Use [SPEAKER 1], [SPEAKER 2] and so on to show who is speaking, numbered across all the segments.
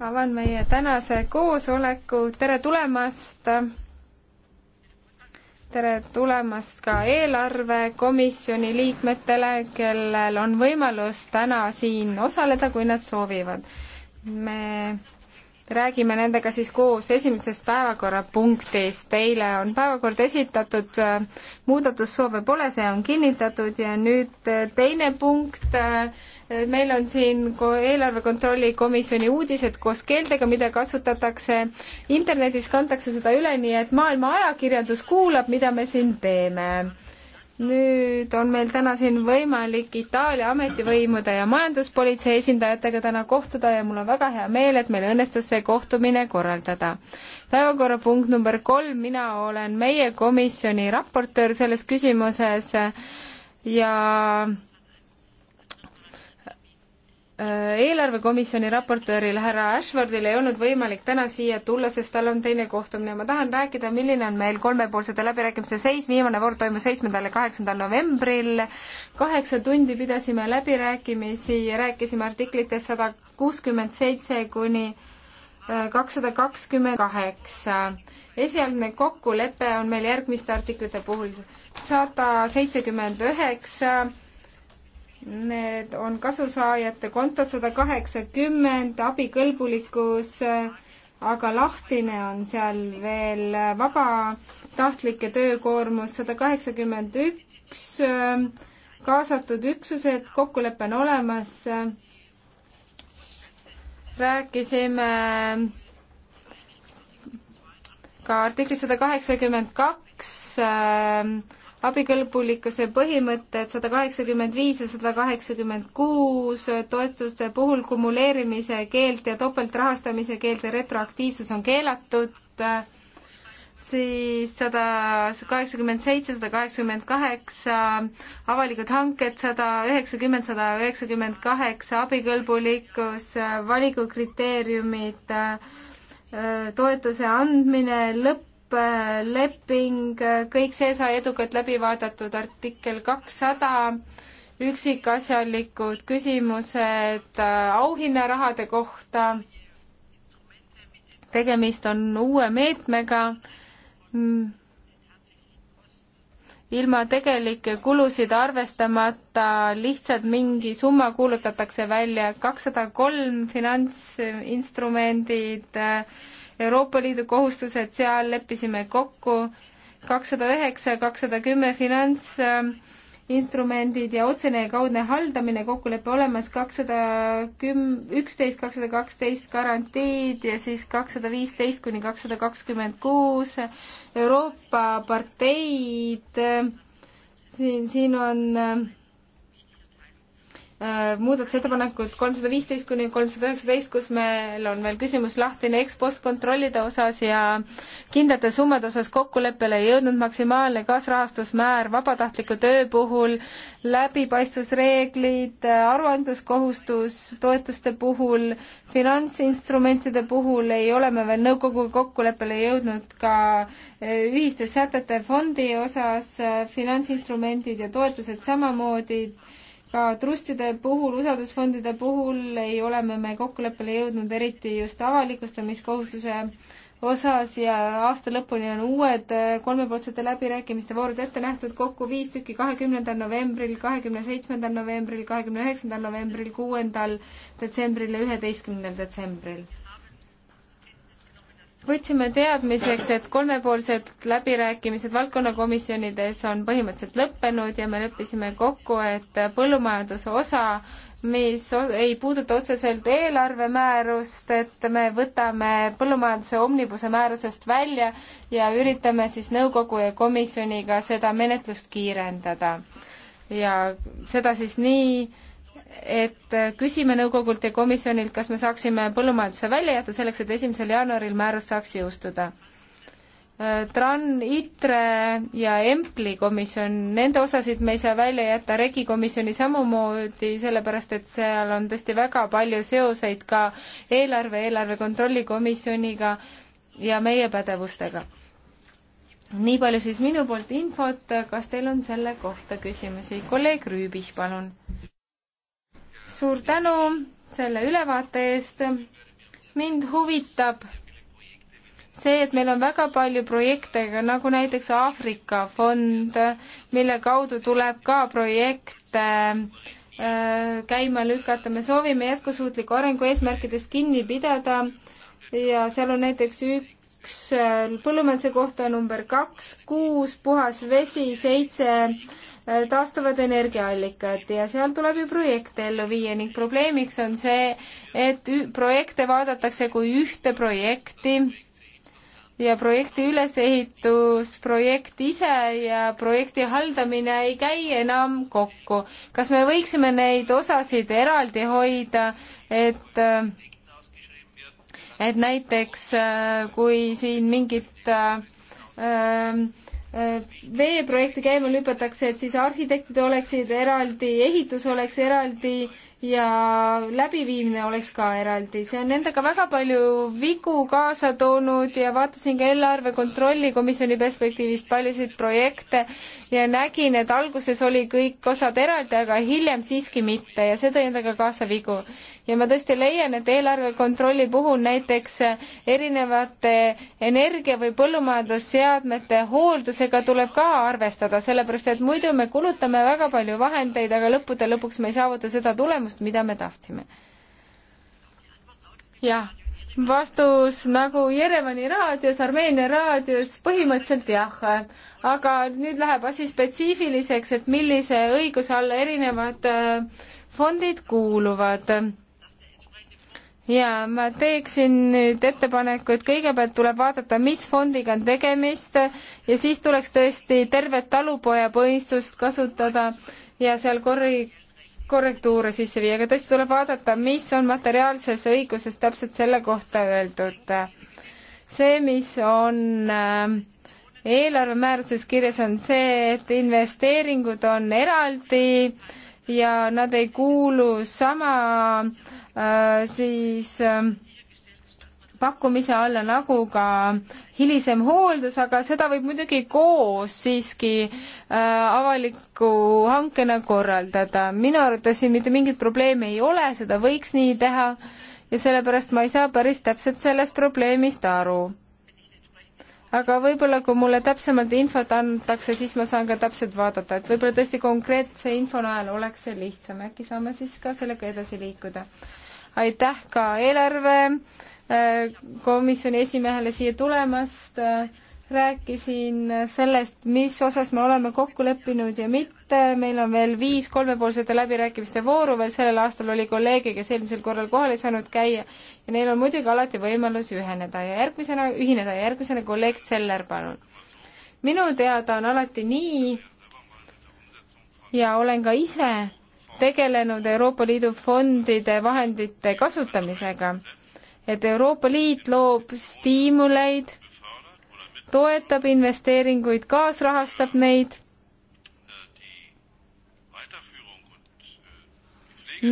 [SPEAKER 1] avan meie tänase koosoleku, tere tulemast. tere tulemast ka eelarvekomisjoni liikmetele, kellel on võimalus täna siin osaleda, kui nad soovivad. me räägime nendega siis koos esimesest päevakorrapunktist. Teile on päevakord esitatud, muudatussoove pole, see on kinnitatud ja nüüd teine punkt, meil on siin eelarve kontrolli komisjoni uudised koos keeltega, mida kasutatakse internetis, kantakse seda üle, nii et maailma ajakirjandus kuulab, mida me siin teeme nüüd on meil täna siin võimalik Itaalia ametivõimude ja majanduspolitsei esindajatega täna kohtuda ja mul on väga hea meel, et meil õnnestus see kohtumine korraldada. päevakorrapunkt number kolm, mina olen meie komisjoni raportöör selles küsimuses ja Äh, eelarvekomisjoni raportööril härra Ashfordil ei olnud võimalik täna siia tulla, sest tal on teine kohtumine. ma tahan rääkida, milline on meil kolmepoolsete läbirääkimiste seis, viimane voor toimus seitsmendal ja kaheksandal novembril. kaheksa tundi pidasime läbirääkimisi ja rääkisime artiklitest sada kuuskümmend seitse kuni äh, kakssada kakskümmend kaheksa. esialgne kokkulepe on meil järgmiste artiklite puhul sada seitsekümmend üheksa Need on kasusaajate kontod sada kaheksakümmend, abikõlbulikkus, aga lahtine on seal veel vabatahtlike töökoormus sada kaheksakümmend üks, kaasatud üksused, kokkulepe on olemas. rääkisime ka artiklis sada kaheksakümmend kaks abikõlbulikkuse põhimõtted sada kaheksakümmend viis ja sada kaheksakümmend kuus, toetuste puhul kumuleerimise keeld ja topeltrahastamise keeld ja retroaktiivsus on keelatud, siis sada kaheksakümmend seitse, sada kaheksakümmend kaheksa avalikud hanked, sada üheksakümmend, sada üheksakümmend kaheksa abikõlbulikkus, valikukriteeriumid, toetuse andmine, lõpp, leping, kõik see sai edukalt läbi vaadatud, artikkel kakssada, üksikasjalikud küsimused äh, auhinnarahade kohta, tegemist on uue meetmega, mm, ilma tegelikke kulusid arvestamata lihtsalt mingi summa kuulutatakse välja, kakssada kolm finantsinstrumendid äh,, Euroopa Liidu kohustused, seal leppisime kokku kakssada üheksa, kakssada kümme finantsinstrumendid ja otsene ja kaudne haldamine, kokkulepe olemas, kakssada küm-, üksteist, kakssada kaksteist garantiid ja siis kakssada viisteist kuni kakssada kakskümmend kuus Euroopa parteid, siin, siin on äh, Äh, muudatusettepanekud kolmsada viisteist kuni kolmsada üheksateist, kus meil on veel küsimus lahtine ekspost kontrollide osas ja kindlate summade osas kokkuleppele ei jõudnud maksimaalne kaasrahastusmäär vabatahtliku töö puhul, läbipaistvusreeglid, aruandluskohustus toetuste puhul, finantsinstrumentide puhul ei ole me veel nõukoguga kokkuleppele jõudnud ka äh, ühiste sätete fondi osas, äh, finantsinstrumendid ja toetused samamoodi ka trustide puhul, usaldusfondide puhul ei ole me, me kokkuleppele jõudnud, eriti just avalikustamiskohustuse osas ja aasta lõpuni on uued äh, kolmepoolsete läbirääkimiste voorud ette nähtud, kokku viis tükki kahekümnendal novembril, kahekümne seitsmendal novembril, kahekümne üheksandal novembril, kuuendal detsembril ja üheteistkümnendal detsembril võtsime teadmiseks, et kolmepoolsed läbirääkimised valdkonnakomisjonides on põhimõtteliselt lõppenud ja me leppisime kokku, et põllumajanduse osa mis ei puuduta otseselt eelarvemäärust, et me võtame põllumajanduse omnibuse määrusest välja ja üritame siis nõukogu ja komisjoniga seda menetlust kiirendada. ja seda siis nii, et küsime nõukogult ja komisjonilt, kas me saaksime põllumajanduse välja jätta selleks, et esimesel jaanuaril määrus saaks jõustuda. TRAN, ITRE ja EMPLi komisjon, nende osasid me ei saa välja jätta, REGI komisjoni samamoodi, sellepärast et seal on tõesti väga palju seoseid ka eelarve, eelarve kontrolli komisjoniga ja meie pädevustega. nii palju siis minu poolt infot, kas teil on selle kohta küsimusi? kolleeg Rüübih, palun suur tänu selle ülevaate eest. mind huvitab see, et meil on väga palju projekte, nagu näiteks Aafrika fond, mille kaudu tuleb ka projekte äh, käima lükata. me soovime jätkusuutliku arengu eesmärkidest kinni pidada ja seal on näiteks üks üks äh, põllumajanduse kohta number kaks, kuus, puhas vesi, seitse Äh, taastuvad energiaallikad ja seal tuleb ju projekte ellu viia ning probleemiks on see, et projekte vaadatakse kui ühte projekti ja projekti ülesehitus, projekt ise ja projekti haldamine ei käi enam kokku. kas me võiksime neid osasid eraldi hoida, et et näiteks äh, kui siin mingit äh, veeprojekte käima lükatakse, et siis arhitektid oleksid eraldi, ehitus oleks eraldi ja läbiviimine oleks ka eraldi. see on endaga väga palju vigu kaasa toonud ja vaatasin ka eelarve kontrolli komisjoni perspektiivist paljusid projekte ja nägin, et alguses oli kõik osad eraldi, aga hiljem siiski mitte ja see tõi endaga kaasa vigu. ja ma tõesti leian, et eelarve kontrolli puhul näiteks erinevate energia- või põllumajandusseadmete hooldusega tuleb ka arvestada, sellepärast et muidu me kulutame väga palju vahendeid, aga lõppude lõpuks me ei saavuta seda tulemust, tulemust, mida me tahtsime. jah, vastus nagu Jerevani raadios, Armeenia raadios, põhimõtteliselt jah. aga nüüd läheb asi spetsiifiliseks, et millise õiguse alla erinevad äh, fondid kuuluvad ja ma teeksin nüüd ettepaneku, et kõigepealt tuleb vaadata, mis fondiga on tegemist ja siis tuleks tõesti tervet talupojapõhistust kasutada ja seal korri-, korrektuure sisse viia, aga tõesti tuleb vaadata, mis on materiaalses õiguses täpselt selle kohta öeldud. see, mis on äh, eelarvemääruses kirjas, on see, et investeeringud on eraldi ja nad ei kuulu sama äh, siis äh, pakkumise alla, nagu ka hilisem hooldus, aga seda võib muidugi koos siiski äh, avaliku hankena korraldada. minu arvates siin mitte mingit probleemi ei ole, seda võiks nii teha ja sellepärast ma ei saa päris täpselt sellest probleemist aru aga võib-olla, kui mulle täpsemalt infot antakse, siis ma saan ka täpselt vaadata, et võib-olla tõesti konkreetse info najal oleks see lihtsam, äkki saame siis ka sellega edasi liikuda. aitäh ka eelarve komisjoni esimehele siia tulemast, rääkisin sellest, mis osas me oleme kokku leppinud ja mitte, meil on veel viis kolmepoolsete läbirääkimiste vooru, veel sellel aastal oli kolleege, kes eelmisel korral kohal ei saanud käia ja neil on muidugi alati võimalus üheneda ja järgmisena, ühineda ja järgmisena kolleeg Zeller, palun. minu teada on alati nii ja olen ka ise tegelenud Euroopa Liidu fondide vahendite kasutamisega et Euroopa Liit loob stiimuleid, toetab investeeringuid, kaasrahastab neid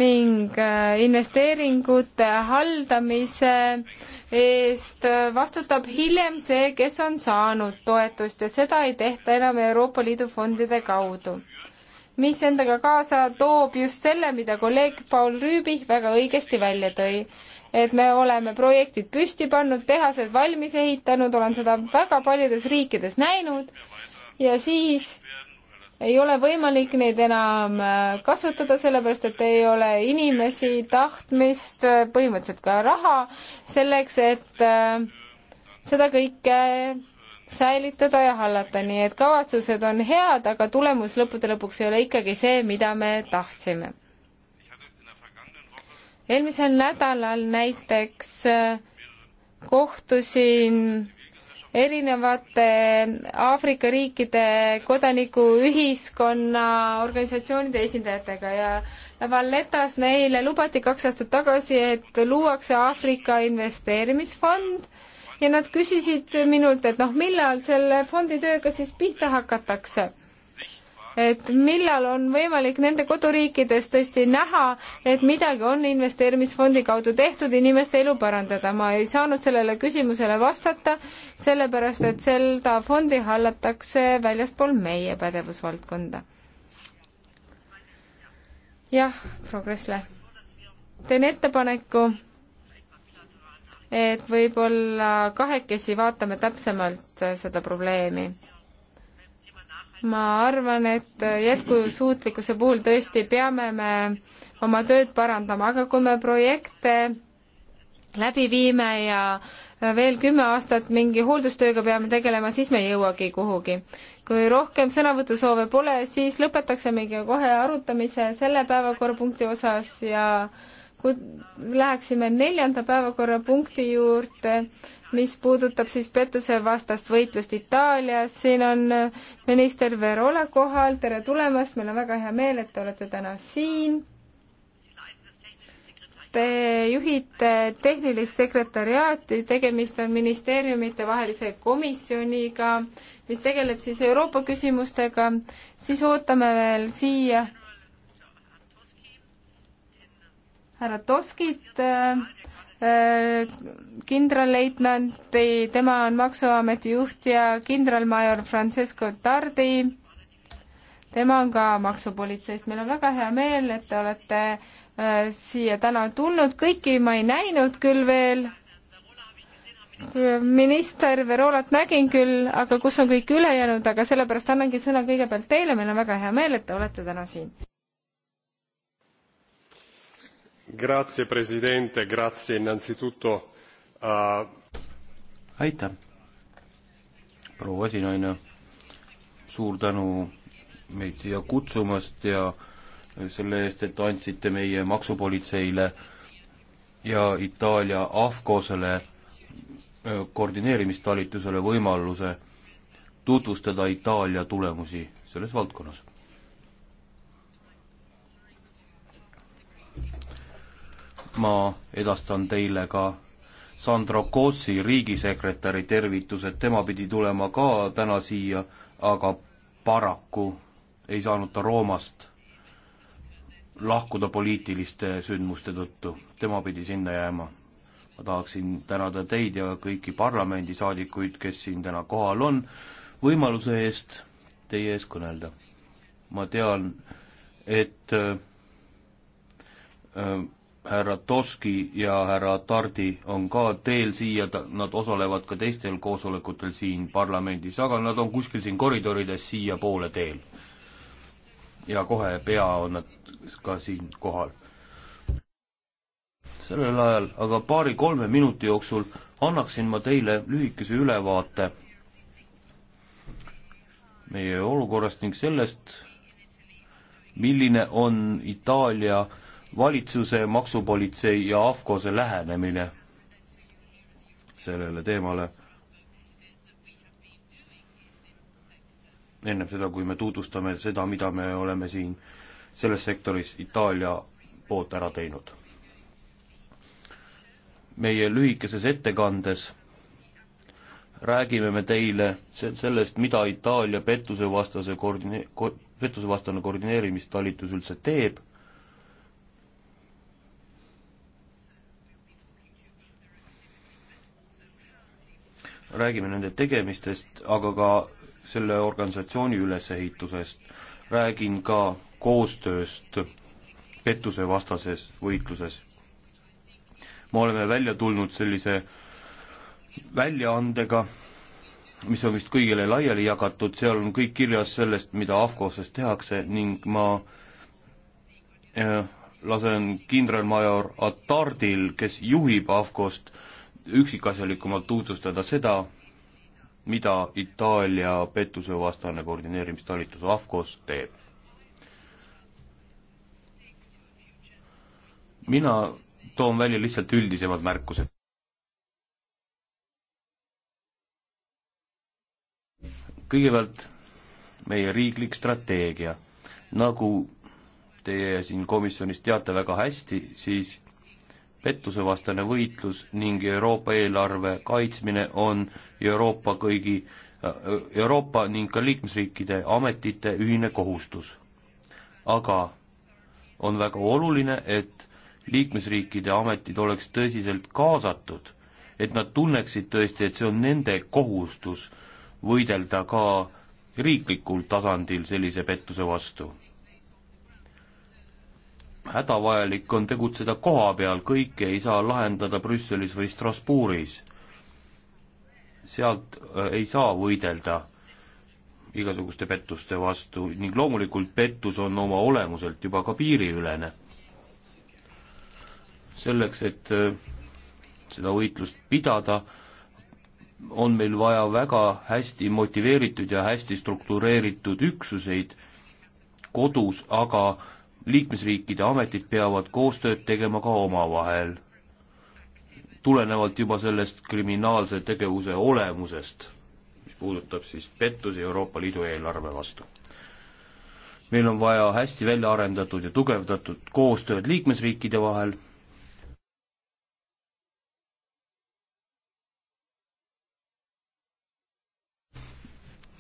[SPEAKER 1] ning äh, investeeringute haldamise eest vastutab hiljem see, kes on saanud toetust ja seda ei tehta enam Euroopa Liidu fondide kaudu. mis endaga kaasa toob just selle, mida kolleeg Paul Rüübih väga õigesti välja tõi, et me oleme projektid püsti pannud, tehased valmis ehitanud, olen seda väga paljudes riikides näinud ja siis ei ole võimalik neid enam äh, kasutada, sellepärast et ei ole inimesi, tahtmist, äh, põhimõtteliselt ka raha selleks, et äh, seda kõike säilitada ja hallata, nii et kavatsused on head, aga tulemus lõppude lõpuks ei ole ikkagi see, mida me tahtsime eelmisel nädalal näiteks äh, kohtusin erinevate Aafrika riikide kodanikuühiskonna organisatsioonide esindajatega ja Valletas neile lubati kaks aastat tagasi, et luuakse Aafrika investeerimisfond ja nad küsisid minult, et noh, millal selle fondi tööga siis pihta hakatakse et millal on võimalik nende koduriikides tõesti näha, et midagi on investeerimisfondi kaudu tehtud inimeste elu parandada. ma ei saanud sellele küsimusele vastata, sellepärast et seda fondi hallatakse väljaspool meie pädevusvaldkonda. jah, Progressle, teen ettepaneku, et võib-olla kahekesi vaatame täpsemalt seda probleemi ma arvan, et jätkusuutlikkuse puhul tõesti peame me oma tööd parandama, aga kui me projekte läbi viime ja veel kümme aastat mingi hooldustööga peame tegelema, siis me ei jõuagi kuhugi. kui rohkem sõnavõtusoove pole, siis lõpetaksimegi kohe arutamise selle päevakorrapunkti osas ja kui läheksime neljanda päevakorrapunkti juurde, mis puudutab siis pettusevastast võitlust Itaalias. siin on äh, minister Verola kohal, tere tulemast, meil on väga hea meel, et te olete täna siin. Te juhite tehnilist sekretariaati, tegemist on ministeeriumite vahelise komisjoniga, mis tegeleb siis Euroopa küsimustega, siis ootame veel siia härra Toskit äh, Äh, kindralleitnanti, tema on Maksuameti juht ja kindralmajor Francesco Tardi, tema on ka maksupolitseist. meil on väga hea meel, et te olete äh, siia täna tulnud, kõiki ma ei näinud küll veel. minister Verolat nägin küll, aga kus on kõik ülejäänud, aga sellepärast annangi sõna kõigepealt teile, meil on väga hea meel, et te olete täna siin.
[SPEAKER 2] Grazie, president, grazie innanzitutto uh.... aitäh, proua esinaine. suur tänu meid siia kutsumast ja selle eest, et andsite meie maksupolitseile ja Itaalia AFCOsele koordineerimistalitusele võimaluse tutvustada Itaalia tulemusi selles valdkonnas. ma edastan teile ka Sandro Kossi riigisekretäri tervitused, tema pidi tulema ka täna siia, aga paraku ei saanud ta Roomast lahkuda poliitiliste sündmuste tõttu, tema pidi sinna jääma. ma tahaksin tänada teid ja kõiki parlamendisaadikuid, kes siin täna kohal on, võimaluse eest teie ees kõnelda. ma tean, et äh, härra Toski ja härra Tardi on ka teel siia, nad osalevad ka teistel koosolekutel siin parlamendis, aga nad on kuskil siin koridorides siiapoole teel. ja kohe pea on nad ka siin kohal. sellel ajal aga paari-kolme minuti jooksul annaksin ma teile lühikese ülevaate meie olukorrast ning sellest, milline on Itaalia valitsuse, maksupolitsei ja AFCO-se lähenemine sellele teemale. ennem seda, kui me tutvustame seda, mida me oleme siin selles sektoris Itaalia poolt ära teinud. meie lühikeses ettekandes räägime me teile sellest, mida Itaalia pettusevastase koordine-, ko-, pettusevastane koordineerimistalitus üldse teeb räägime nende tegemistest, aga ka selle organisatsiooni ülesehitusest, räägin ka koostööst pettusevastases võitluses. me oleme välja tulnud sellise väljaandega, mis on vist kõigile laiali jagatud, seal on kõik kirjas sellest, mida AFCOS-es tehakse ning ma eh, lasen kindralmajor Atardil, kes juhib AFCOS-t, üksikasjalikumalt tutvustada seda, mida Itaalia pettusevastane koordineerimistalitus AFCOs teeb. mina toon välja lihtsalt üldisemad märkused. kõigepealt meie riiklik strateegia. nagu teie siin komisjonis teate väga hästi, siis pettusevastane võitlus ning Euroopa eelarve kaitsmine on Euroopa kõigi, Euroopa ning ka liikmesriikide ametite ühine kohustus. aga on väga oluline, et liikmesriikide ametid oleks tõsiselt kaasatud, et nad tunneksid tõesti, et see on nende kohustus võidelda ka riiklikul tasandil sellise pettuse vastu hädavajalik on tegutseda koha peal, kõike ei saa lahendada Brüsselis või Strasbourgis. sealt äh, ei saa võidelda igasuguste pettuste vastu ning loomulikult pettus on oma olemuselt juba ka piiriülene. selleks, et äh, seda võitlust pidada, on meil vaja väga hästi motiveeritud ja hästi struktureeritud üksuseid kodus, aga liikmesriikide ametid peavad koostööd tegema ka omavahel, tulenevalt juba sellest kriminaalse tegevuse olemusest, mis puudutab siis pettusi Euroopa Liidu eelarve vastu. meil on vaja hästi välja arendatud ja tugevdatud koostööd liikmesriikide vahel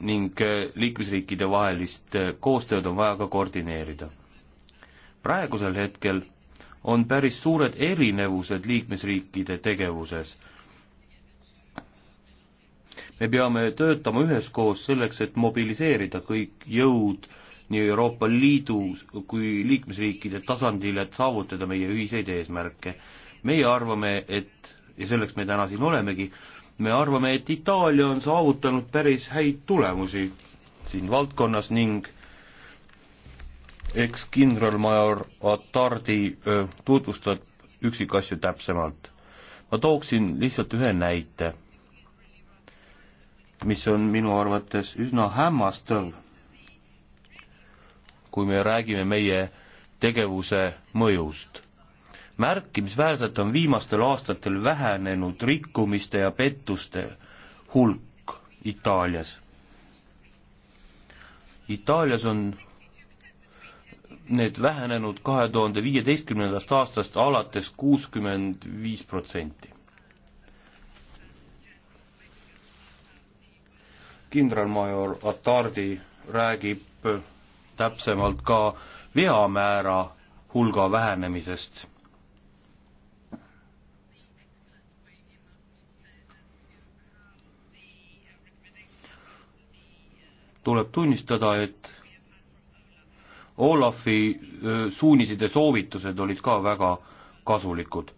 [SPEAKER 2] ning eh, liikmesriikide vahelist eh, koostööd on vaja ka koordineerida praegusel hetkel on päris suured erinevused liikmesriikide tegevuses. me peame töötama üheskoos selleks, et mobiliseerida kõik jõud nii Euroopa Liidu kui liikmesriikide tasandil, et saavutada meie ühiseid eesmärke. meie arvame, et, ja selleks me täna siin olemegi, me arvame, et Itaalia on saavutanud päris häid tulemusi siin valdkonnas ning eks kindralmajor Atardi tutvustab üksikasju täpsemalt. ma tooksin lihtsalt ühe näite, mis on minu arvates üsna hämmastav, kui me räägime meie tegevuse mõjust. märkimisväärselt on viimastel aastatel vähenenud rikkumiste ja pettuste hulk Itaalias. Itaalias on need vähenenud kahe tuhande viieteistkümnendast aastast alates kuuskümmend viis protsenti. kindralmajor Atardi räägib täpsemalt ka veamäära hulga vähenemisest tuleb tunnistada, et Olafi suunised ja soovitused olid ka väga kasulikud.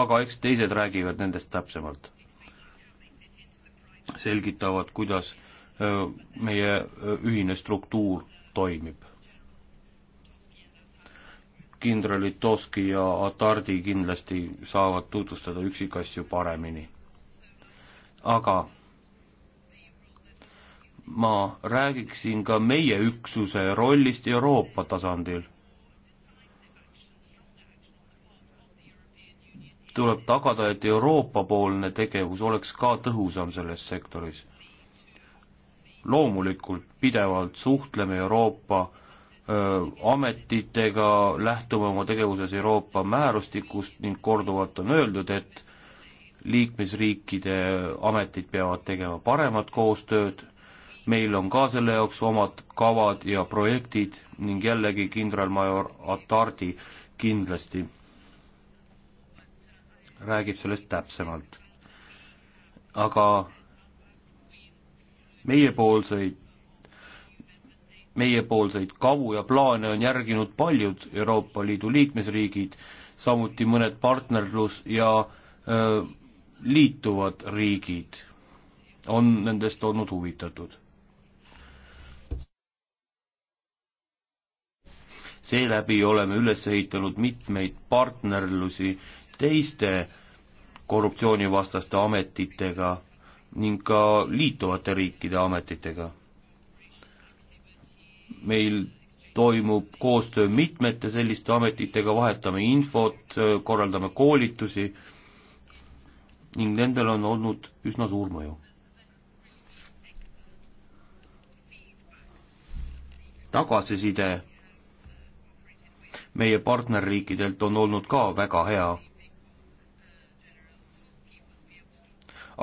[SPEAKER 2] aga eks teised räägivad nendest täpsemalt. selgitavad, kuidas meie ühine struktuur toimib. kindralid Toski ja Atardi kindlasti saavad tutvustada üksikasju paremini. aga ma räägiksin ka meie üksuse rollist Euroopa tasandil. tuleb tagada, et Euroopa-poolne tegevus oleks ka tõhusam selles sektoris. loomulikult pidevalt suhtleme Euroopa öö, ametitega, lähtume oma tegevuses Euroopa määrustikust ning korduvalt on öeldud, et liikmesriikide ametid peavad tegema paremat koostööd meil on ka selle jaoks omad kavad ja projektid ning jällegi kindralmajor Atardi kindlasti räägib sellest täpsemalt. aga meiepoolseid, meiepoolseid kavu ja plaane on järginud paljud Euroopa Liidu liikmesriigid, samuti mõned partnerlus- ja öö, liituvad riigid on nendest olnud huvitatud seeläbi oleme üles ehitanud mitmeid partnerlusi teiste korruptsioonivastaste ametitega ning ka liituvate riikide ametitega. meil toimub koostöö mitmete selliste ametitega, vahetame infot, korraldame koolitusi ning nendel on olnud üsna suur mõju. tagasiside meie partnerriikidelt on olnud ka väga hea.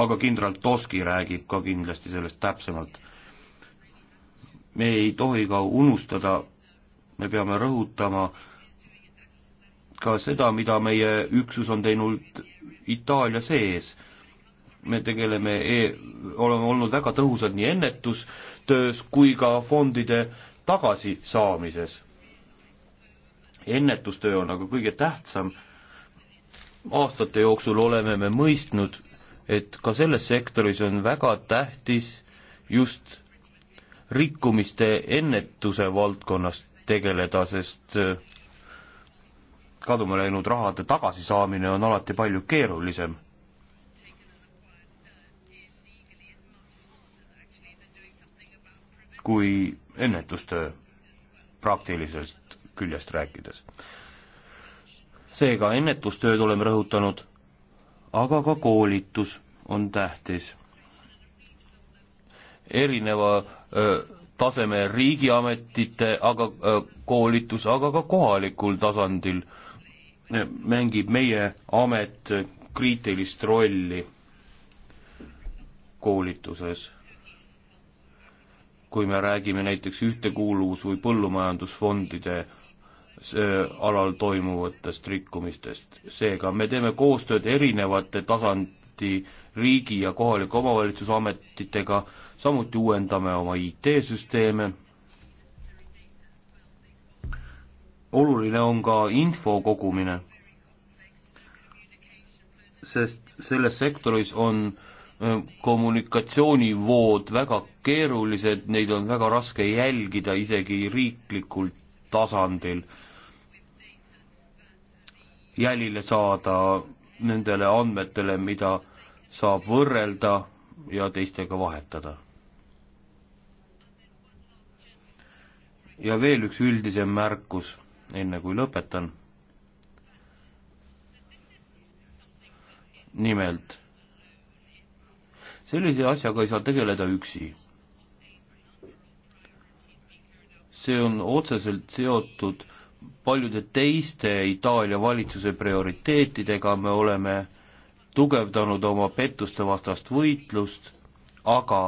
[SPEAKER 2] aga kindral Toski räägib ka kindlasti sellest täpsemalt. me ei tohi ka unustada, me peame rõhutama ka seda, mida meie üksus on teinud Itaalia sees me tegeleme e, oleme olnud väga tõhusad nii ennetustöös kui ka fondide tagasisaamises ennetustöö on aga kõige tähtsam. aastate jooksul oleme me mõistnud, et ka selles sektoris on väga tähtis just rikkumiste ennetuse valdkonnas tegeleda, sest äh, kaduma läinud rahade tagasisaamine on alati palju keerulisem. kui ennetustöö praktiliselt küljest rääkides. seega ennetustööd oleme rõhutanud, aga ka koolitus on tähtis. erineva öö, taseme riigiametite, aga öö, koolitus, aga ka kohalikul tasandil e, mängib meie amet kriitilist rolli koolituses. kui me räägime näiteks ühtekuuluvus- või põllumajandusfondide alal toimuvatest rikkumistest. seega me teeme koostööd erinevate tasandi riigi ja kohaliku omavalitsuse ametitega, samuti uuendame oma IT-süsteeme. oluline on ka info kogumine, sest selles sektoris on kommunikatsioonivood väga keerulised, neid on väga raske jälgida isegi riiklikul tasandil jälile saada nendele andmetele, mida saab võrrelda ja teistega vahetada. ja veel üks üldisem märkus, enne kui lõpetan. nimelt, sellise asjaga ei saa tegeleda üksi see on otseselt seotud paljude teiste Itaalia valitsuse prioriteetidega, me oleme tugevdanud oma pettuste vastast võitlust, aga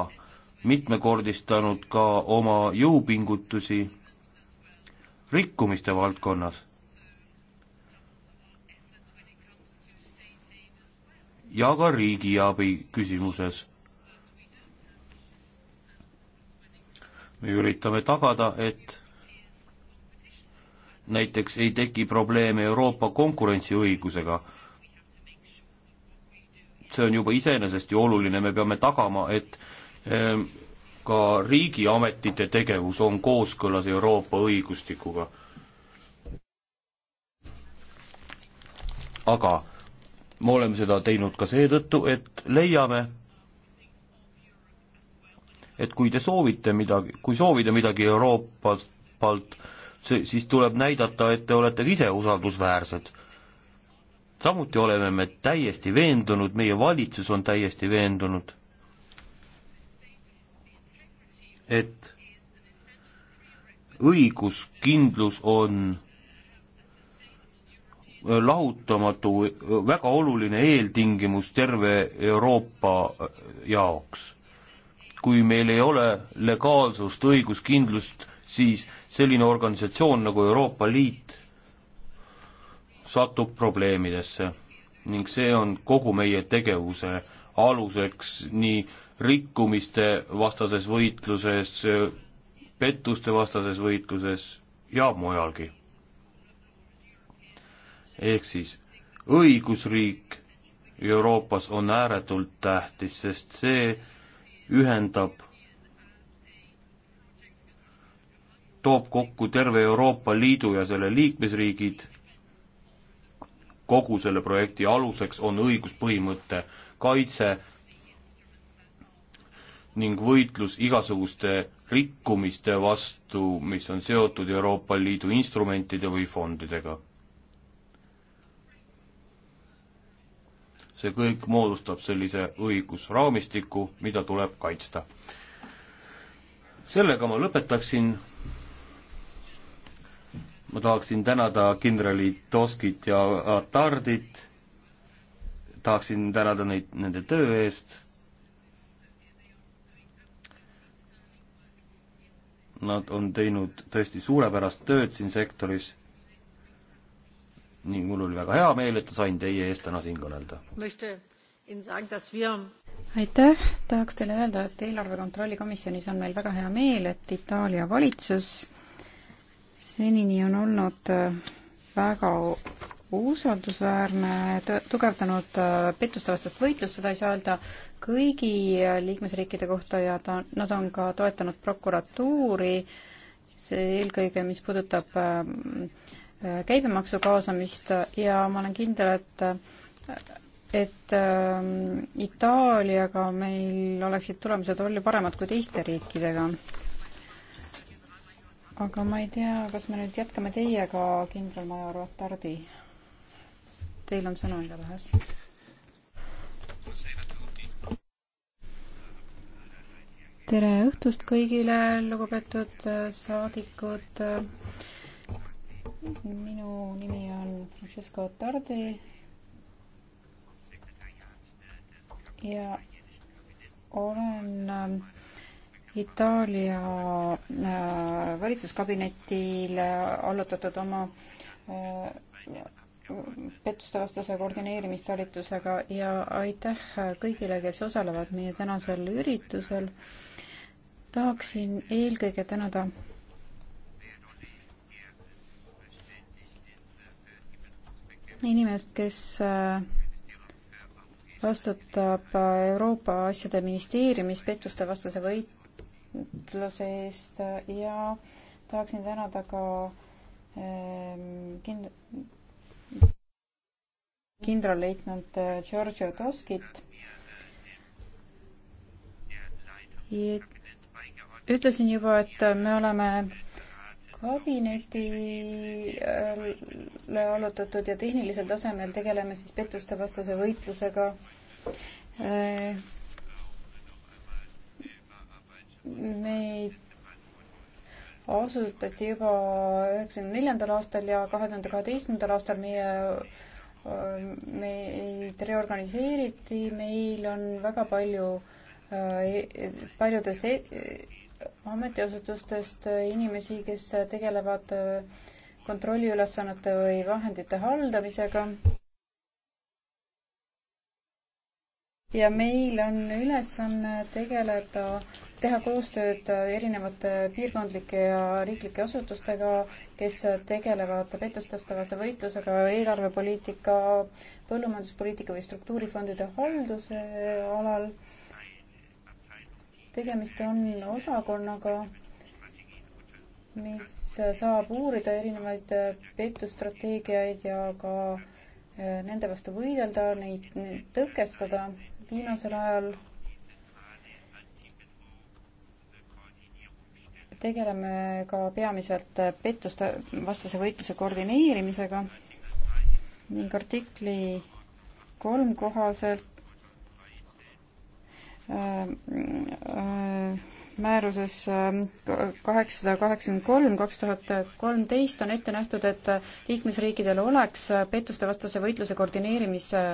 [SPEAKER 2] mitmekordistanud ka oma jõupingutusi rikkumiste valdkonnas. ja ka riigiabi küsimuses. me üritame tagada, et näiteks ei teki probleeme Euroopa konkurentsiõigusega. see on juba iseenesest ju oluline, me peame tagama, et ähm, ka riigiametite tegevus on kooskõlas Euroopa õigustikuga. aga me oleme seda teinud ka seetõttu, et leiame, et kui te soovite midagi, kui soovida midagi Euroopalt, see, siis tuleb näidata, et te olete ka ise usaldusväärsed. samuti oleme me täiesti veendunud, meie valitsus on täiesti veendunud, et õiguskindlus on lahutamatu, väga oluline eeltingimus terve Euroopa jaoks. kui meil ei ole legaalsust, õiguskindlust, siis selline organisatsioon nagu Euroopa Liit satub probleemidesse ning see on kogu meie tegevuse aluseks nii rikkumiste vastases võitluses, pettuste vastases võitluses ja mujalgi. ehk siis õigusriik Euroopas on ääretult tähtis, sest see ühendab toob kokku terve Euroopa Liidu ja selle liikmesriigid. kogu selle projekti aluseks on õiguspõhimõte kaitse ning võitlus igasuguste rikkumiste vastu, mis on seotud Euroopa Liidu instrumentide või fondidega. see kõik moodustab sellise õigusraamistiku, mida tuleb kaitsta. sellega ma lõpetaksin ma tahaksin tänada kindralid Toskit ja Atardit, tahaksin tänada neid nende töö eest. Nad on teinud tõesti suurepärast tööd siin sektoris ning mul oli väga hea meel, et sain teie eest täna siin kõnelda.
[SPEAKER 3] aitäh, tahaks teile öelda, et eelarve kontrolli komisjonis on meil väga hea meel, et Itaalia valitsus senini on olnud äh, väga usaldusväärne, tugevdanud äh, pettustevastast võitlust, seda ei saa öelda kõigi liikmesriikide kohta ja ta, nad on ka toetanud prokuratuuri, see eelkõige, mis puudutab äh, käibemaksu kaasamist ja ma olen kindel, et et äh, Itaaliaga meil oleksid tulemused palju paremad kui teiste riikidega aga ma ei tea, kas me nüüd jätkame teiega, kindralmajor Vatardi. Teil on sõna igatahes. tere õhtust kõigile, lugupeetud äh, saadikud. minu nimi on Francesco Tardi. ja olen ähm, Itaalia äh, valitsuskabinetil allutatud oma äh, pettuste vastase koordineerimistalitusega ja aitäh kõigile, kes osalevad meie tänasel üritusel. tahaksin eelkõige tänada inimest, kes äh, vastutab Euroopa asjade ministeeriumis pettuste vastase võit-, ütluse eest ja tahaksin tänada ka ehm, kind-, kindralleitnant eh, Giorgio Toskit. ütlesin juba, et me oleme kabinetile
[SPEAKER 1] eh,
[SPEAKER 3] allutatud ja tehnilisel tasemel tegeleme siis pettuste vastase võitlusega eh, meid asutati juba üheksakümne neljandal aastal ja kahe tuhande kaheteistkümnendal aastal meie meid reorganiseeriti, meil on väga palju e-, paljudest e-, ametiasutustest inimesi, kes tegelevad kontrolliülesannete või vahendite haldamisega. ja meil on ülesanne tegeleda äh, teha koostööd äh, erinevate piirkondlike ja riiklike asutustega, kes äh, tegelevad pettustevastase võitlusega, eelarvepoliitika, põllumajanduspoliitika või struktuurifondide halduse äh, alal. tegemist on osakonnaga, mis saab uurida erinevaid pettusstrateegiaid ja ka nende vastu võidelda, neid tõkestada. viimasel ajal tegeleme ka peamiselt pettuste vastase võitluse koordineerimisega ning artikli kolm kohaselt äh, äh, määruses äh, kaheksasada kaheksakümmend kolm kaks tuhat kolmteist on ette nähtud, et liikmesriikidel oleks pettuste vastase võitluse koordineerimise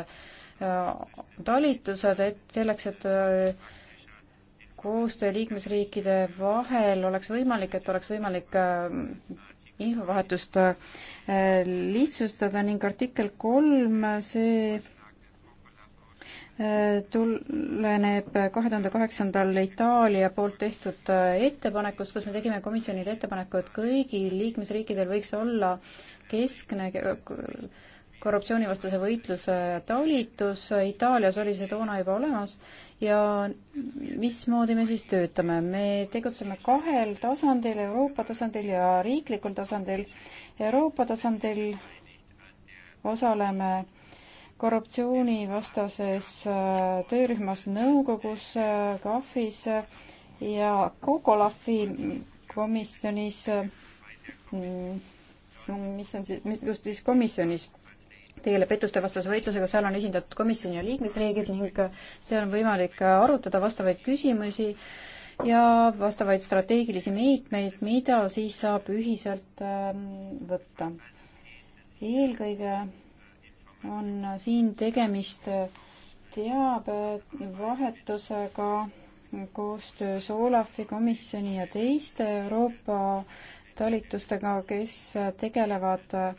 [SPEAKER 3] talitused, et selleks, et koostöö liikmesriikide vahel oleks võimalik, et oleks võimalik äh, infovahetust äh, lihtsustada ning artikkel kolm, see äh, tuleneb kahe tuhande kaheksandal Itaalia poolt tehtud ettepanekust, kus me tegime komisjonile ettepaneku, et kõigil liikmesriikidel võiks olla keskne korruptsioonivastase võitluse talitus, Itaalias oli see toona juba olemas ja mismoodi me siis töötame? me tegutseme kahel tasandil, Euroopa tasandil ja riiklikul tasandil. Euroopa tasandil osaleme korruptsioonivastases äh, töörühmas nõukogus, KAF-is äh, äh, ja COCOLAF-i komisjonis, mm, mis on siis, mis just siis komisjonis tegeleb pettustevastase võitlusega, seal on esindatud komisjoni ja liikmesriigid ning seal on võimalik arutada vastavaid küsimusi ja vastavaid strateegilisi meetmeid, mida siis saab ühiselt ähm, võtta. eelkõige on siin tegemist teabevahetusega koostöös Olafi komisjoni ja teiste Euroopa talitustega, kes tegelevad äh,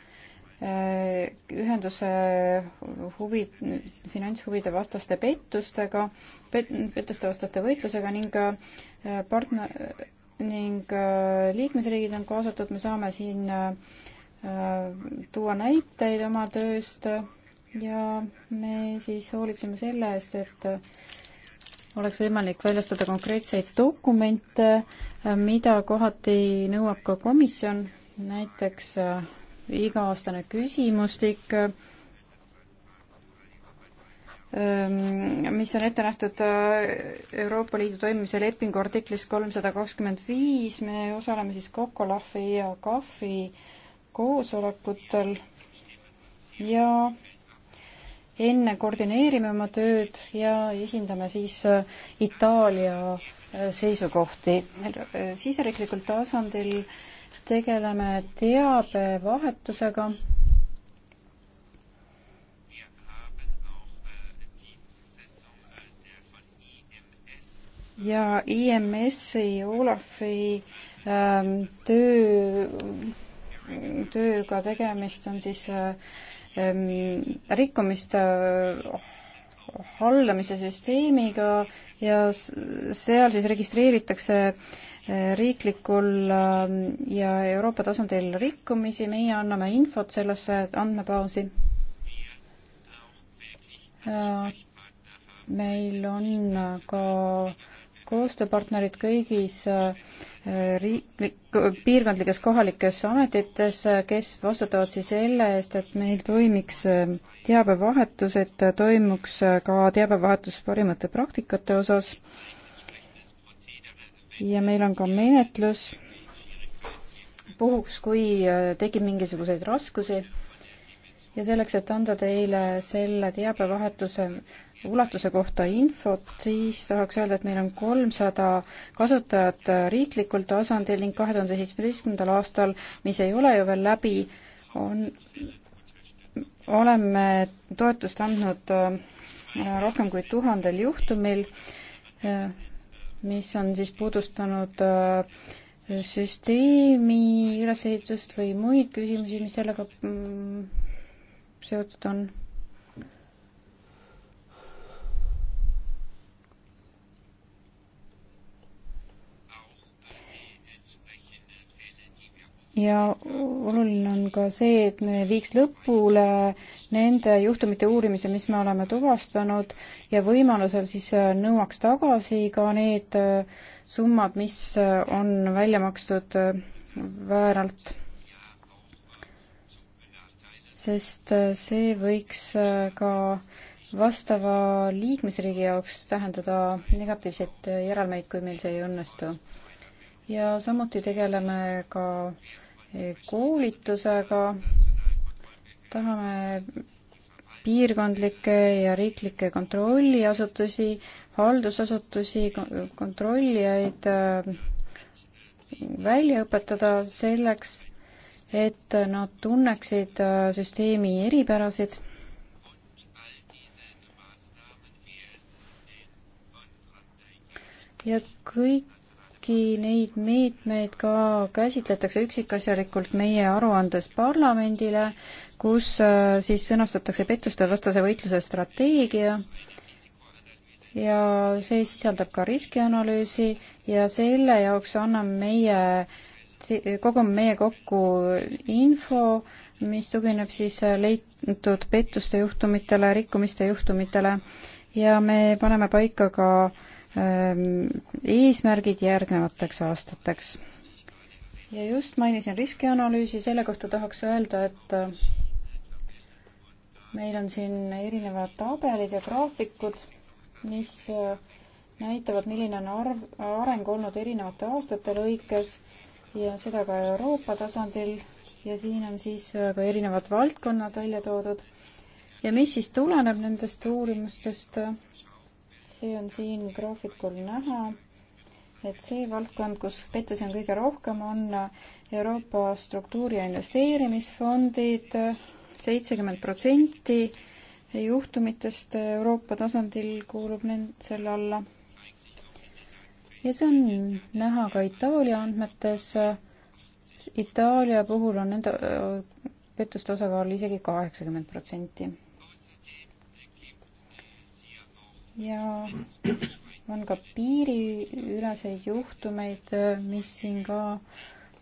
[SPEAKER 3] Äh, ühenduse huvid, finantshuvide vastaste pettustega, pettuste vastaste võitlusega ning äh, partner, ning äh, liikmesriigid on kaasatud, me saame siin tuua näiteid oma tööst ja me siis hoolitseme selle eest, et oleks võimalik väljastada konkreetseid dokumente, mida kohati nõuab ka komisjon, näiteks iga-aastane küsimustik, ähm, mis on ette nähtud äh, Euroopa Liidu toimimise lepingu artiklis kolmsada kakskümmend viis, me osaleme siis Kokolafi ja KAFi koosolekutel ja enne koordineerime oma tööd ja esindame siis äh, Itaalia äh, seisukohti. siseriiklikul tasandil äh, tegeleme teabevahetusega. ja IMS-i, Olafi ähm, töö, tööga tegemist on siis ähm, rikkumiste äh, hallamise süsteemiga ja seal siis registreeritakse äh, riiklikul ähm, ja Euroopa tasandil rikkumisi, meie anname infot sellesse andmebaasi. meil on äh, ka koostööpartnerid kõigis äh, riik-, piirkondlikes kohalikes ametites, äh, kes vastutavad siis selle eest, et meil toimiks teabevahetus, et toimuks ka teabevahetus parimate praktikate osas ja meil on ka menetlus puhuks, kui äh, tekib mingisuguseid raskusi ja selleks, et anda teile selle teabevahetuse ulatuse kohta infot, siis tahaks öelda, et meil on kolmsada kasutajat äh, riiklikul tasandil ning kahe tuhande seitsmeteistkümnendal aastal, mis ei ole ju veel läbi, on, oleme toetust andnud äh, rohkem kui tuhandel juhtumil mis on siis puudustanud äh, süsteemi ülesehitust või muid küsimusi, mis sellega mm, seotud on ja oluline on ka see, et me viiks lõpule nende juhtumite uurimise, mis me oleme tuvastanud ja võimalusel siis äh, nõuaks tagasi ka need äh, summad, mis äh, on välja makstud vääralt. sest see võiks ka vastava liikmesriigi jaoks tähendada negatiivseid järelmeid, kui meil see ei õnnestu. ja samuti tegeleme ka äh, koolitusega, tahame piirkondlikke ja riiklikke kontrolliasutusi, haldusasutusi, kontrollijaid äh, välja õpetada selleks, et nad tunneksid äh, süsteemi eripärasid ja kõik kõiki neid meetmeid ka käsitletakse üksikasjalikult meie aruandes parlamendile, kus äh, siis sõnastatakse pettuste vastase võitluse strateegia ja see sisaldab ka riskianalüüsi ja selle jaoks anname meie, kogume meie kokku info, mis tugineb siis äh, leitud pettuste juhtumitele, rikkumiste juhtumitele ja me paneme paika ka äh, Ähm, eesmärgid järgnevateks aastateks. ja just mainisin riskianalüüsi, selle kohta tahaks öelda, et äh, meil on siin erinevad tabelid ja graafikud, mis äh, näitavad, milline on arv, areng olnud erinevate aastate lõikes ja seda ka Euroopa tasandil ja siin on siis äh, ka erinevad valdkonnad välja toodud. ja mis siis tuleneb nendest uurimustest, see on siin graafikul näha, et see valdkond, kus pettusi on kõige rohkem, on Euroopa struktuuri- ja investeerimisfondid, seitsekümmend protsenti juhtumitest Euroopa tasandil kuulub nend-, selle alla. ja see on näha ka Itaalia andmetes. Itaalia puhul on nende pettuste osakaal isegi kaheksakümmend protsenti ja on ka piiriüleseid juhtumeid, mis siin ka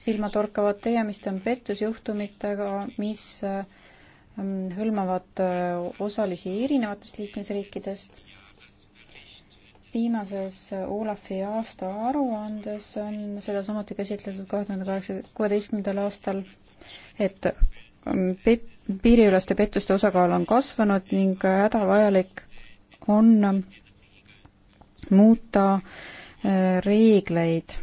[SPEAKER 3] silma torkavad, tegemist on pettusjuhtumitega, mis ähm, hõlmavad äh, osalisi erinevatest liikmesriikidest. viimases äh, Olafi aastaaruandes on seda samuti käsitletud kahe tuhande kaheksa, kuueteistkümnendal aastal, et ähm, pet-, piiriüleste pettuste osakaal on kasvanud ning äh, hädavajalik on ähm, muuta äh, reegleid.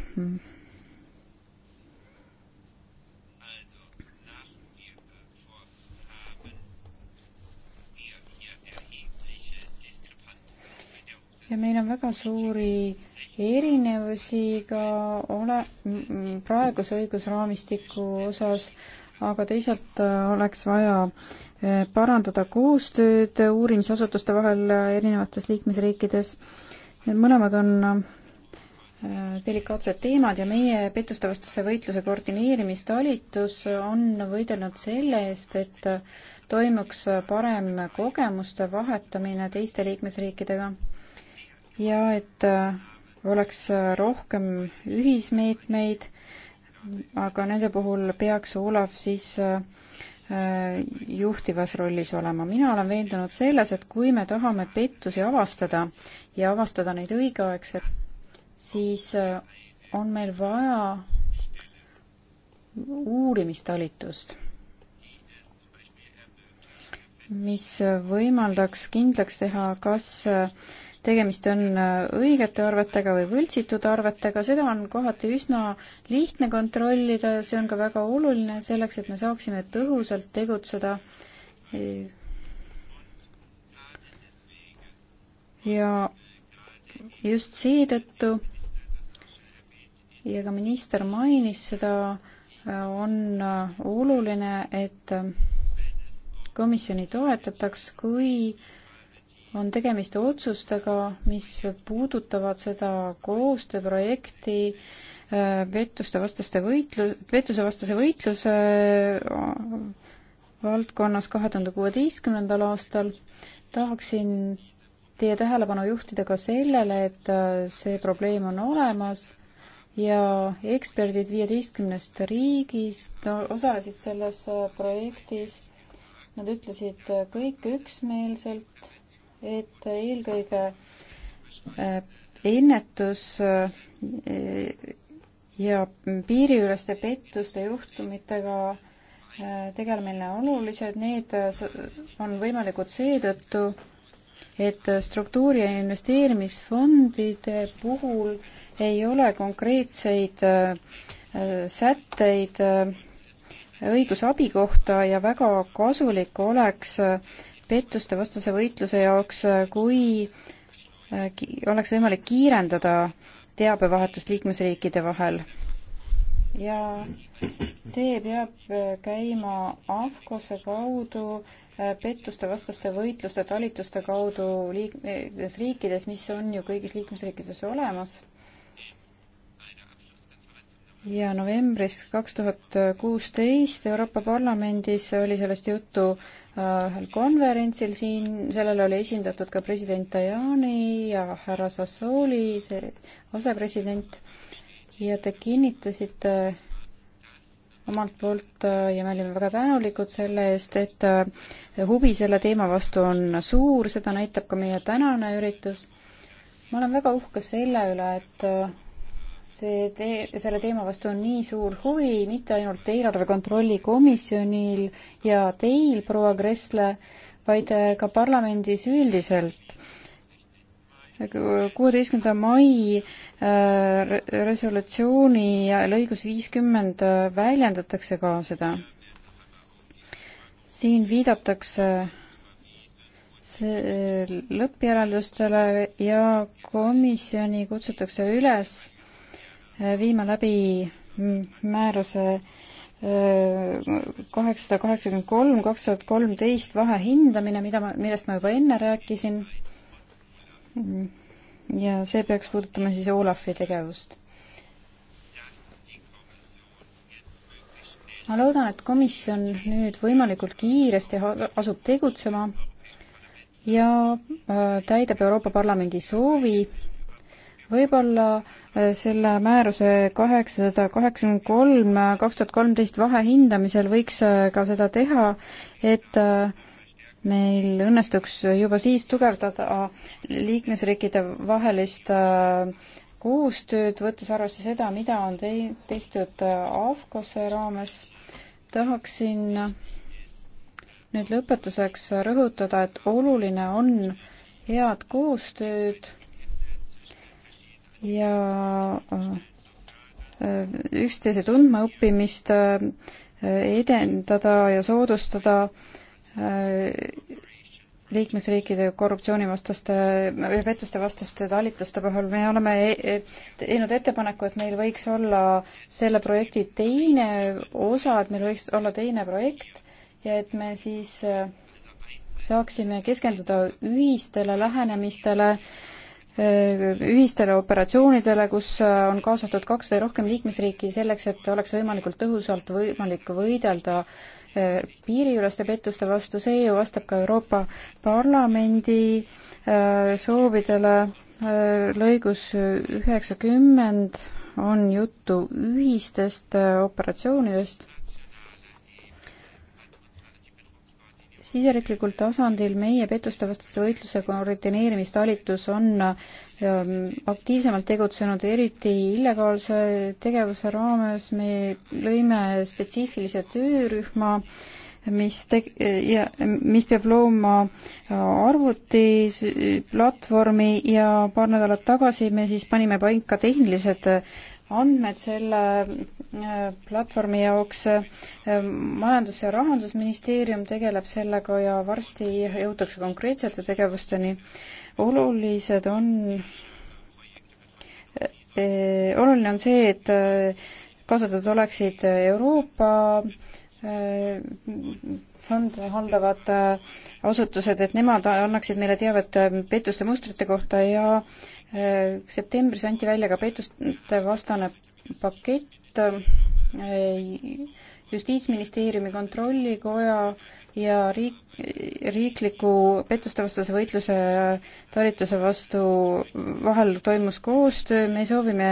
[SPEAKER 3] ja meil on väga suuri erinevusi ka ole, praeguse õigusraamistiku osas, aga teisalt äh, oleks vaja äh, parandada koostööd uurimisasutuste vahel erinevates liikmesriikides. Need mõlemad on äh, delikaatsed teemad ja meie pettustevastase võitluse koordineerimistalitus on võidelnud selle eest, et toimuks parem kogemuste vahetamine teiste liikmesriikidega ja et äh, oleks rohkem ühismeetmeid, aga nende puhul peaks Olav siis äh, Äh, juhtivas rollis olema. mina olen veendunud selles, et kui me tahame pettusi avastada ja avastada neid õigeaegselt, siis äh, on meil vaja uurimistalitust, mis võimaldaks kindlaks teha, kas äh, tegemist on äh, õigete arvetega või võltsitud arvetega, seda on kohati üsna lihtne kontrollida ja see on ka väga oluline selleks, et me saaksime tõhusalt tegutseda. ja just seetõttu ja ka minister mainis seda, äh, on äh, oluline, et komisjoni toetataks, kui äh, on tegemist otsustega, mis puudutavad seda koostööprojekti äh, pettuste vastaste võitlu-, pettusevastase võitluse äh, valdkonnas kahe tuhande kuueteistkümnendal aastal. tahaksin teie tähelepanu juhtida ka sellele, et äh, see probleem on olemas ja eksperdid viieteistkümnest riigist osalesid selles projektis. Nad ütlesid kõik üksmeelselt, et eelkõige äh, ennetus äh, ja piiriüleste pettuste juhtumitega äh, tegelemine on olulised, need on võimalikud seetõttu, et struktuuri- ja investeerimisfondide puhul ei ole konkreetseid sätteid õigusabi kohta ja väga kasulik oleks pettuste vastase võitluse jaoks, kui äh, oleks võimalik kiirendada teabevahetust liikmesriikide vahel. ja see peab äh, käima AFCOS-e kaudu, äh, pettuste vastaste võitluste talituste kaudu liik-, riikides, mis on ju kõigis liikmesriikides olemas ja novembris kaks tuhat kuusteist Euroopa Parlamendis oli sellest juttu äh, ühel konverentsil siin, sellele oli esindatud ka president Tajani ja härra Sassooli, see asepresident, ja te kinnitasite äh, omalt poolt äh, ja me olime väga tänulikud selle eest, et huvi selle teema vastu on suur, seda näitab ka meie tänane üritus. ma olen väga uhke selle üle, et see tee, selle teema vastu on nii suur huvi, mitte ainult eelarve kontrolli komisjonil ja teil, proua Kressle, vaid äh, ka parlamendis üldiselt. kuueteistkümnenda mai äh, resolutsiooni lõigus viiskümmend äh, väljendatakse ka seda. siin viidatakse lõppjäreldustele ja komisjoni kutsutakse üles viima läbi määruse äh, kaheksasada kaheksakümmend kolm, kaks tuhat kolmteist vahe hindamine, mida ma, millest ma juba enne rääkisin. ja see peaks puudutama siis Olafi tegevust. ma loodan, et komisjon nüüd võimalikult kiiresti asub tegutsema ja äh, täidab Euroopa Parlamendi soovi võib-olla äh, selle määruse kaheksasada kaheksakümmend kolm kaks tuhat kolmteist vahehindamisel võiks äh, ka seda teha, et äh, meil õnnestuks juba siis tugevdada liikmesriikide vahelist äh, koostööd, võttes arvesse seda, mida on tei-, tehtud AFCOS-e raames, tahaksin nüüd lõpetuseks rõhutada, et oluline on head koostööd ja äh, äh, üksteise tundmaõppimist äh, edendada ja soodustada liikmesriikide korruptsioonivastaste või pettuste vastaste talituste puhul me oleme e, e, teinud ettepaneku, et meil võiks olla selle projekti teine osa, et meil võiks olla teine projekt ja et me siis saaksime keskenduda ühistele lähenemistele äh, ühistele operatsioonidele, kus äh, on kaasatud kakssada ja rohkem liikmesriiki selleks, et oleks võimalikult tõhusalt võimalik võidelda äh, piiriüleste pettuste vastu, see ju vastab ka Euroopa Parlamendi äh, soovidele. lõigus üheksakümmend on juttu ühistest operatsioonidest siseriiklikul tasandil meie pettustevastase võitluse koordineerimistalitus on ähm, aktiivsemalt tegutsenud, eriti illegaalse tegevuse raames me lõime spetsiifilise töörühma, mis teg-, ja mis peab looma äh, arvutiplatvormi ja paar nädalat tagasi me siis panime paika tehnilised äh, andmed selle äh, platvormi jaoks. Äh, majandus- ja rahandusministeerium tegeleb sellega ja varsti jõutakse konkreetsete tegevusteni. olulised on, äh, oluline on see, et kaasatud oleksid Euroopa fonde haldavad asutused, et nemad annaksid meile teavet pettuste mustrite kohta ja Äh, septembris anti välja ka pettuste vastane pakett, äh, justiitsministeeriumi kontrollikoja ja riik, riikliku pettustevastase võitluse talituse vastu vahel toimus koostöö, me soovime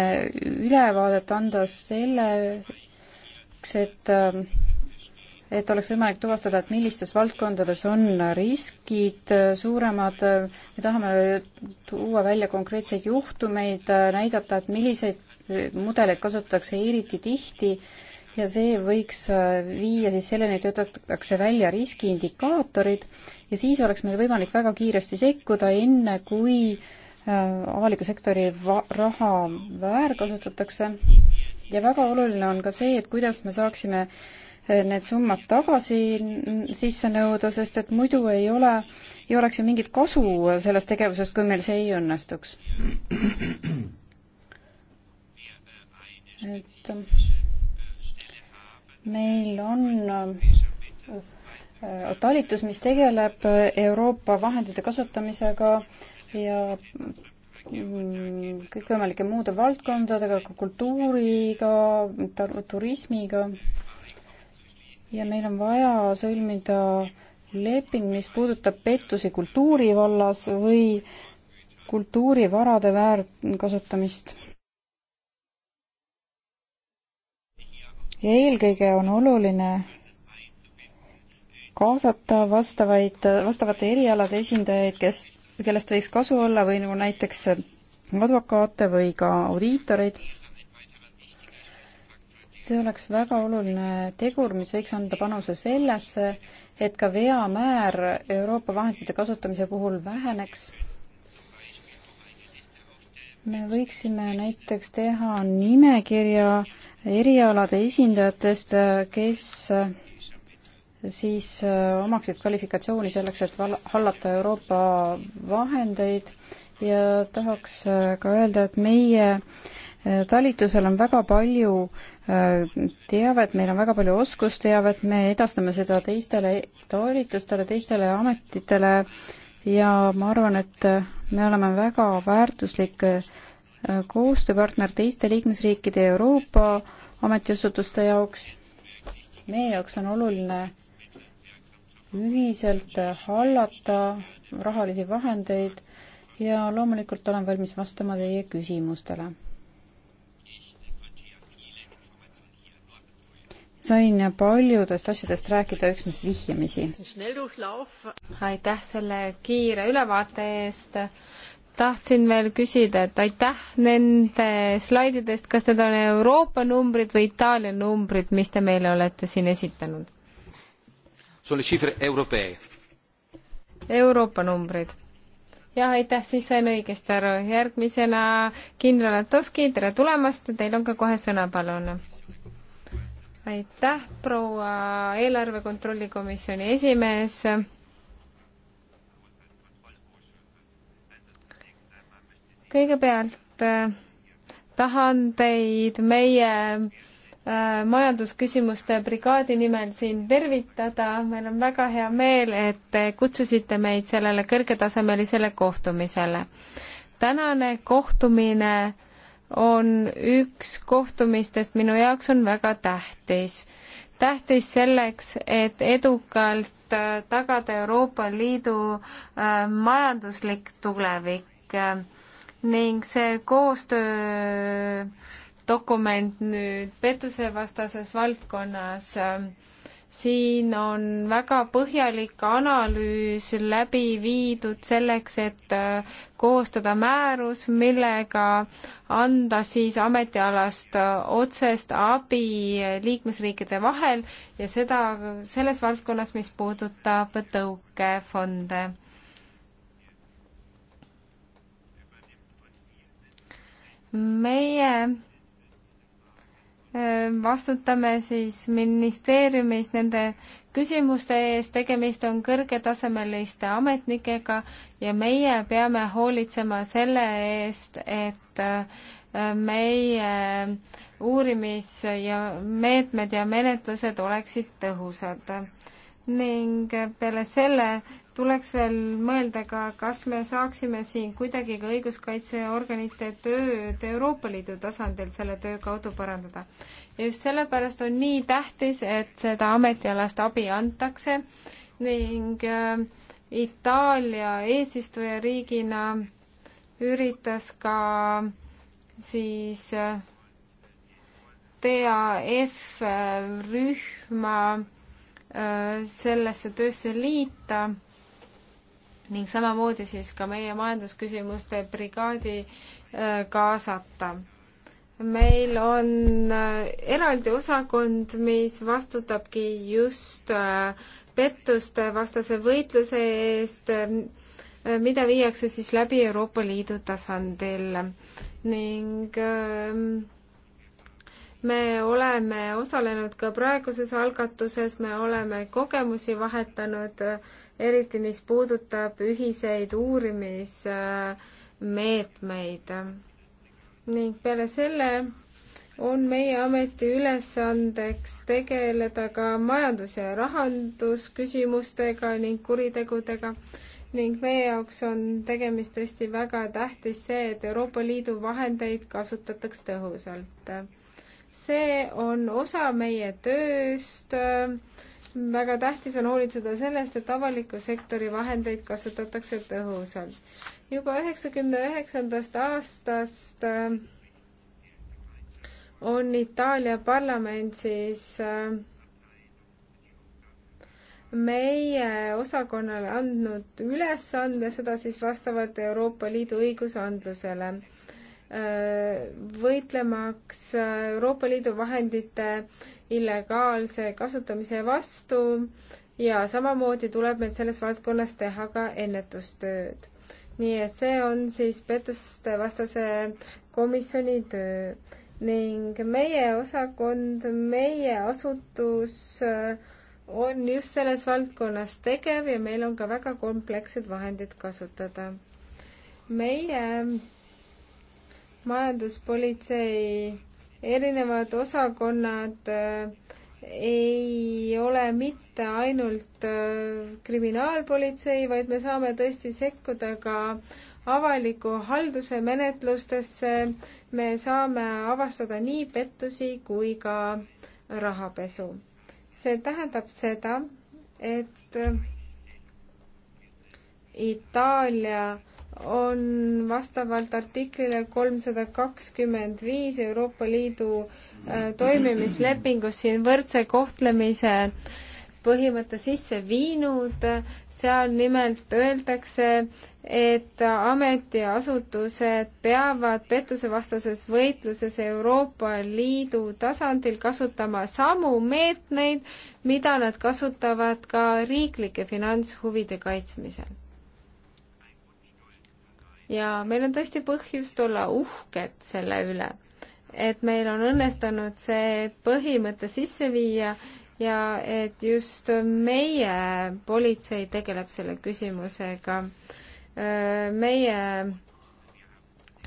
[SPEAKER 3] ülevaadet anda selleks, et äh, et oleks võimalik tuvastada, et millistes valdkondades on riskid suuremad, me tahame tuua välja konkreetseid juhtumeid, näidata, et milliseid mudeleid kasutatakse eriti tihti ja see võiks viia siis selleni, et töötatakse välja riskiindikaatorid ja siis oleks meil võimalik väga kiiresti sekkuda, enne kui äh, avaliku sektori va-, raha väärkasutatakse ja väga oluline on ka see, et kuidas me saaksime äh, need summad tagasi sisse nõuda, sest et muidu ei ole, ei oleks ju mingit kasu sellest tegevusest, kui meil see ei õnnestuks. et meil on äh, talitus, mis tegeleb Euroopa vahendite kasutamisega ja mm, kõikvõimalike muude valdkondadega, ka kultuuriga, turismiga ja meil on vaja sõlmida leping, mis puudutab pettusi kultuuri vallas või kultuurivarade väärkasutamist. ja eelkõige on oluline kaasata vastavaid, vastavate erialade esindajaid, kes, kellest võiks kasu olla või nagu näiteks advokaate või ka audiitoreid see oleks väga oluline tegur, mis võiks anda panuse sellesse, et ka veamäär Euroopa vahendite kasutamise puhul väheneks. me võiksime näiteks teha nimekirja erialade esindajatest, kes siis äh, omaksid kvalifikatsiooni selleks, et val-, hallata Euroopa vahendeid ja tahaks äh, ka öelda, et meie äh, talitusel on väga palju äh, teavet, meil on väga palju oskusteavet, me edastame seda teistele talitustele, teistele ametitele ja ma arvan, et me oleme väga väärtuslik äh, koostööpartner teiste liikmesriikide ja Euroopa ametiasutuste jaoks. meie jaoks on oluline ühiselt hallata rahalisi vahendeid ja loomulikult olen valmis vastama teie küsimustele sain paljudest asjadest rääkida üksnes vihjamisi.
[SPEAKER 1] aitäh selle kiire ülevaate eest. tahtsin veel küsida, et aitäh nende slaididest, kas need on Euroopa numbrid või Itaalia numbrid, mis te meile olete siin esitanud? Euroopa numbrid jah, aitäh, siis sain õigesti aru. järgmisena kindral Atoski, tere tulemast ja teil on ka kohe sõna, palun aitäh, proua eelarve kontrolli komisjoni esimees. kõigepealt äh, tahan teid meie äh, majandusküsimuste brigaadi nimel siin tervitada. meil on väga hea meel, et te kutsusite meid sellele kõrgetasemelisele kohtumisele. tänane kohtumine äh, on üks kohtumistest minu jaoks on väga tähtis. tähtis selleks, et edukalt äh, tagada Euroopa Liidu äh, majanduslik tulevik äh, ning see koostöö dokument nüüd pettusevastases valdkonnas äh, siin on väga põhjalik analüüs läbi viidud selleks, et äh, koostada määrus, millega anda siis ametialast äh, otsest abi liikmesriikide vahel ja seda selles valdkonnas, mis puudutab tõukefonde. meie vastutame siis ministeeriumis nende küsimuste eest, tegemist on kõrgetasemeliste ametnikega ja meie peame hoolitsema selle eest, et meie uurimis- ja meetmed ja menetlused oleksid tõhusad. ning peale selle tuleks veel mõelda ka, kas me saaksime siin kuidagi ka õiguskaitseorganite tööd Euroopa Liidu tasandil selle töö kaudu parandada. ja just sellepärast on nii tähtis, et seda ametialast abi antakse ning äh, Itaalia eesistujariigina üritas ka siis äh, TAF äh, rühma äh, sellesse töösse liita ning samamoodi siis ka meie majandusküsimuste brigaadi äh, kaasata. meil on äh, eraldi osakond, mis vastutabki just äh, pettuste vastase võitluse eest, mida viiakse siis läbi Euroopa Liidu tasandil ning ähm, me oleme osalenud ka praeguses algatuses, me oleme kogemusi vahetanud eriti mis puudutab ühiseid uurimismeetmeid. ning peale selle on meie ameti ülesandeks tegeleda ka majandus- ja rahandusküsimustega ning kuritegudega ning meie jaoks on tegemist tõesti väga tähtis see, et Euroopa Liidu vahendeid kasutataks tõhusalt. see on osa meie tööst äh, väga tähtis on hoolitseda sellest, et avaliku sektori vahendeid kasutatakse tõhusalt. juba üheksakümne üheksandast aastast äh, on Itaalia parlament siis äh, meie osakonnale andnud ülesande, seda siis vastavalt Euroopa Liidu õigusandlusele äh, võitlemaks Euroopa Liidu vahendite illegaalse kasutamise vastu ja samamoodi tuleb meil selles valdkonnas teha ka ennetustööd. nii et see on siis pettuste vastase komisjoni töö ning meie osakond, meie asutus äh, on just selles valdkonnas tegev ja meil on ka väga komplekssed vahendid kasutada. meie majanduspolitsei erinevad osakonnad äh, ei ole mitte ainult äh, kriminaalpolitsei, vaid me saame tõesti sekkuda ka avaliku halduse menetlustesse. me saame avastada nii pettusi kui ka rahapesu. see tähendab seda, et Itaalia on vastavalt artiklile kolmsada kakskümmend viis Euroopa Liidu äh, toimimislepingus siin võrdse kohtlemise põhimõte sisse viinud, seal nimelt öeldakse, et ametiasutused peavad pettusevastases võitluses Euroopa Liidu tasandil kasutama samu meetmeid, mida nad kasutavad ka riiklike finantshuvide kaitsmisel ja meil on tõesti põhjust olla uhked selle üle, et meil on õnnestunud see põhimõte sisse viia ja et just meie politsei tegeleb selle küsimusega. meie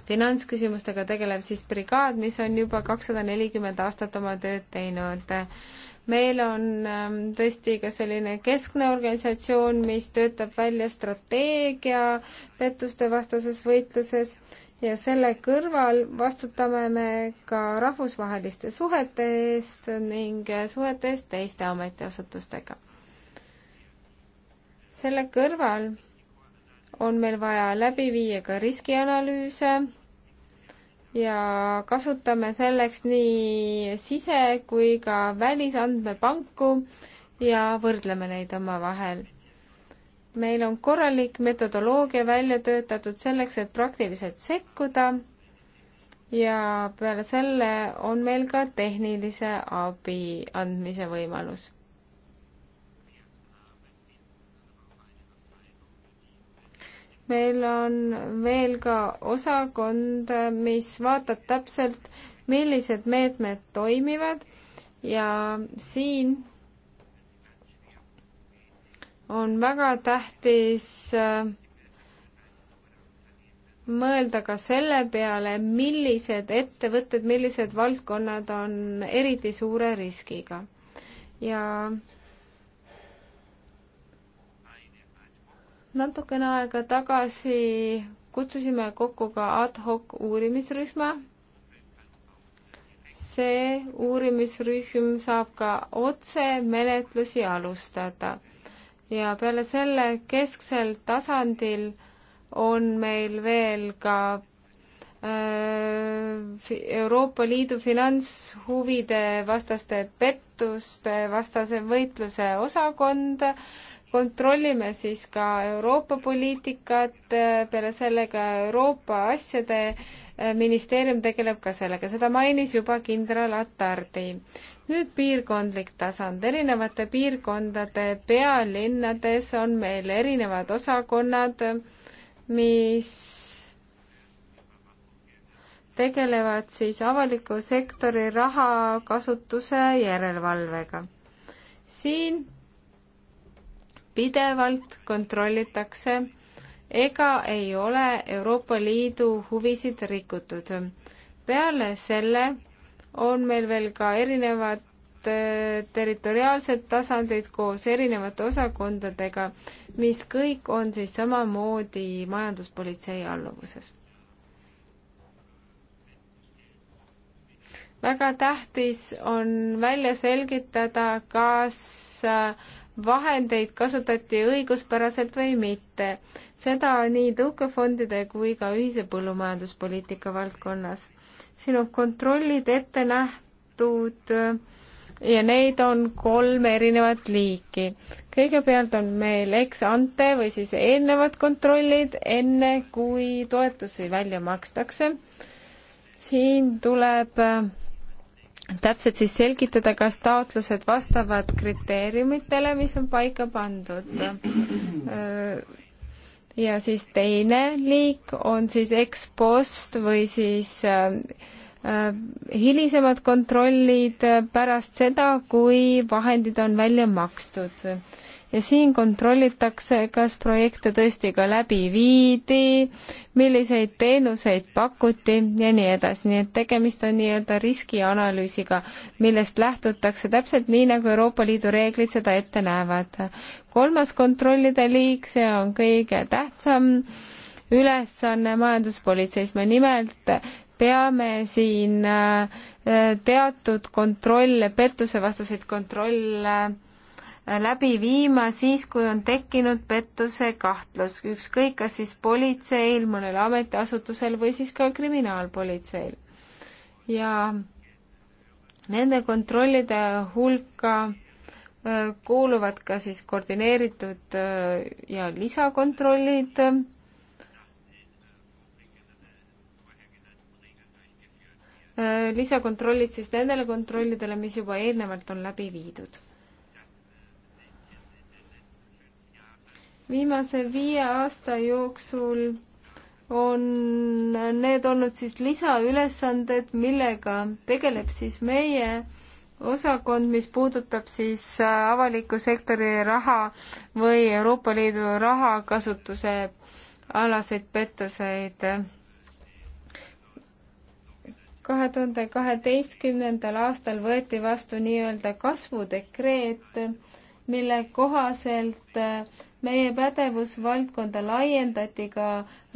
[SPEAKER 1] finantsküsimustega tegelev siis brigaad, mis on juba kakssada nelikümmend aastat oma tööd teinud meil on ähm, tõesti ka selline keskne organisatsioon, mis töötab välja strateegia pettuste vastases võitluses ja selle kõrval vastutame me ka rahvusvaheliste suhete eest ning suhete eest teiste ametiasutustega. selle kõrval on meil vaja läbi viia ka riskianalüüse ja kasutame selleks nii sise- kui ka välisandmepanku ja võrdleme neid omavahel. meil on korralik metodoloogia välja töötatud selleks, et praktiliselt sekkuda ja peale selle on meil ka tehnilise abi andmise võimalus. meil on veel ka osakond, mis vaatab täpselt, millised meetmed toimivad ja siin on väga tähtis äh, mõelda ka selle peale, millised ettevõtted, millised valdkonnad on eriti suure riskiga. ja natukene aega tagasi kutsusime kokku ka ad hoc uurimisrühma. see uurimisrühm saab ka otse menetlusi alustada ja peale selle kesksel tasandil on meil veel ka äh, Euroopa Liidu finantshuvide vastaste pettuste vastase võitluse osakond kontrollime siis ka Euroopa poliitikat, eh, peale selle ka Euroopa asjade eh, ministeerium tegeleb ka sellega, seda mainis juba kindral Atardi. nüüd piirkondlik tasand, erinevate piirkondade pealinnades on meil erinevad osakonnad, mis tegelevad siis avaliku sektori rahakasutuse järelevalvega. siin pidevalt kontrollitakse, ega ei ole Euroopa Liidu huvisid rikutud. peale selle on meil veel ka erinevad äh, territoriaalsed tasandid koos erinevate osakondadega, mis kõik on siis samamoodi majanduspolitsei alluvuses väga tähtis on välja selgitada, kas äh, vahendeid kasutati õiguspäraselt või mitte. seda nii tõukefondide kui ka ühise põllumajanduspoliitika valdkonnas. siin on kontrollid ette nähtud äh, ja neid on kolm erinevat liiki. kõigepealt on meil ex ante või siis eelnevad kontrollid, enne kui toetusi välja makstakse. siin tuleb äh, täpselt siis selgitada, kas taotlused vastavad kriteeriumitele, mis on paika pandud. Äh, ja siis teine liik on siis ekspost või siis äh, äh, hilisemad kontrollid pärast seda, kui vahendid on välja makstud ja siin kontrollitakse, kas projekte tõesti ka läbi viidi, milliseid teenuseid pakuti ja nii edasi, nii et tegemist on nii-öelda riskianalüüsiga, millest lähtutakse täpselt nii, nagu Euroopa Liidu reeglid seda ette näevad. kolmas kontrollide liik, see on kõige tähtsam ülesanne majanduspolitseis, me nimelt peame siin äh, teatud kontrolle, pettusevastaseid kontrolle läbi viima siis, kui on tekkinud pettuse kahtlus, ükskõik kas siis politseil, mõnel ametiasutusel või siis ka kriminaalpolitseil. ja nende kontrollide hulka kuuluvad ka siis koordineeritud ja lisakontrollid, lisakontrollid siis nendele kontrollidele, mis juba eelnevalt on läbi viidud viimase viie aasta jooksul on need olnud siis lisaülesanded, millega tegeleb siis meie osakond, mis puudutab siis äh, avaliku sektori raha või Euroopa Liidu rahakasutuse alaseid pettuseid. kahe tuhande kaheteistkümnendal aastal võeti vastu nii-öelda kasvudekreet, mille kohaselt äh, meie pädevusvaldkonda laiendati ka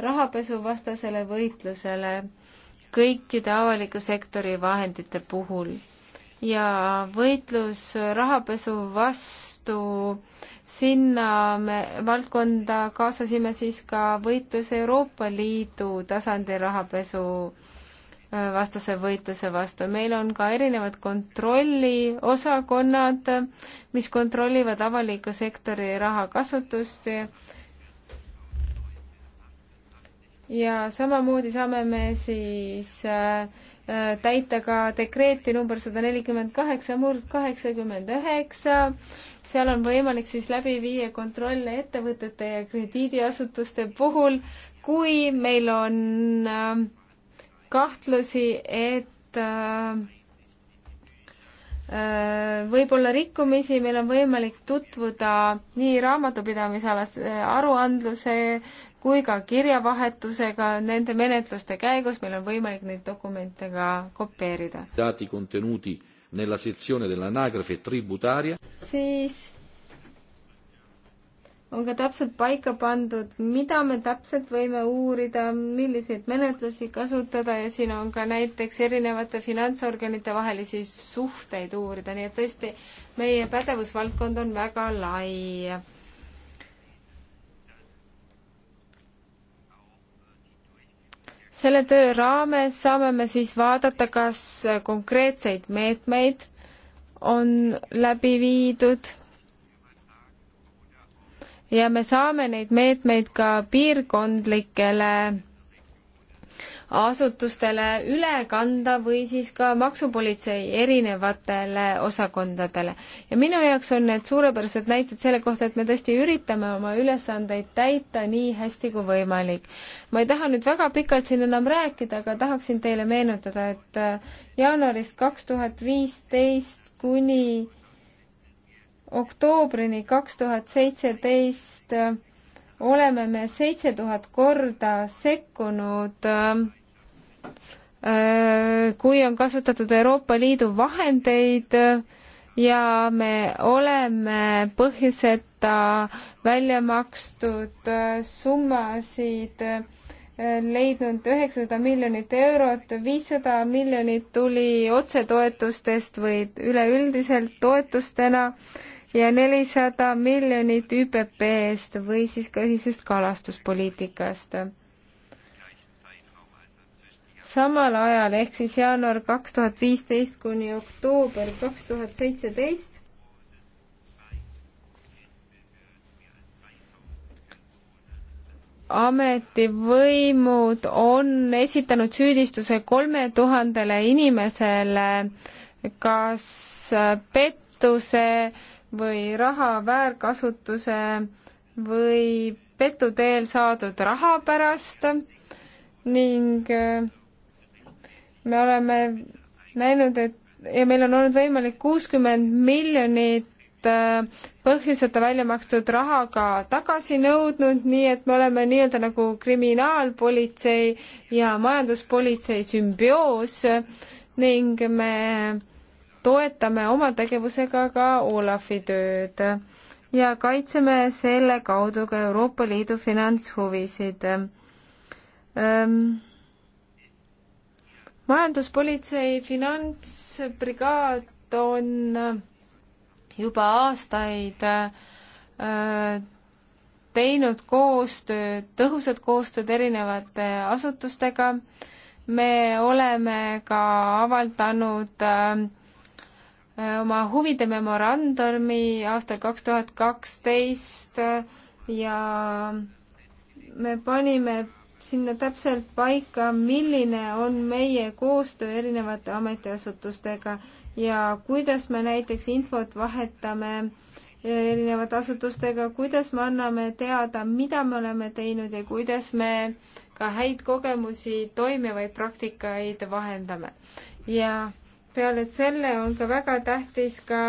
[SPEAKER 1] rahapesuvastasele võitlusele kõikide avaliku sektori vahendite puhul ja võitlus rahapesu vastu, sinna me valdkonda kaasasime siis ka võitlus Euroopa Liidu tasandi rahapesu vastase võitluse vastu. meil on ka erinevad kontrolliosakonnad, mis kontrollivad avaliku sektori rahakasutust ja samamoodi saame me siis äh, täita ka dekreeti number sada nelikümmend kaheksa murd kaheksakümmend üheksa. seal on võimalik siis läbi viia kontrolle ettevõtete ja krediidiasutuste puhul, kui meil on äh, kahtlusi, et äh, äh, võib-olla rikkumisi, meil on võimalik tutvuda nii raamatupidamisalas äh, aruandluse kui ka kirjavahetusega nende menetluste käigus, meil on võimalik neid dokumente ka kopeerida. siis on ka täpselt paika pandud, mida me täpselt võime uurida, milliseid menetlusi kasutada ja siin on ka näiteks erinevate finantsorganite vahelisi suhteid uurida, nii et tõesti, meie pädevusvaldkond on väga lai. selle töö raames saame me siis vaadata, kas konkreetseid meetmeid on läbi viidud ja me saame neid meetmeid ka piirkondlikele asutustele üle kanda või siis ka maksupolitsei erinevatele osakondadele. ja minu jaoks on need suurepärased näited selle kohta, et me tõesti üritame oma ülesandeid täita nii hästi kui võimalik. ma ei taha nüüd väga pikalt siin enam rääkida, aga tahaksin teile meenutada, et jaanuarist kaks tuhat viisteist kuni oktoobrini kaks tuhat seitseteist oleme me seitse tuhat korda sekkunud, äh, kui on kasutatud Euroopa Liidu vahendeid ja me oleme põhjuseta välja makstud äh, summasid äh, leidnud üheksasada miljonit eurot, viissada miljonit tuli otsetoetustest või üleüldiselt toetustena ja nelisada miljonit ÜPP-st või siis ka ühisest kalastuspoliitikast. samal ajal ehk siis jaanuar kaks tuhat viisteist kuni oktoober kaks tuhat seitseteist ametivõimud on esitanud süüdistuse kolme tuhandele inimesele kas pettuse või raha väärkasutuse või petu teel saadud raha pärast ning äh, me oleme näinud, et ja meil on olnud võimalik kuuskümmend miljonit äh, põhjuseta välja makstud raha ka tagasi nõudnud, nii et me oleme nii-öelda nagu kriminaalpolitsei ja majanduspolitsei sümbioos ning me toetame oma tegevusega ka Olafi tööd ja kaitseme selle kaudu ka Euroopa Liidu finantshuvisid ähm,. majanduspolitsei finantsbrigaad on juba aastaid äh, teinud koostööd, tõhusat koostööd erinevate asutustega. me oleme ka avaldanud äh, Äh, oma huvide memorandumi aastal kaks tuhat kaksteist äh, ja me panime sinna täpselt paika, milline on meie koostöö erinevate ametiasutustega ja kuidas me näiteks infot vahetame erinevate asutustega, kuidas me anname teada, mida me oleme teinud ja kuidas me ka häid kogemusi, toimivaid praktikaid vahendame. ja peale selle on ka väga tähtis ka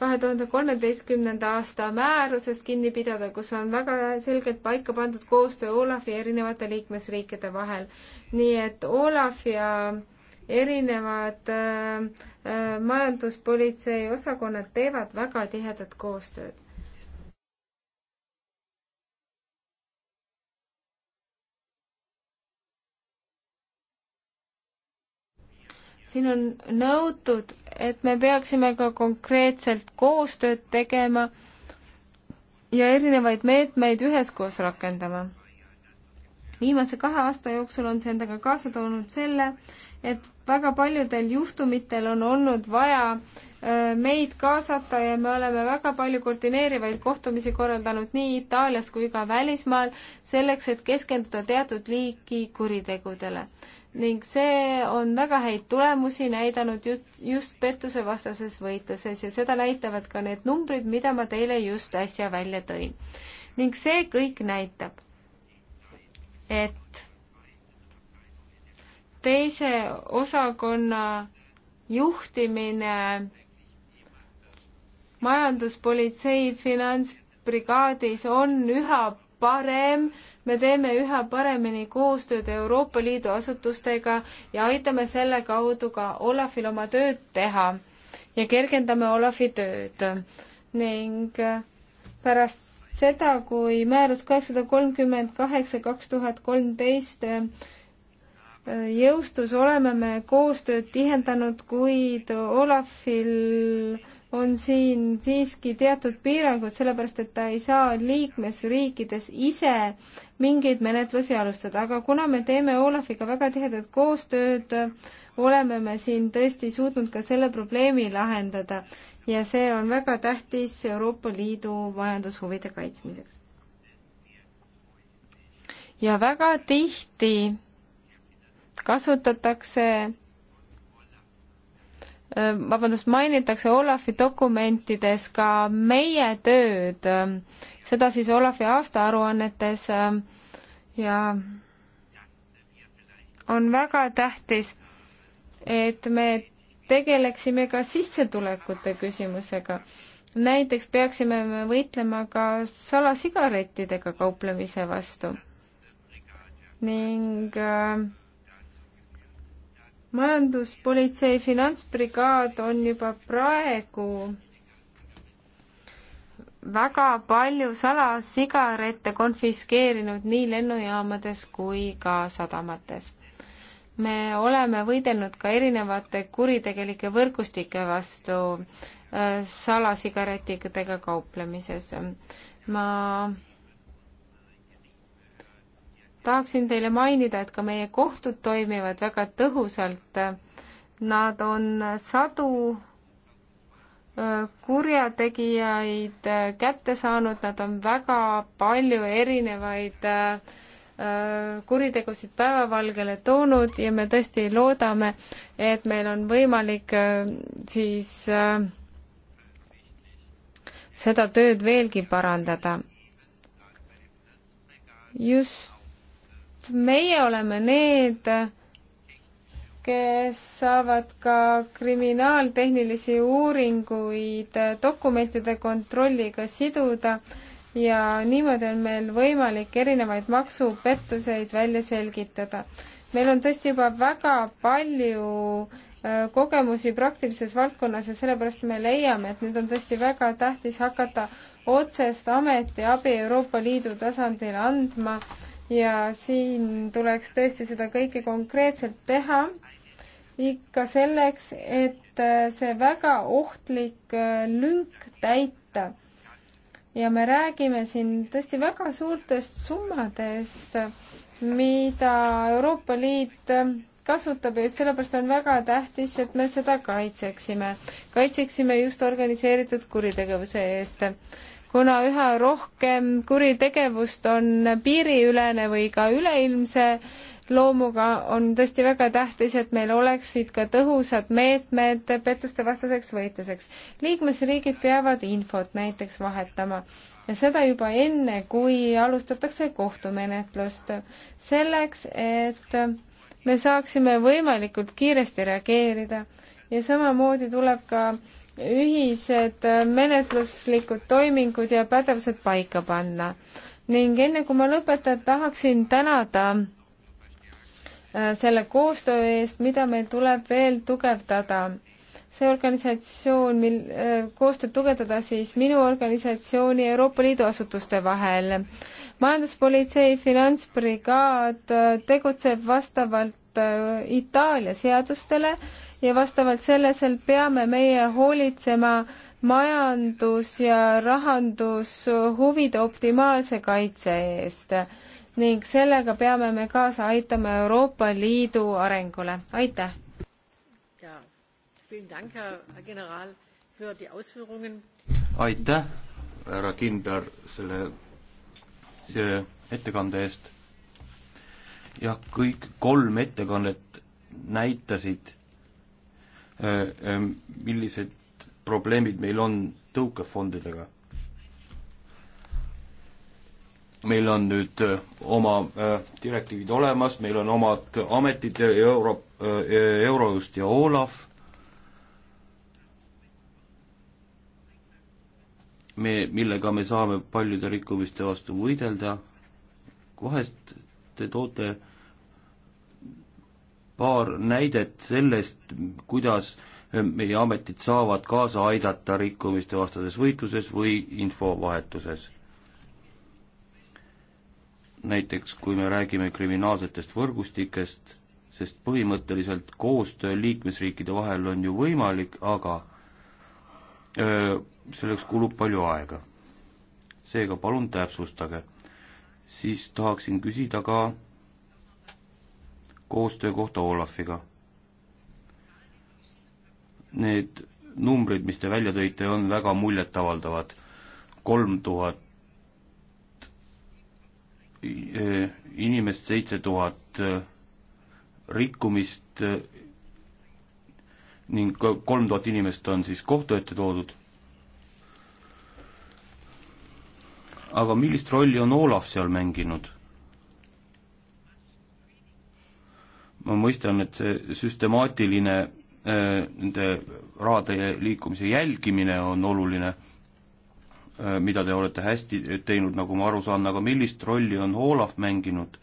[SPEAKER 1] kahe tuhande kolmeteistkümnenda aasta määrusest kinni pidada, kus on väga selgelt paika pandud koostöö Olafi erinevate liikmesriikide vahel. nii et Olaf ja erinevad äh, äh, majanduspolitsei osakonnad teevad väga tihedat koostööd siin on nõutud, et me peaksime ka konkreetselt koostööd tegema ja erinevaid meetmeid üheskoos rakendama. viimase kahe aasta jooksul on see endaga kaasa toonud selle, et väga paljudel juhtumitel on olnud vaja meid kaasata ja me oleme väga palju koordineerivaid kohtumisi korraldanud nii Itaalias kui ka välismaal, selleks et keskenduda teatud liiki kuritegudele ning see on väga häid tulemusi näidanud just, just pettusevastases võitluses ja seda näitavad ka need numbrid, mida ma teile just äsja välja tõin. ning see kõik näitab, et teise osakonna juhtimine majanduspolitsei finantsbrigaadis on üha parem me teeme üha paremini koostööd Euroopa Liidu asutustega ja aitame selle kaudu ka Olafil oma tööd teha ja kergendame Olafi tööd ning äh, pärast seda, kui määrus kaheksasada kolmkümmend kaheksa kaks tuhat kolmteist äh, jõustus, oleme me koostööd tihendanud, kuid Olafil on siin siiski teatud piirangud, sellepärast et ta ei saa liikmesriikides ise mingeid menetlusi alustada, aga kuna me teeme Olafiga väga tihedat koostööd, oleme me siin tõesti suutnud ka selle probleemi lahendada ja see on väga tähtis Euroopa Liidu majandushuvide kaitsmiseks. ja väga tihti kasutatakse Äh, vabandust, mainitakse Olafi dokumentides ka meie tööd, ähm, seda siis Olafi aastaaruannetes ähm, ja on väga tähtis, et me tegeleksime ka sissetulekute küsimusega. näiteks peaksime me võitlema ka salasigarettidega kauplemise vastu ning äh, majanduspolitsei finantsbrigaad on juba praegu väga palju salasigarette konfiskeerinud nii lennujaamades kui ka sadamates. me oleme võidelnud ka erinevate kuritegelike võrgustike vastu äh, salasigaretidega kauplemises. ma tahaksin teile mainida, et ka meie kohtud toimivad väga tõhusalt. Nad on sadu äh, kurjategijaid äh, kätte saanud, nad on väga palju erinevaid äh, kuritegusid päevavalgele toonud ja me tõesti loodame, et meil on võimalik siis seda tööd veelgi parandada. just et meie oleme need, kes saavad ka kriminaaltehnilisi uuringuid dokumentide kontrolliga siduda ja niimoodi on meil võimalik erinevaid maksupettuseid välja selgitada. meil on tõesti juba väga palju äh, kogemusi praktilises valdkonnas ja sellepärast me leiame, et nüüd on tõesti väga tähtis hakata otsest ametiabi Euroopa Liidu tasandil andma ja siin tuleks tõesti seda kõike konkreetselt teha, ikka selleks, et äh, see väga ohtlik äh, lünk täita. ja me räägime siin tõesti väga suurtest summadest, mida Euroopa Liit äh, kasutab ja just sellepärast on väga tähtis, et me seda kaitseksime. kaitseksime just organiseeritud kuritegevuse eest kuna üha rohkem kuritegevust on piiriülene või ka üleilmse loomuga, on tõesti väga tähtis, et meil oleksid ka tõhusad meetmed pettuste vastaseks võitluseks. liikmesriigid peavad infot näiteks vahetama ja seda juba enne, kui alustatakse kohtumenetlust, selleks et me saaksime võimalikult kiiresti reageerida ja samamoodi tuleb ka ühised äh, menetluslikud toimingud ja pädevused paika panna. ning enne kui ma lõpetan, tahaksin tänada äh, selle koostöö eest, mida meil tuleb veel tugevdada. see organisatsioon, mil, äh, koostööd tugevdada siis minu organisatsiooni Euroopa Liidu asutuste vahel. majanduspolitsei finantsbrigaad tegutseb vastavalt Itaalia seadustele ja vastavalt sellesel peame meie hoolitsema majandus- ja rahandushuvide optimaalse kaitse eest ning sellega peame me kaasa aitama Euroopa Liidu arengule. aitäh!
[SPEAKER 2] aitäh, härra kindral, selle, see ettekande eest. jah, kõik kolm ettekannet näitasid Äh, ähm, millised probleemid meil on tõukefondidega. meil on nüüd äh, oma äh, direktiivid olemas, meil on omad ametid, euro, Eurojust ja Olav, me, millega me saame paljude rikkumiste vastu võidelda, vahest te toote paar näidet sellest, kuidas eh, meie ametid saavad kaasa aidata rikkumiste vastases võitluses või infovahetuses. näiteks kui me räägime kriminaalsetest võrgustikest, sest põhimõtteliselt koostöö liikmesriikide vahel on ju võimalik, aga öö, eh, selleks kulub palju aega. seega palun täpsustage. siis tahaksin küsida ka koostöö kohta Olafiga. Need numbrid, mis te välja tõite, on väga muljetavaldavad. kolm tuhat eh, inimest, seitse tuhat eh, rikkumist eh, ning kolm tuhat inimest on siis kohtu ette toodud. aga millist rolli on Olav seal mänginud? ma mõistan, et see süstemaatiline äh, nende rahade liikumise jälgimine on oluline, äh, mida te olete hästi teinud, nagu ma aru saan, aga millist rolli on Olav mänginud,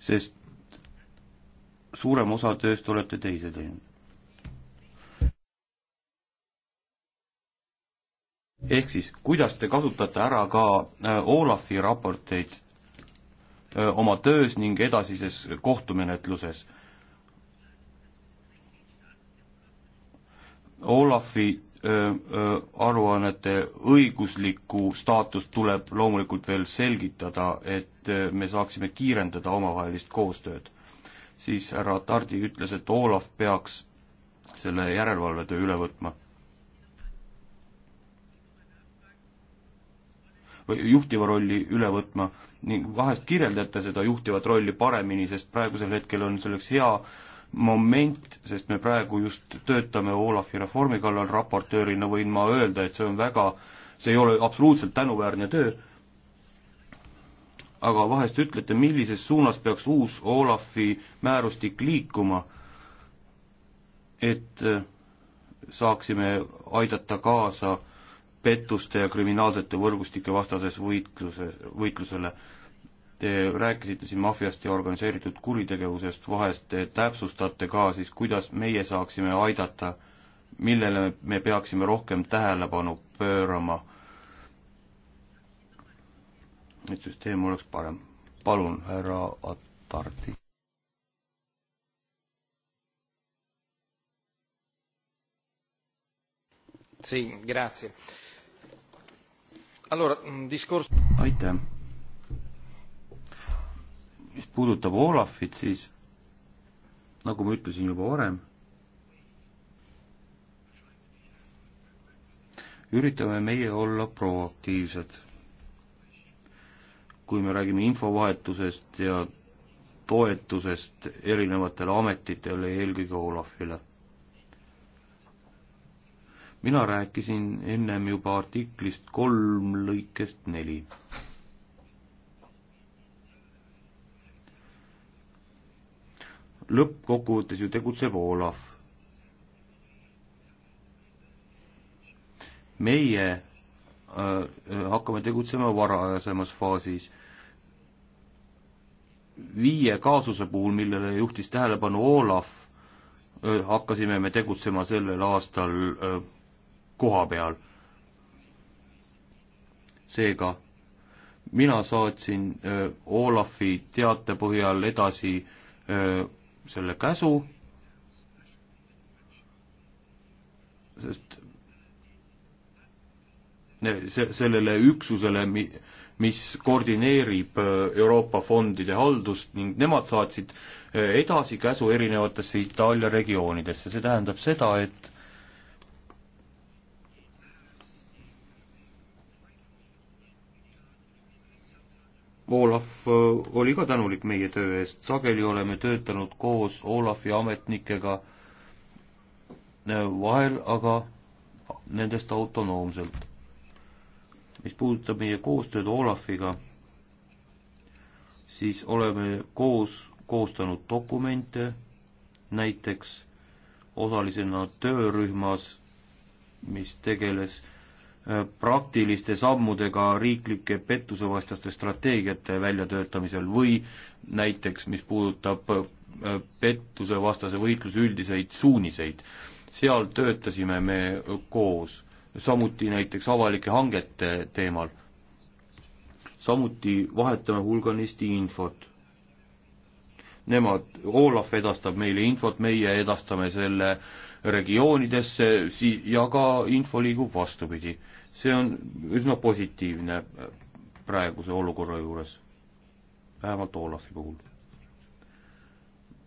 [SPEAKER 2] sest suurem osa tööst olete te ise teinud? ehk siis, kuidas te kasutate ära ka äh, Olafi raporteid oma töös ning edasises kohtumenetluses. Olafi aruannete õiguslikku staatust tuleb loomulikult veel selgitada, et me saaksime kiirendada omavahelist koostööd. siis härra Tardi ütles, et Olav peaks selle järelevalvetöö üle võtma. või juhtiva rolli üle võtma ning vahest kirjeldate seda juhtivat rolli paremini, sest praegusel hetkel on selleks hea moment, sest me praegu just töötame Olafi reformi kallal raportöörina, võin ma öelda, et see on väga, see ei ole absoluutselt tänuväärne töö, aga vahest ütlete, millises suunas peaks uus Olafi määrustik liikuma, et saaksime aidata kaasa pettuste ja kriminaalsete võrgustike vastases võitluse, võitlusele. Te rääkisite siin maffiast ja organiseeritud kuritegevusest, vahest te täpsustate ka siis, kuidas meie saaksime aidata, millele me peaksime rohkem tähelepanu pöörama, et süsteem oleks parem. palun, härra Atardi. Sì, grazie. Eh, Mm, aitäh. mis puudutab Olafit, siis nagu ma ütlesin juba varem, üritame meie olla proaktiivsed. kui me räägime infovahetusest ja toetusest erinevatele ametitele, eelkõige Olafile mina rääkisin ennem juba artiklist kolm lõikest neli. lõppkokkuvõttes ju tegutseb Olav. meie äh, äh, hakkame tegutsema varajasemas faasis viie kaasuse puhul, millele juhtis tähelepanu Olav, äh, hakkasime me tegutsema sellel aastal äh, koha peal. seega mina saatsin öö, Olafi teate põhjal edasi öö, selle käsu, sest see, sellele üksusele, mis koordineerib Euroopa fondide haldust ning nemad saatsid edasi käsu erinevatesse Itaalia regioonidesse, see tähendab seda, et Olav äh, oli ka tänulik meie töö eest, sageli oleme töötanud koos Olavi ametnikega, äh, vahel aga nendest autonoomselt. mis puudutab meie koostööd Olaviga, siis oleme koos koostanud dokumente, näiteks osalisena töörühmas, mis tegeles Äh, praktiliste sammudega riiklike pettusevastaste strateegiate väljatöötamisel või näiteks, mis puudutab äh, pettusevastase võitluse üldiseid suuniseid. seal töötasime me koos, samuti näiteks avalike hangete teemal. samuti vahetame hulganisti infot. Nemad, Olav edastab meile infot, meie edastame selle äh, regioonidesse si- ja ka info liigub vastupidi. see on üsna positiivne äh, praeguse olukorra juures, vähemalt Olafi puhul.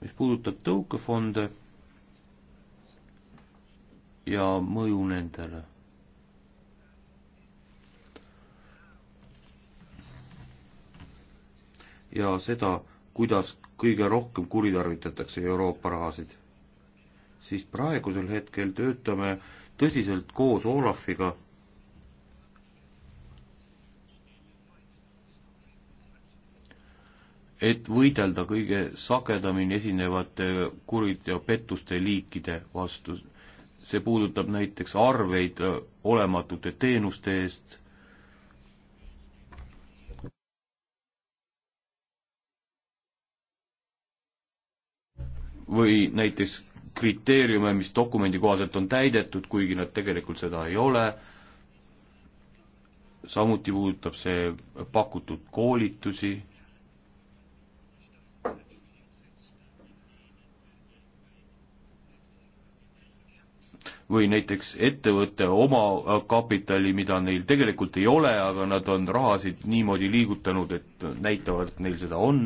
[SPEAKER 2] mis puudutab tõukefonde ja mõju nendele ja seda, kuidas kõige rohkem kuritarvitatakse Euroopa rahasid siis praegusel hetkel töötame tõsiselt koos Olafiga et võidelda kõige sagedamini esinevate kuriteopettuste liikide vastu. see puudutab näiteks arveid olematute teenuste eest. või näiteks kriteeriume, mis dokumendi kohaselt on täidetud, kuigi nad tegelikult seda ei ole, samuti puudutab see pakutud koolitusi, või näiteks ettevõtte oma kapitali, mida neil tegelikult ei ole, aga nad on rahasid niimoodi liigutanud, et näitavad, et neil seda on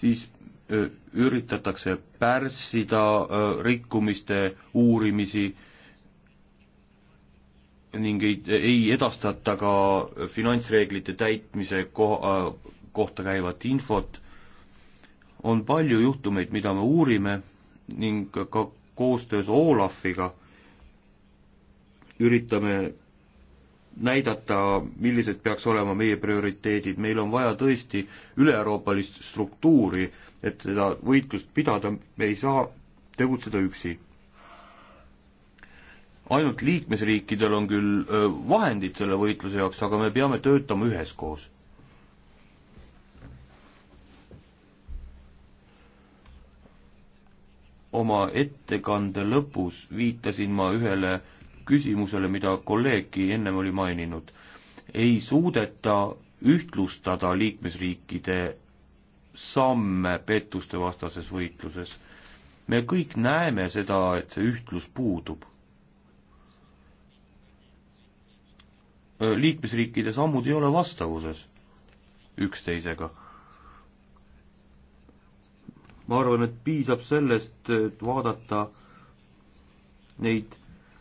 [SPEAKER 2] siis üritatakse pärssida rikkumiste uurimisi ning ei, ei edastata ka finantsreeglite täitmise koha, kohta käivat infot. on palju juhtumeid, mida me uurime ning ka koostöös Olafiga üritame näidata, millised peaks olema meie prioriteedid, meil on vaja tõesti üle-euroopalist struktuuri, et seda võitlust pidada, me ei saa tegutseda üksi. ainult liikmesriikidel on küll vahendid selle võitluse jaoks, aga me peame töötama üheskoos. oma ettekande lõpus viitasin ma ühele äh, küsimusele, mida kolleegki ennem oli maininud. ei suudeta ühtlustada liikmesriikide samme pettuste vastases võitluses. me kõik näeme seda, et see ühtlus puudub. liikmesriikide sammud ei ole vastavuses üksteisega ma arvan, et piisab sellest, et vaadata neid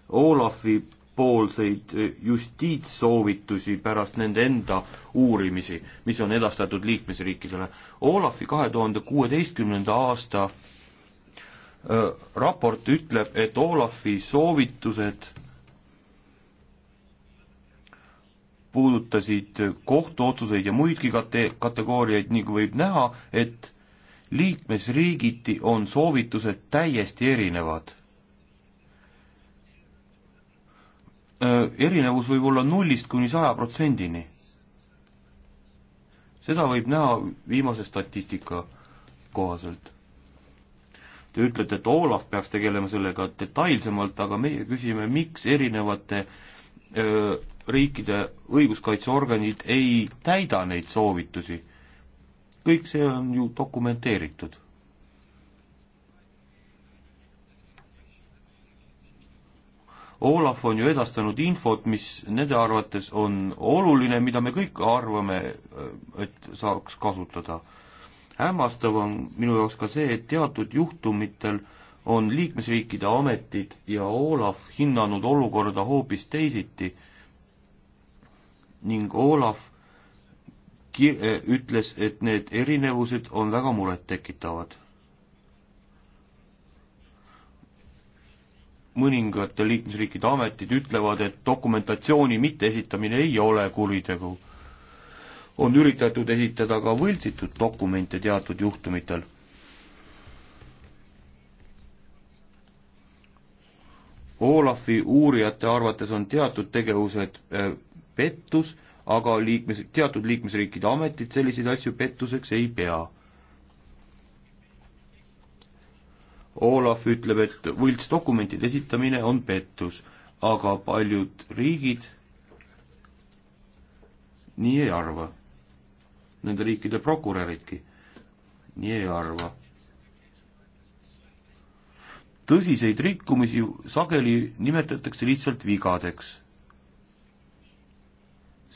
[SPEAKER 2] Olafi poolseid eh, justiitssoovitusi pärast nende enda uurimisi, mis on edastatud liikmesriikidele. Olafi kahe tuhande kuueteistkümnenda aasta eh, raport ütleb, et Olafi soovitused puudutasid kohtuotsuseid ja muidki kate-, kategooriaid, ning võib näha, et liikmesriigiti on soovitused täiesti erinevad. Äh, erinevus võib olla nullist kuni saja protsendini. seda võib näha viimase statistika kohaselt. Te ütlete, et Olav peaks tegelema sellega detailsemalt, aga meie küsime, miks erinevate öö, äh, riikide õiguskaitseorganid ei täida neid soovitusi. kõik see on ju dokumenteeritud Olav on ju edastanud infot, mis nende arvates on oluline, mida me kõik arvame, et saaks kasutada. hämmastav on minu jaoks ka see, et teatud juhtumitel on liikmesriikide ametid ja Olav hinnanud olukorda hoopis teisiti ning Olav ki-, ütles, et need erinevused on väga murettekitavad mõningate liikmesriikide ametid ütlevad, et dokumentatsiooni mitteesitamine ei ole kuritegu. on üritatud esitada ka võltsitud dokumente teatud juhtumitel. Olafi uurijate arvates on teatud tegevused äh, pettus, aga liikmes, teatud liikmesriikide ametid selliseid asju pettuseks ei pea Olav ütleb, et võltsdokumentide esitamine on pettus, aga paljud riigid nii ei arva. Nende riikide prokuröridki nii ei arva. tõsiseid rikkumisi sageli nimetatakse lihtsalt vigadeks.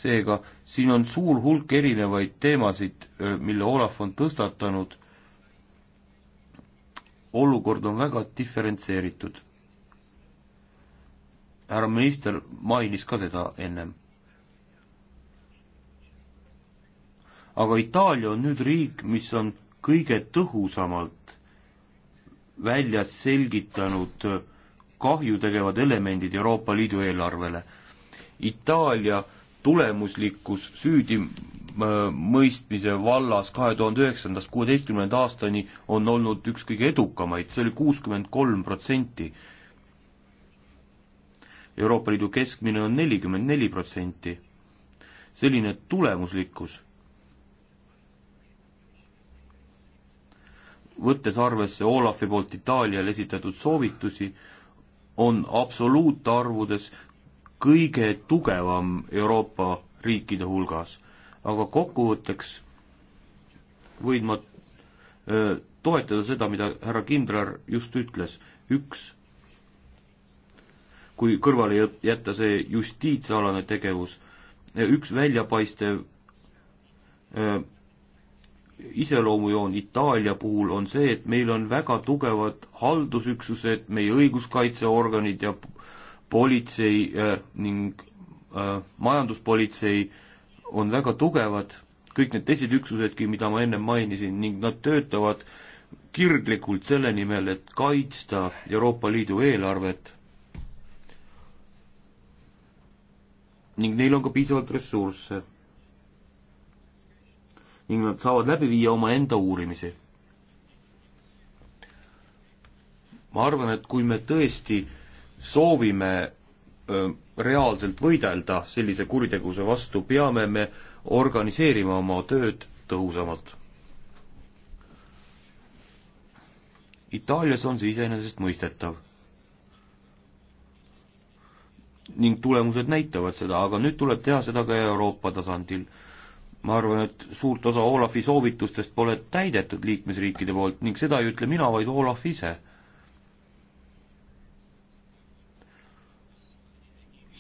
[SPEAKER 2] seega siin on suur hulk erinevaid teemasid, mille Olav on tõstatanud olukord on väga diferentseeritud. härra minister mainis ka seda ennem. aga Itaalia on nüüd riik, mis on kõige tõhusamalt välja selgitanud kahju tegevad elemendid Euroopa Liidu eelarvele. Itaalia tulemuslikkus süüdi Äh, mõistmise vallas kahe tuhande üheksandast kuueteistkümnenda aastani on olnud üks kõige edukamaid, see oli kuuskümmend kolm protsenti. Euroopa Liidu keskmine on nelikümmend neli protsenti. selline tulemuslikkus, võttes arvesse Olafi poolt Itaaliale esitatud soovitusi, on absoluutarvudes kõige tugevam Euroopa riikide hulgas aga kokkuvõtteks võin ma öö, toetada seda, mida härra kindral just ütles, üks, kui kõrvale jätta see justiitsalane tegevus, üks väljapaistev öö, iseloomujoon Itaalia puhul on see, et meil on väga tugevad haldusüksused, meie õiguskaitseorganid ja politsei äh, ning äh, majanduspolitsei on väga tugevad, kõik need teised üksusedki, mida ma ennem mainisin, ning nad töötavad kirglikult selle nimel, et kaitsta Euroopa Liidu eelarvet ning neil on ka piisavalt ressursse. ning nad saavad läbi viia omaenda uurimisi. ma arvan, et kui me tõesti soovime Äh, reaalselt võidelda sellise kuritegevuse vastu, peame me organiseerima oma tööd tõhusamalt. Itaalias on see iseenesestmõistetav. ning tulemused näitavad seda, aga nüüd tuleb teha seda ka Euroopa tasandil. ma arvan, et suurt osa Olafi soovitustest pole täidetud liikmesriikide poolt ning seda ei ütle mina, vaid Olaf ise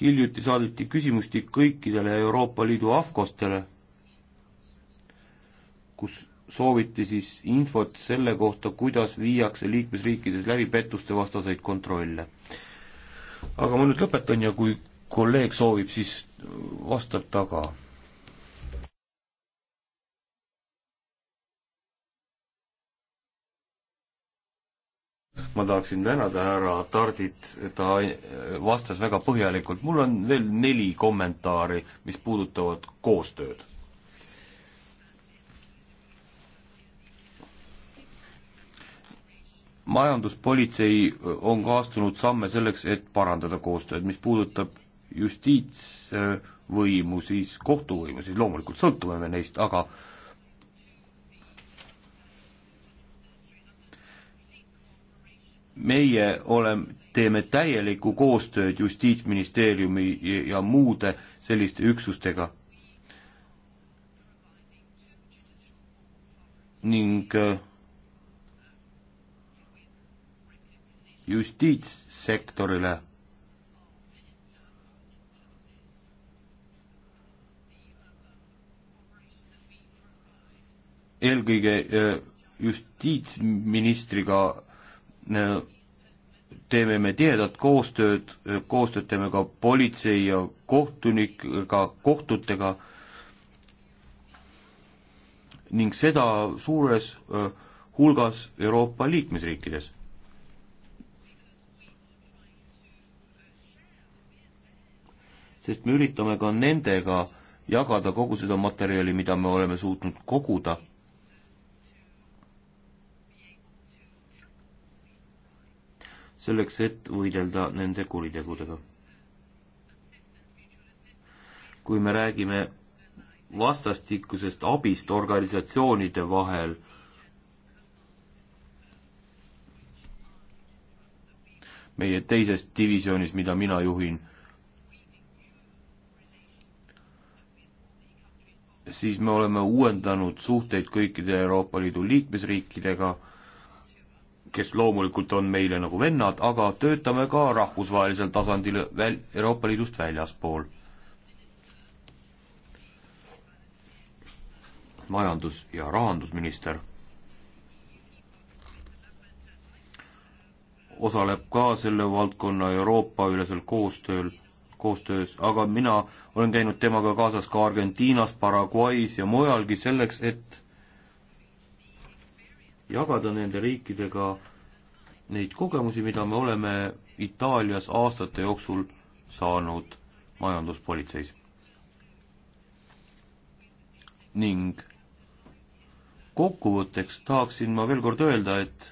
[SPEAKER 2] hiljuti saadeti küsimustik kõikidele Euroopa Liidu AFCOstele, kus sooviti siis infot selle kohta, kuidas viiakse liikmesriikides läbi pettuste vastaseid kontrolle. aga ma nüüd lõpetan ja kui kolleeg soovib, siis vastab ta ka ma tahaksin tänada härra Tardit, ta äh, vastas väga põhjalikult, mul on veel neli kommentaari, mis puudutavad koostööd. majanduspolitsei äh, on ka astunud samme selleks, et parandada koostööd, mis puudutab justiitsvõimu, äh, siis kohtuvõimu, siis loomulikult sõltume me neist, aga äh, meie oleme, teeme täielikku koostööd Justiitsministeeriumi ja muude selliste üksustega. ning äh, justiitssektorile eelkõige äh, justiitsministriga äh, teeme me tihedat koostööd, koostööd teeme ka politsei ja kohtunikega, kohtutega ning seda suures hulgas Euroopa liikmesriikides. sest me üritame ka nendega jagada kogu seda materjali, mida me oleme suutnud koguda selleks, et võidelda nende kuritegudega. kui me räägime vastastikusest abist organisatsioonide vahel, meie teises divisjonis, mida mina juhin, siis me oleme uuendanud suhteid kõikide Euroopa Liidu liikmesriikidega kes loomulikult on meile nagu vennad, aga töötame ka rahvusvahelisel tasandil väl-, Euroopa Liidust väljaspool. majandus- ja rahandusminister osaleb ka selle valdkonna Euroopa-ülesel koostööl, koostöös, aga mina olen käinud temaga kaasas ka Argentiinas, Paraguay's ja mujalgi selleks, et jagada nende riikidega neid kogemusi, mida me oleme Itaalias aastate jooksul saanud majanduspolitseis. ning kokkuvõtteks tahaksin ma veel kord öelda, et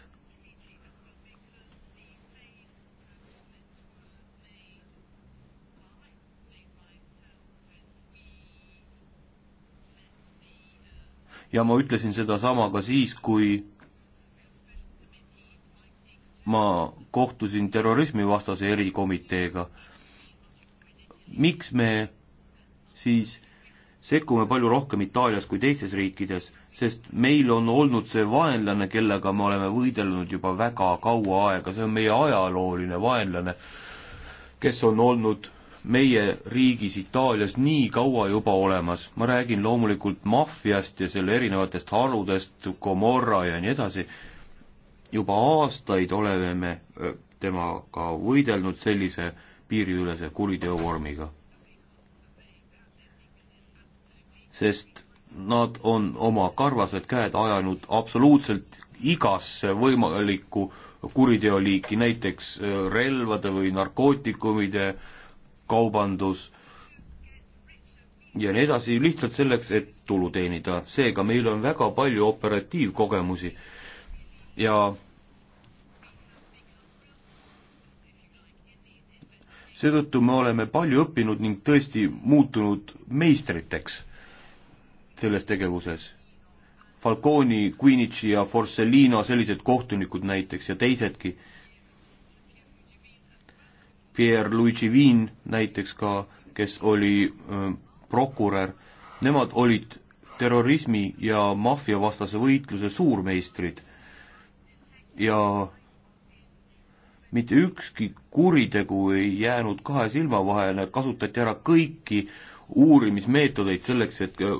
[SPEAKER 2] ja ma ütlesin sedasama ka siis, kui ma kohtusin terrorismivastase erikomiteega. miks me siis sekkume palju rohkem Itaalias kui teistes riikides, sest meil on olnud see vaenlane, kellega me oleme võidelnud juba väga kaua aega, see on meie ajalooline vaenlane, kes on olnud meie riigis Itaalias nii kaua juba olemas. ma räägin loomulikult maffiast ja selle erinevatest harudest, Comorra ja nii edasi juba aastaid oleme temaga võidelnud sellise piiriülese kuriteo vormiga. sest nad on oma karvased käed ajanud absoluutselt igasse võimalikku kuriteoliiki, näiteks relvade või narkootikumide kaubandus ja nii edasi, lihtsalt selleks, et tulu teenida. seega meil on väga palju operatiivkogemusi ja seetõttu me oleme palju õppinud ning tõesti muutunud meistriteks selles tegevuses. Falconi, Quinici ja Forcellino sellised kohtunikud näiteks ja teisedki, Pierre Luigi Vin näiteks ka, kes oli öö, prokurör, nemad olid terrorismi ja maffiavastase võitluse suurmeistrid ja mitte ükski kuritegu ei jäänud kahe silma vahele, kasutati ära kõiki uurimismeetodeid selleks, et äh,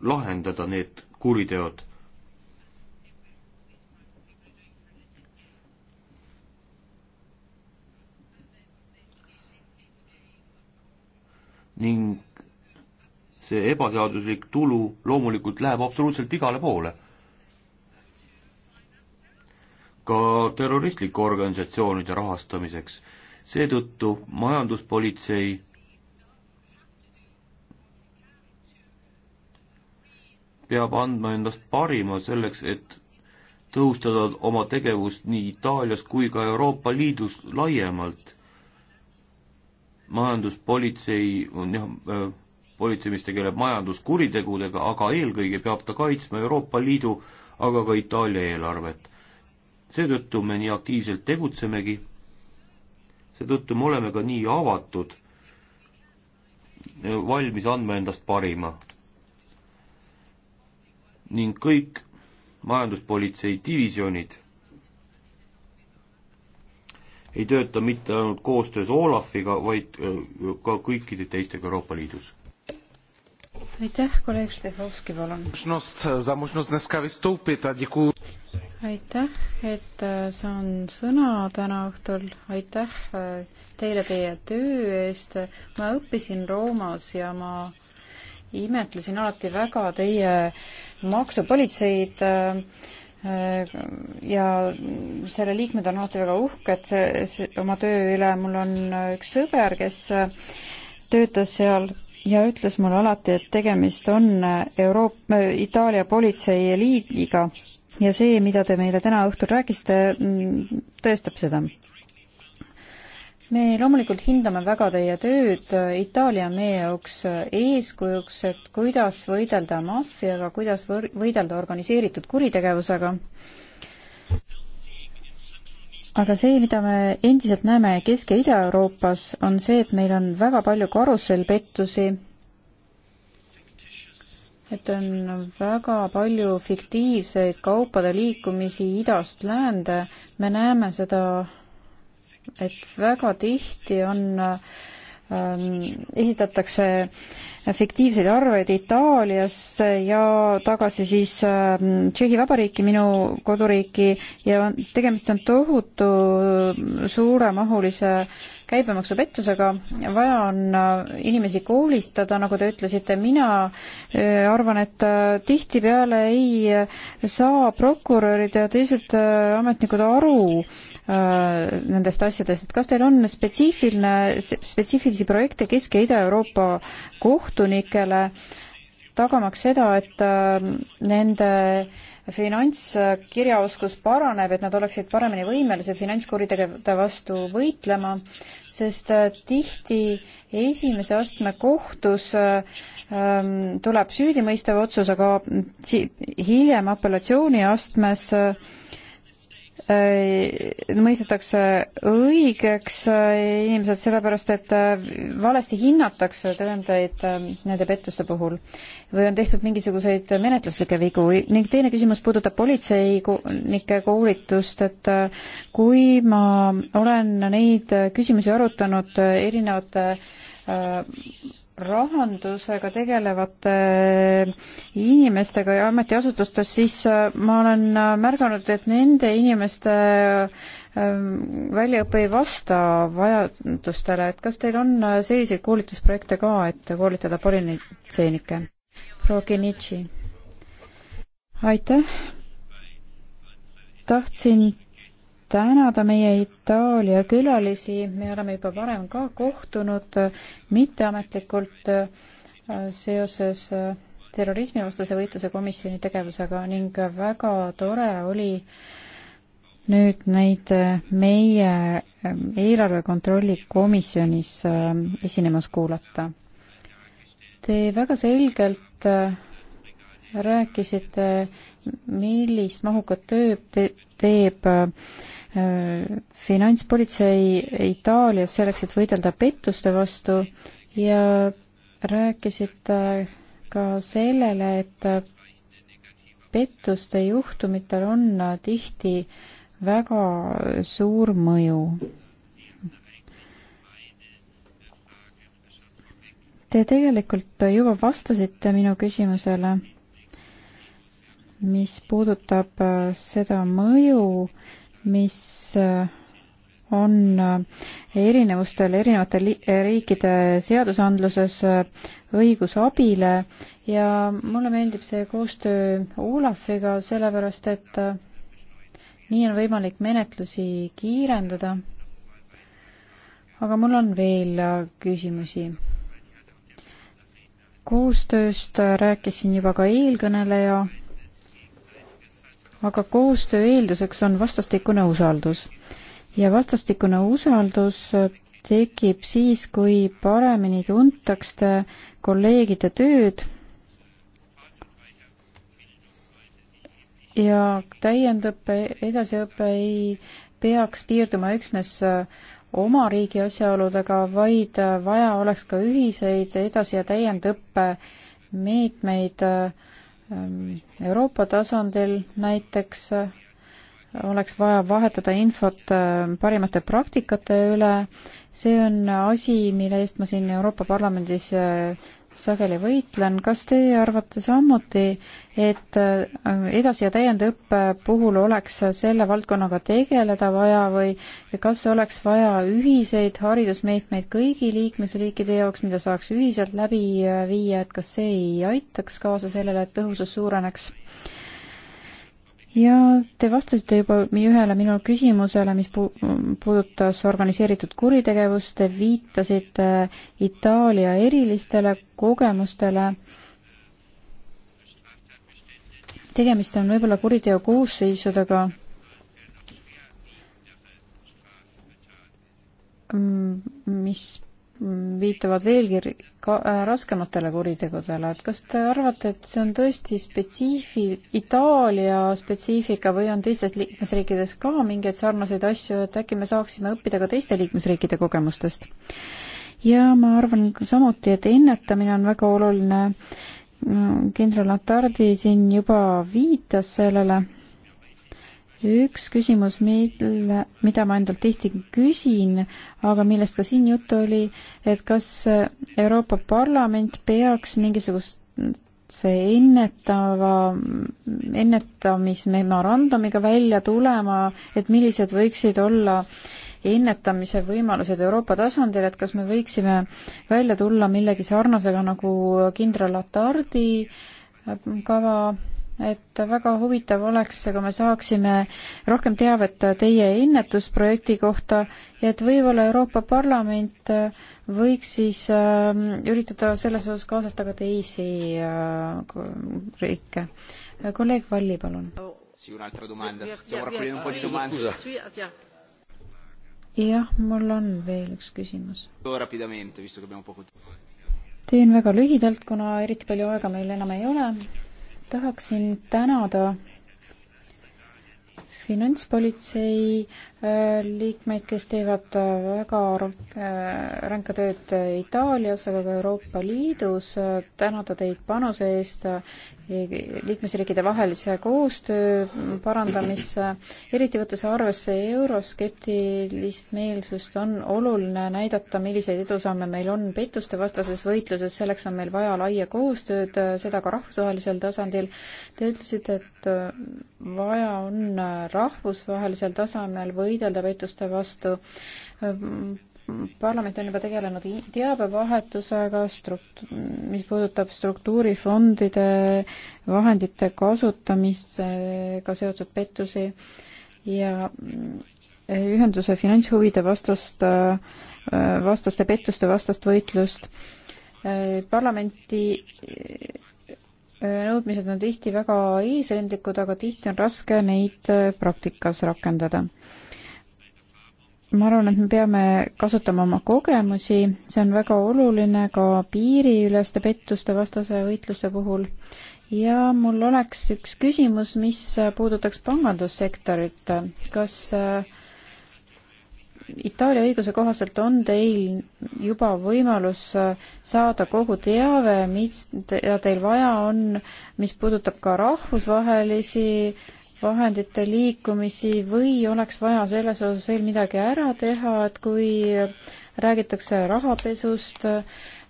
[SPEAKER 2] lahendada need kuriteod. ning see ebaseaduslik tulu loomulikult läheb absoluutselt igale poole ka terroristlike organisatsioonide rahastamiseks. seetõttu majanduspolitsei peab andma endast parima selleks, et tõhustada oma tegevust nii Itaalias kui ka Euroopa Liidus laiemalt. majanduspolitsei on jah, äh, politsei, mis tegeleb majanduskuritegudega, aga eelkõige peab ta kaitsma Euroopa Liidu, aga ka Itaalia eelarvet seetõttu me nii aktiivselt tegutsemegi, seetõttu me oleme ka nii avatud, valmis andma endast parima. ning kõik majanduspolitsei divisjonid ei tööta mitte ainult koostöös Olafiga, vaid äh, ka kõikide teistega Euroopa Liidus.
[SPEAKER 3] aitäh, kolleeg Štehovski, palun aitäh, et äh, saan sõna täna õhtul, aitäh äh, teile teie töö eest, ma õppisin Roomas ja ma imetlesin alati väga teie maksupolitseid äh, ja selle liikmed on alati väga uhked see, see, oma töö üle, mul on üks sõber, kes töötas seal ja ütles mulle alati, et tegemist on Euroop-, Itaalia politsei eliidiga ja see, mida te meile täna õhtul rääkisite, mm, tõestab seda me loomulikult hindame väga teie tööd, Itaalia on meie jaoks eeskujuks, et kuidas võidelda maffiaga, kuidas võr-, võidelda organiseeritud kuritegevusega, aga see, mida me endiselt näeme Kesk- ja Ida-Euroopas, on see, et meil on väga palju karussellpettusi et on väga palju fiktiivseid kaupade liikumisi idast läände. me näeme seda, et väga tihti on ähm,, esitatakse fiktiivseid arveid Itaaliasse ja tagasi siis äh, Tšehhi Vabariiki, minu koduriiki ja tegemist on tohutu suuremahulise äh, käibemaksupettusega, vaja on äh, inimesi koolistada, nagu te ütlesite, mina äh, arvan, et äh, tihtipeale ei saa prokurörid ja teised ametnikud aru, nendest asjadest, et kas teil on spetsiifiline, spetsiifilisi projekte Kesk- ja Ida-Euroopa kohtunikele, tagamaks seda, et nende äh, finantskirjaoskus paraneb, et nad oleksid paremini võimelised finantskuritegude vastu võitlema, sest äh, tihti esimese astme kohtus ähm, tuleb süüdimõistev otsus, aga hiljem apellatsiooniastmes äh, Äh, mõistetakse õigeks äh, inimesed sellepärast, et äh, valesti hinnatakse tõendeid nende pettuste puhul või on tehtud mingisuguseid menetluslikke vigu ning teine küsimus puudutab politseinike koolitust, et kui ma olen neid küsimusi arutanud erinevate rahandusega tegelevate inimestega ja ametiasutustes, siis äh, ma olen äh, märganud, et nende inimeste ähm, väljaõpe ei vasta vajadustele, et kas teil on äh, selliseid koolitusprojekte ka, et koolitada politseinikke? proua Genichi. aitäh. tahtsin tänada meie Itaalia külalisi, me oleme juba varem ka kohtunud mitteametlikult äh, seoses äh, terrorismivastase võitluse komisjoni tegevusega ning väga tore oli nüüd neid äh, meie eelarve kontrolli komisjonis esinemas kuulata. Te väga selgelt rääkisite, millist mahukat tööd te teeb äh, finantspolitsei Itaalias selleks, et võidelda pettuste vastu ja rääkisite äh, ka sellele, et äh, pettuste juhtumitel on äh, tihti väga suur mõju. Te tegelikult juba vastasite minu küsimusele, mis puudutab seda mõju, mis äh, on äh, erinevustel erinevate äh, riikide seadusandluses õigusabile ja mulle meeldib see koostöö Olafiga, sellepärast et nii on võimalik menetlusi kiirendada. aga mul on veel küsimusi. koostööst rääkis siin juba ka eelkõneleja aga koostöö eelduseks on vastastikune usaldus. ja vastastikune usaldus tekib siis, kui paremini tuntakse kolleegide tööd ja täiendõpe, edasiõpe ei peaks piirduma üksnes oma riigi asjaoludega, vaid vaja oleks ka ühiseid edasi- ja täiendõppe meetmeid äh, Euroopa tasandil näiteks äh, oleks vaja vahetada infot äh, parimate praktikate üle. see on asi, mille eest ma siin Euroopa Parlamendis äh, sageli võitlen, kas teie arvate samuti, et äh, edasi- ja täiendõppe puhul oleks selle valdkonnaga tegeleda vaja või kas oleks vaja ühiseid haridusmeetmeid kõigi liikmesriikide jaoks, mida saaks ühiselt läbi äh, viia, et kas see ei aitaks kaasa sellele, et tõhusus suureneks? ja te vastasite juba ühele minu küsimusele, mis puudutas organiseeritud kuritegevust, te viitasite Itaalia erilistele kogemustele. tegemist on võib-olla kuriteo koosseisudega, mm, mis viitavad veelgi ka, äh, raskematele kuritegudele, et kas te arvate, et see on tõesti spetsiifi-, Itaalia spetsiifika või on teistes liikmesriikides ka mingeid sarnaseid asju, et äkki me saaksime õppida ka teiste liikmesriikide kogemustest? ja ma arvan samuti, et ennetamine on väga oluline, mm, kindral Atardi siin juba viitas sellele üks küsimus, mille, mida ma endalt tihti küsin, aga millest ka siin juttu oli, et kas Euroopa Parlament peaks mingisugust see ennetava, ennetamismemorandumiga välja tulema, et millised võiksid olla ennetamise võimalused Euroopa tasandil, et kas me võiksime välja tulla millegi sarnasega nagu kindral Atardi kava et väga huvitav oleks, aga me saaksime rohkem teavet teie ennetusprojekti kohta ja et võib-olla Euroopa Parlament võiks siis äh, üritada selles osas kaasata ka teisi äh, riike. kolleeg Valli, palun. jah, mul on veel üks küsimus. teen väga lühidalt, kuna eriti palju aega meil enam ei ole tahaksin tänada finantspolitsei äh, liikmeid, kes teevad äh, väga äh, ränka tööd Itaalias, aga ka Euroopa Liidus, tänada teid panuse eest liikmesriikide vahelise koostöö parandamisse, eriti võttes arvesse euroskeptilist meelsust, on oluline näidata, milliseid edusamme meil on pettuste vastases võitluses, selleks on meil vaja laia koostööd, seda ka rahvusvahelisel tasandil. Te ütlesite, et vaja on rahvusvahelisel tasemel võidelda pettuste vastu parlament on juba tegelenud teabevahetusega, strukt-, mis puudutab struktuurifondide vahendite kasutamisega seotud pettusi ja mm, ühenduse finantshuvide vastast, äh, vastaste pettuste vastast võitlust. Äh, parlamenti äh, nõudmised on tihti väga eesrindlikud, aga tihti on raske neid praktikas rakendada ma arvan, et me peame kasutama oma kogemusi, see on väga oluline ka piiriüleste pettuste vastase võitluse puhul. ja mul oleks üks küsimus, mis puudutaks pangandussektorit. kas äh, Itaalia õiguse kohaselt on teil juba võimalus äh, saada kogu teave, mis, mida teil vaja on, mis puudutab ka rahvusvahelisi äh, vahendite liikumisi või oleks vaja selles osas veel midagi ära teha, et kui räägitakse rahapesust,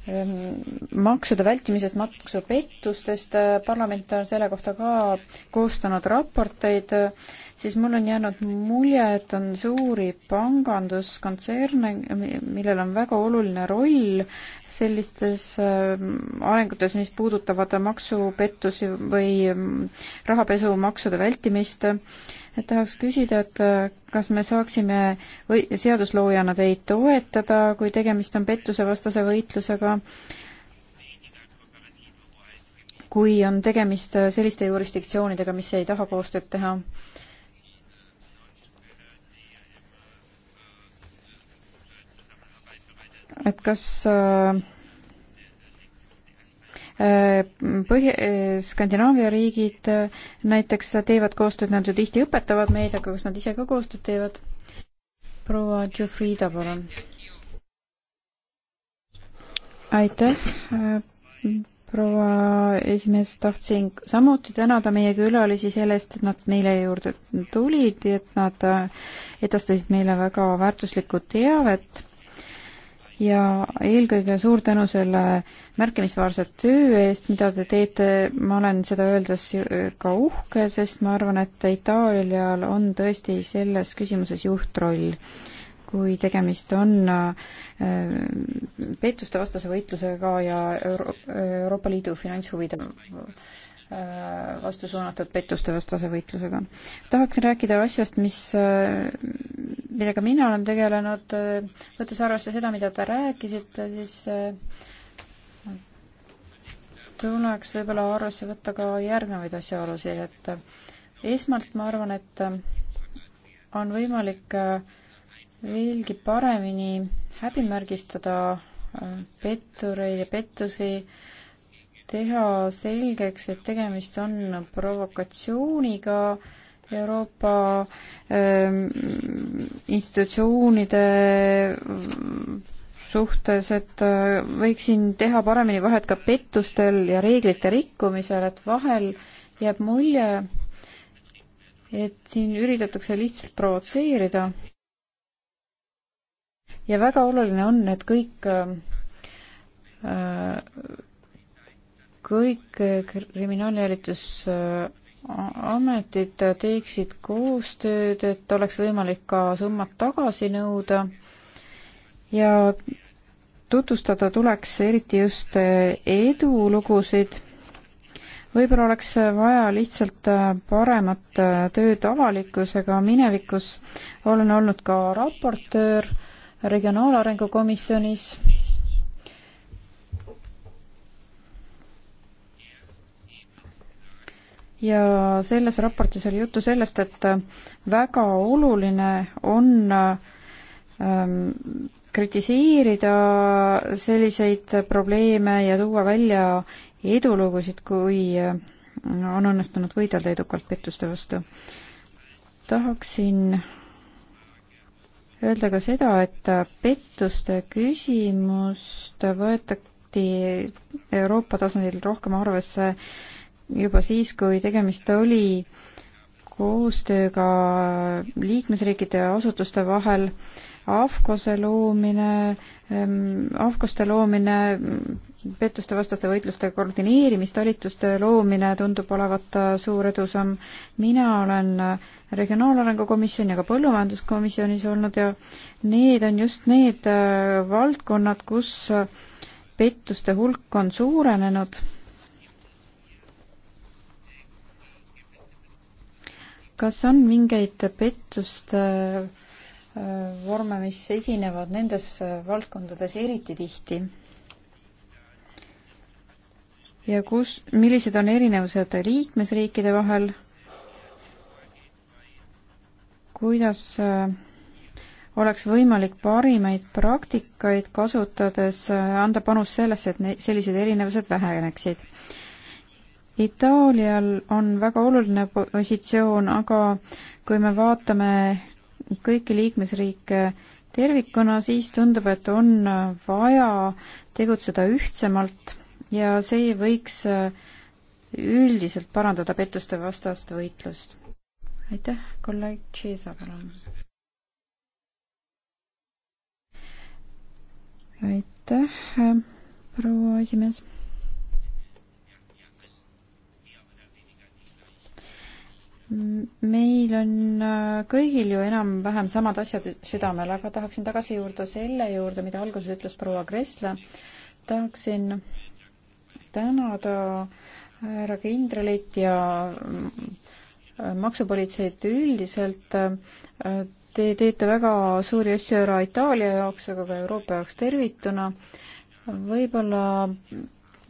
[SPEAKER 3] ehm, maksude vältimisest, maksupettustest, parlament on selle kohta ka koostanud raporteid siis mul on jäänud mulje, et on suuri panganduskontserne, millel on väga oluline roll sellistes ähm, arengutes, mis puudutavad maksupettusi või ähm, rahapesu maksude vältimist. et tahaks küsida, et äh, kas me saaksime või seadusloojana teid toetada, kui tegemist on pettusevastase võitlusega kui on tegemist äh, selliste jurisdiktsioonidega, mis ei taha koostööd teha. et kas äh, äh, Põhja, äh, Skandinaavia riigid näiteks teevad koostööd, nad ju tihti õpetavad meid, aga kas nad ise ka koostööd teevad? proua Jufrida, palun. aitäh, proua esimees, tahtsin samuti tänada meie külalisi selle eest, et nad meile juurde tulid ja et nad edastasid meile väga väärtuslikku teavet ja eelkõige suur tänu selle märkimisväärse töö eest, mida te teete, ma olen seda öeldes ka uhke, sest ma arvan, et Itaalial on tõesti selles küsimuses juhtroll. kui tegemist on äh, pettuste vastase võitlusega ja Euro Euroopa Liidu finantshuvide Äh, vastu suunatud pettuste vastase võitlusega. tahaksin rääkida asjast, mis, äh, millega mina olen tegelenud, võttes arvesse seda, mida te rääkisite, siis äh, tuleks võib-olla arvesse võtta ka järgnevaid asjaolusid, et esmalt ma arvan, et on võimalik veelgi paremini häbimärgistada pettureid ja pettusi äh, teha selgeks, et tegemist on provokatsiooniga Euroopa ähm, institutsioonide suhtes, et äh, võiksin teha paremini vahet ka pettustel ja reeglite rikkumisel, et vahel jääb mulje, et siin üritatakse lihtsalt provotseerida. ja väga oluline on, et kõik äh, äh kõik kriminaaljälitusametid äh, teeksid koostööd, et oleks võimalik ka summad tagasi nõuda ja tutvustada tuleks eriti just äh, edulugusid. võib-olla oleks vaja lihtsalt äh, paremat tööd avalikkusega, minevikus olen olnud ka raportöör Regionaalarengu Komisjonis ja selles raportis oli juttu sellest, et äh, väga oluline on äh, ähm, kritiseerida selliseid probleeme ja tuua välja edulugusid, kui äh, on õnnestunud võidelda edukalt pettuste vastu. tahaksin öelda ka seda, et pettuste küsimust võetati Euroopa tasandil rohkem arvesse juba siis, kui tegemist oli koostööga liikmesriikide asutuste vahel, AFCOS-e loomine, ehm, AFCOS-te loomine, pettuste vastaste võitluste koordineerimistalituste loomine tundub olevat äh, suur edusamm. mina olen äh, Regionaalarengu Komisjoni ja ka Põllumajanduskomisjonis olnud ja need on just need äh, valdkonnad, kus pettuste hulk on suurenenud kas on mingeid pettuste äh, äh, vorme, mis esinevad nendes äh, valdkondades eriti tihti? ja kus, millised on erinevused liikmesriikide vahel? kuidas oleks võimalik parimaid praktikaid kasutades anda panus sellesse, et ne-, sellised erinevused väheneksid? Itaalial on väga oluline positsioon, aga kui me vaatame kõiki liikmesriike tervikuna, siis tundub, et on vaja tegutseda ühtsemalt ja see võiks üldiselt parandada pettuste vastast võitlust. aitäh, kolleeg Tšiisa, palun. aitäh, proua esimees meil on äh, kõigil ju enam-vähem samad asjad südamel, aga tahaksin tagasi juurde selle juurde, mida alguses ütles proua Kressla. tahaksin tänada härra kindralit ja äh, maksupolitseid üldiselt. Äh, te teete väga suuri asju ära Itaalia jaoks, aga ka Euroopa jaoks tervituna. võib-olla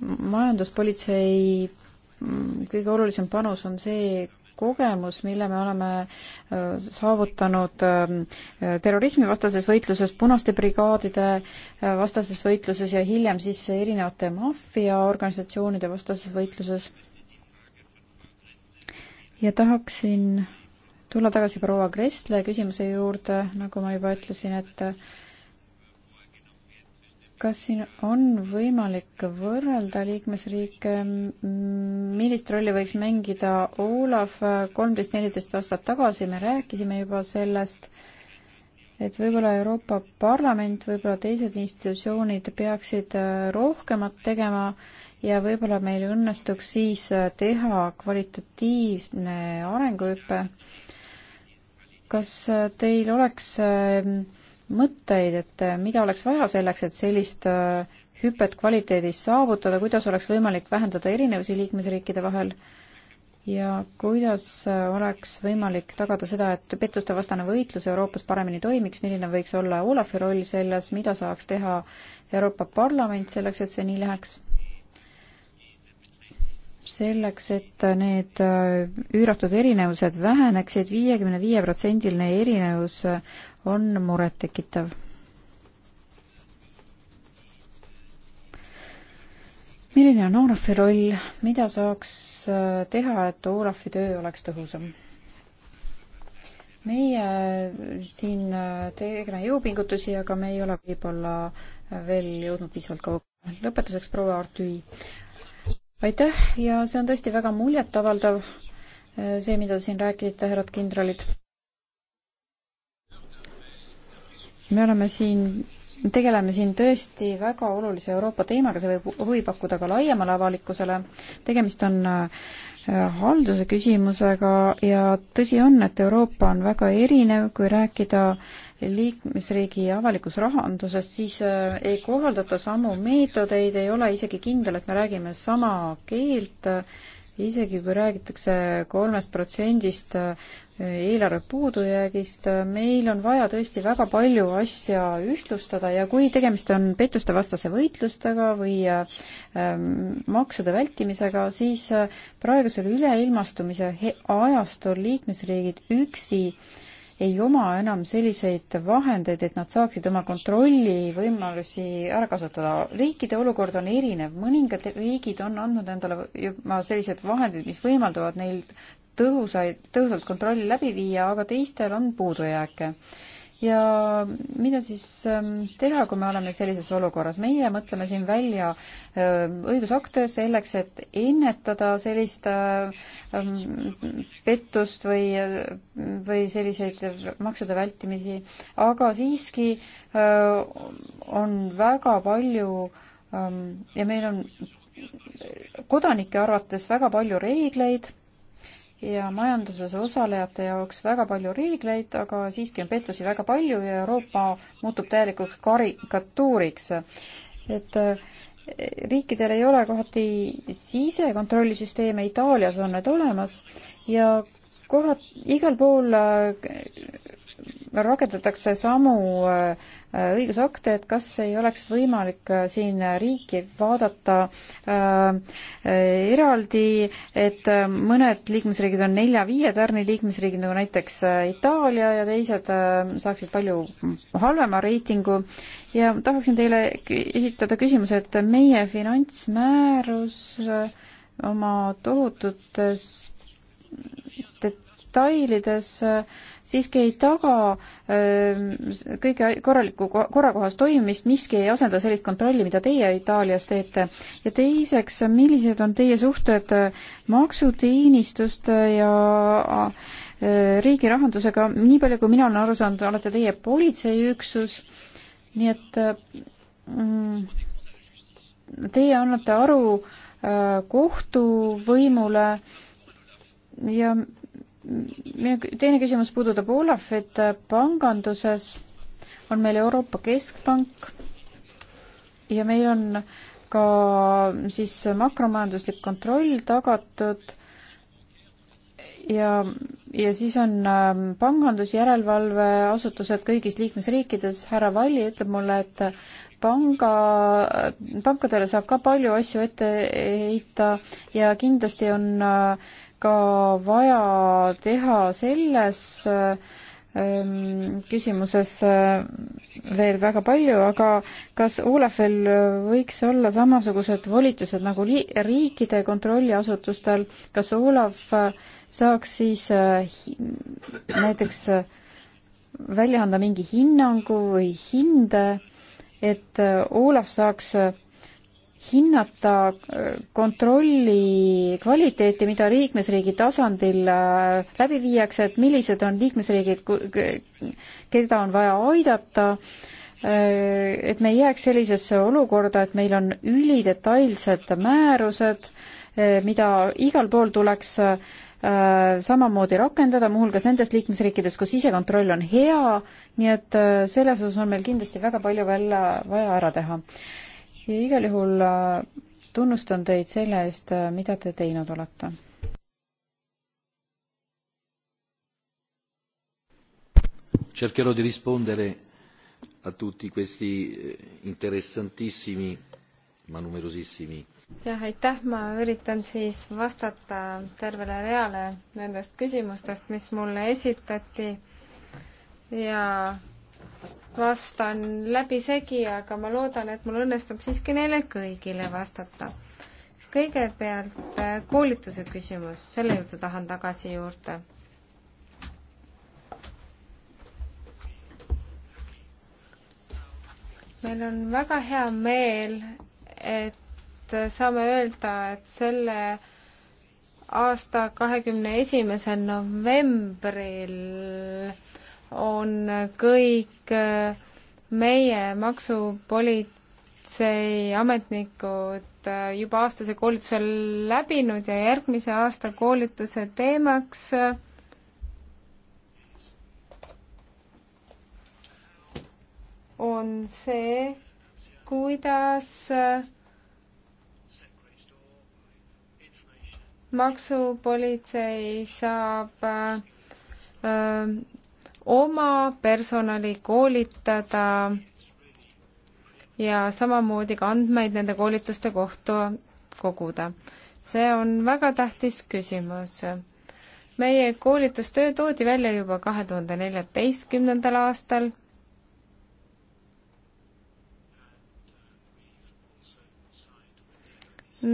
[SPEAKER 3] majanduspolitsei mm, kõige olulisem panus on see, kogemus, mille me oleme äh, saavutanud ähm, äh, terrorismivastases võitluses, punaste brigaadide äh, vastases võitluses ja hiljem siis erinevate maffiaorganisatsioonide vastases võitluses. ja tahaksin tulla tagasi proua Kressle küsimuse juurde, nagu ma juba ütlesin, et kas siin on võimalik võrrelda liikmesriike, millist rolli võiks mängida Olav kolmteist, neliteist aastat tagasi, me rääkisime juba sellest, et võib-olla Euroopa Parlament, võib-olla teised institutsioonid peaksid äh, rohkemat tegema ja võib-olla meil õnnestuks siis äh, teha kvalitatiivne arenguhüpe. kas äh, teil oleks äh, mõtteid, et äh, mida oleks vaja selleks, et sellist äh, hüpet kvaliteedis saavutada, kuidas oleks võimalik vähendada erinevusi liikmesriikide vahel ja kuidas äh, oleks võimalik tagada seda, et pettuste vastane võitlus Euroopas paremini toimiks, milline võiks olla Olafi roll selles, mida saaks teha Euroopa Parlament selleks, et see nii läheks? selleks, et need üüratud erinevused väheneksid, viiekümne viie protsendiline erinevus on murettekitav. milline on Olafi roll, mida saaks äh, teha, et Olafi töö oleks tõhusam? meie äh, siin äh, teeme jõupingutusi, aga me ei ole võib-olla veel jõudnud piisavalt kaugele. lõpetuseks proua Artüi. aitäh ja see on tõesti väga muljetavaldav, see, mida siin rääkisite, härrad kindralid. me oleme siin, tegeleme siin tõesti väga olulise Euroopa teemaga, see võib huvi pakkuda ka laiemale avalikkusele. tegemist on äh, halduse küsimusega ja tõsi on, et Euroopa on väga erinev, kui rääkida liikmesriigi avalikus rahandusest, siis äh, ei kohaldata samu meetodeid, ei ole isegi kindel, et me räägime sama keelt, isegi kui räägitakse kolmest protsendist äh, eelarve puudujäägist, meil on vaja tõesti väga palju asja ühtlustada ja kui tegemist on pettustevastase võitlustega või ähm, maksude vältimisega, siis äh, praegusel üleilmastumise ajastul liikmesriigid üksi ei oma enam selliseid vahendeid, et nad saaksid oma kontrollivõimalusi ära kasutada. riikide olukord on erinev, mõningad riigid on andnud endale juba sellised vahendid, mis võimaldavad neil tõhusaid, tõhusalt kontrolli läbi viia, aga teistel on puudujääke. ja mida siis ähm, teha, kui me oleme sellises olukorras? meie mõtleme siin välja ähm, õigusakte selleks, et ennetada sellist ähm, pettust või, või selliseid maksude vältimisi, aga siiski äh, on väga palju ja meil on kodanike arvates väga palju reegleid ja majanduses osalejate jaoks väga palju reegleid, aga siiski on pettusi väga palju ja Euroopa muutub täielikuks karikatuuriks. et eh, riikidel ei ole kohati sisekontrollisüsteeme, Itaalias on need olemas ja kohad, igal pool eh, rakendatakse samu äh, äh, õigusakte, et kas ei oleks võimalik äh, siin riiki vaadata äh, eraldi, et mõned liikmesriigid on nelja-viie tärni liikmesriigid, nagu näiteks Itaalia ja teised äh, saaksid palju halvema reitingu ja tahaksin teile esitada küsimuse, et meie finantsmäärus oma tohututes detailides äh, siiski ei taga ähm, kõige korralikku, korrakohast toimimist, miski ei asenda sellist kontrolli, mida teie Itaalias teete. ja teiseks, millised on teie suhted äh, maksuteenistuste äh, ja riigi rahandusega, nii palju kui mina olen aru saanud, olete teie politseiüksus, nii et mm, teie annate aru kohtuvõimule ja minu teine küsimus puudutab Olafit. panganduses on meil Euroopa Keskpank ja meil on ka siis makromajanduslik kontroll tagatud ja, ja siis on ähm, pangandusjärelevalveasutused kõigis liikmesriikides. härra Valli ütleb mulle, et panga, pankadele saab ka palju asju ette heita ja kindlasti on äh, ka vaja teha selles ähm, küsimuses äh, veel väga palju, aga kas Olafil võiks olla samasugused volitused nagu riikide kontrolliasutustel, kas Olav äh, saaks siis äh, näiteks välja anda mingi hinnangu või hinde, et Olav saaks hinnata äh, kontrolli kvaliteeti, mida liikmesriigi tasandil äh, läbi viiakse, et millised on liikmesriigid, keda on vaja aidata, äh, et me ei jääks sellisesse olukorda, et meil on ülidetailsed määrused, mida igal pool tuleks samamoodi rakendada, muuhulgas nendes liikmesriikides, kus sisekontroll on hea, nii et selles osas on meil kindlasti väga palju veel vaja ära teha ja igal juhul äh, tunnustan teid selle eest, äh, mida te teinud olete.
[SPEAKER 2] Cercherò di rispondere a tutti questi eh, interessantissimi ma numerosissimi
[SPEAKER 1] jah, aitäh, ma üritan siis vastata tervele reale nendest küsimustest, mis mulle esitati ja vastan läbisegi, aga ma loodan, et mul õnnestub siiski neile kõigile vastata. kõigepealt äh, koolituse küsimus, selle juurde tahan tagasi juurde. meil on väga hea meel, et saame öelda, et selle aasta kahekümne esimesel novembril on kõik äh, meie maksupolitsei ametnikud äh, juba aastase koolituse läbinud ja järgmise aasta koolituse teemaks äh, on see, kuidas maksupolitsei saab äh, oma personali koolitada ja samamoodi ka andmeid nende koolituste kohta koguda. see on väga tähtis küsimus. meie koolitustöö toodi välja juba kahe tuhande neljateistkümnendal aastal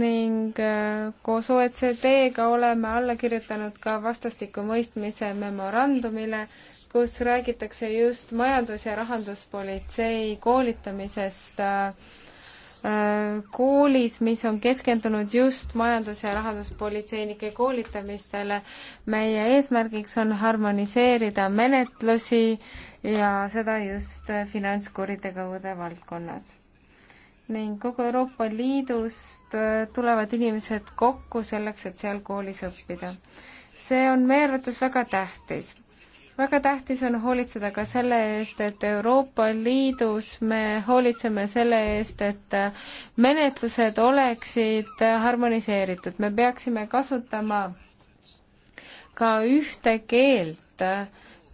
[SPEAKER 1] ning äh, koos OECD-ga oleme alla kirjutanud ka vastastiku mõistmise memorandumile, kus räägitakse just majandus- ja rahanduspolitsei koolitamisest äh, koolis, mis on keskendunud just majandus- ja rahanduspolitseinike koolitamistele. meie eesmärgiks on harmoniseerida menetlusi ja seda just finantskuritegude valdkonnas. ning kogu Euroopa Liidust äh, tulevad inimesed kokku selleks, et seal koolis õppida. see on meie arvates väga tähtis väga tähtis on hoolitseda ka selle eest, et Euroopa Liidus me hoolitseme selle eest, et menetlused oleksid harmoniseeritud, me peaksime kasutama ka ühte keelt,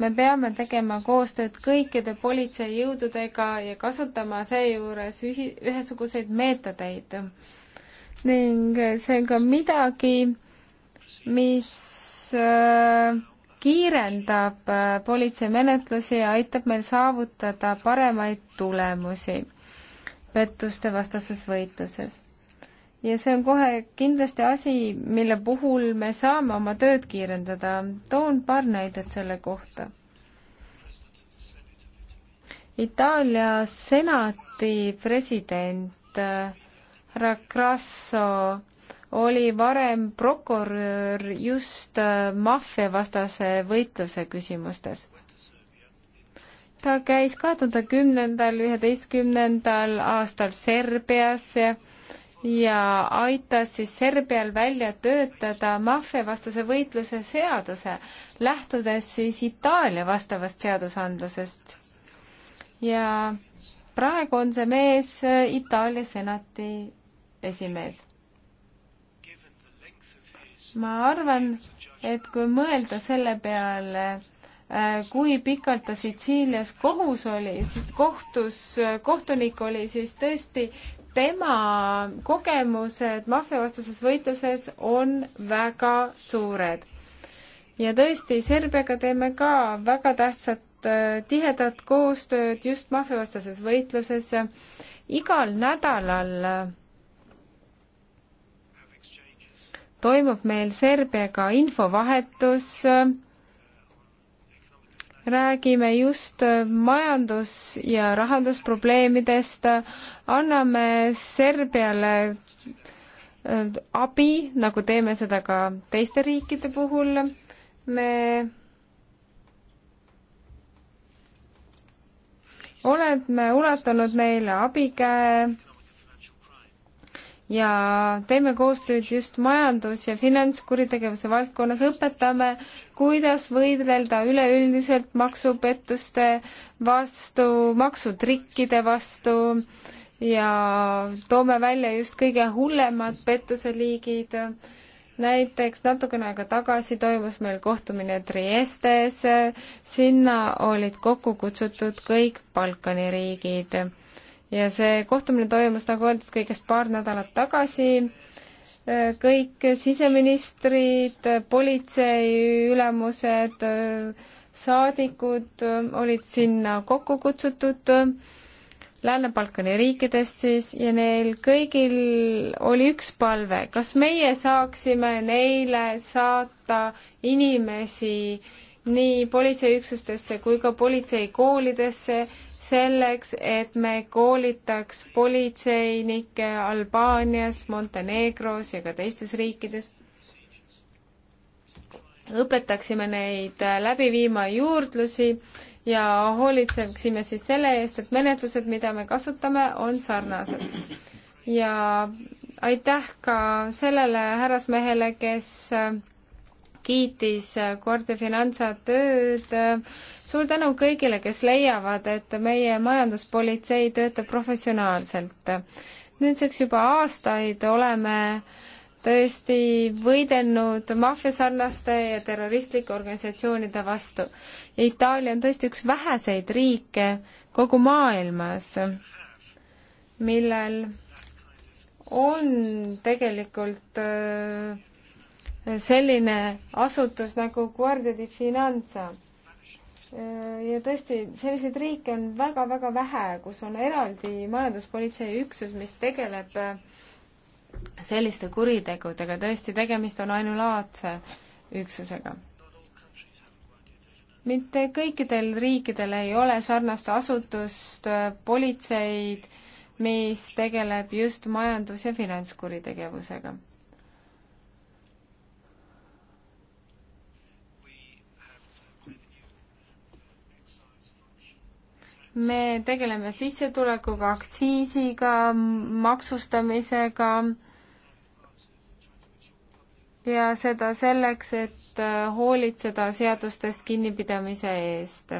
[SPEAKER 1] me peame tegema koostööd kõikide politseijõududega ja kasutama seejuures ühi-, ühesuguseid meetodeid. ning see on ka midagi, mis äh, kiirendab äh, politseimenetlusi ja aitab meil saavutada paremaid tulemusi pettuste vastases võitluses. ja see on kohe kindlasti asi, mille puhul me saame oma tööd kiirendada. toon paar näidet selle kohta. Itaalia senati president härra äh, Grasso oli varem prokurör just äh, maffiavastase võitluse küsimustes. ta käis kahe tuhande kümnendal, üheteistkümnendal aastal Serbias ja ja aitas siis Serbial välja töötada maffiavastase võitluse seaduse, lähtudes siis Itaalia vastavast seadusandlusest. ja praegu on see mees äh, Itaalia senati esimees ma arvan, et kui mõelda selle peale, äh, kui pikalt ta Sitsiilias kohus oli, kohtus, äh, kohtunik oli, siis tõesti tema kogemused maffiavastases võitluses on väga suured. ja tõesti, Serbiaga teeme ka väga tähtsat äh, tihedat koostööd just maffiavastases võitluses. igal nädalal toimub meil Serbiaga infovahetus, räägime just majandus- ja rahandusprobleemidest, anname Serbiale äh, abi, nagu teeme seda ka teiste riikide puhul. me oleme ulatanud neile abikäe ja teeme koostööd just majandus- ja finantskuritegevuse valdkonnas, õpetame, kuidas võidelda üleüldiselt maksupettuste vastu, maksutrikkide vastu ja toome välja just kõige hullemad pettuseliigid. näiteks natukene aega tagasi toimus meil kohtumine Triestes, sinna olid kokku kutsutud kõik Balkani riigid ja see kohtumine toimus, nagu öeldud, kõigest paar nädalat tagasi. kõik siseministrid, politseiülemused, saadikud olid sinna kokku kutsutud Lääne-Balkani riikidest siis ja neil kõigil oli üks palve, kas meie saaksime neile saata inimesi nii politseiüksustesse kui ka politseikoolidesse, selleks, et me koolitaks politseinikke Albaanias, Montenegros ja ka teistes riikides. õpetaksime neid läbi viima juurdlusi ja hoolitseksime siis selle eest, et menetlused, mida me kasutame, on sarnased. ja aitäh ka sellele härrasmehele, kes kiitis Corte Finanza tööd suur tänu kõigile, kes leiavad, et meie majanduspolitsei töötab professionaalselt. nüüdseks juba aastaid oleme tõesti võidelnud maffiasarnaste ja terroristlike organisatsioonide vastu. ja Itaalia on tõesti üks väheseid riike kogu maailmas, millel on tegelikult äh, selline asutus nagu Guardia di Finanza ja tõesti, selliseid riike on väga-väga vähe, kus on eraldi majanduspolitsei üksus, mis tegeleb äh, selliste kuritegudega, tõesti, tegemist on ainulaadse üksusega. mitte kõikidel riikidel ei ole sarnast asutust, äh, politseid, mis tegeleb just majandus- ja finantskuritegevusega me tegeleme sissetulekuga, aktsiisiga, maksustamisega ja seda selleks, et äh, hoolitseda seadustest kinnipidamise eest.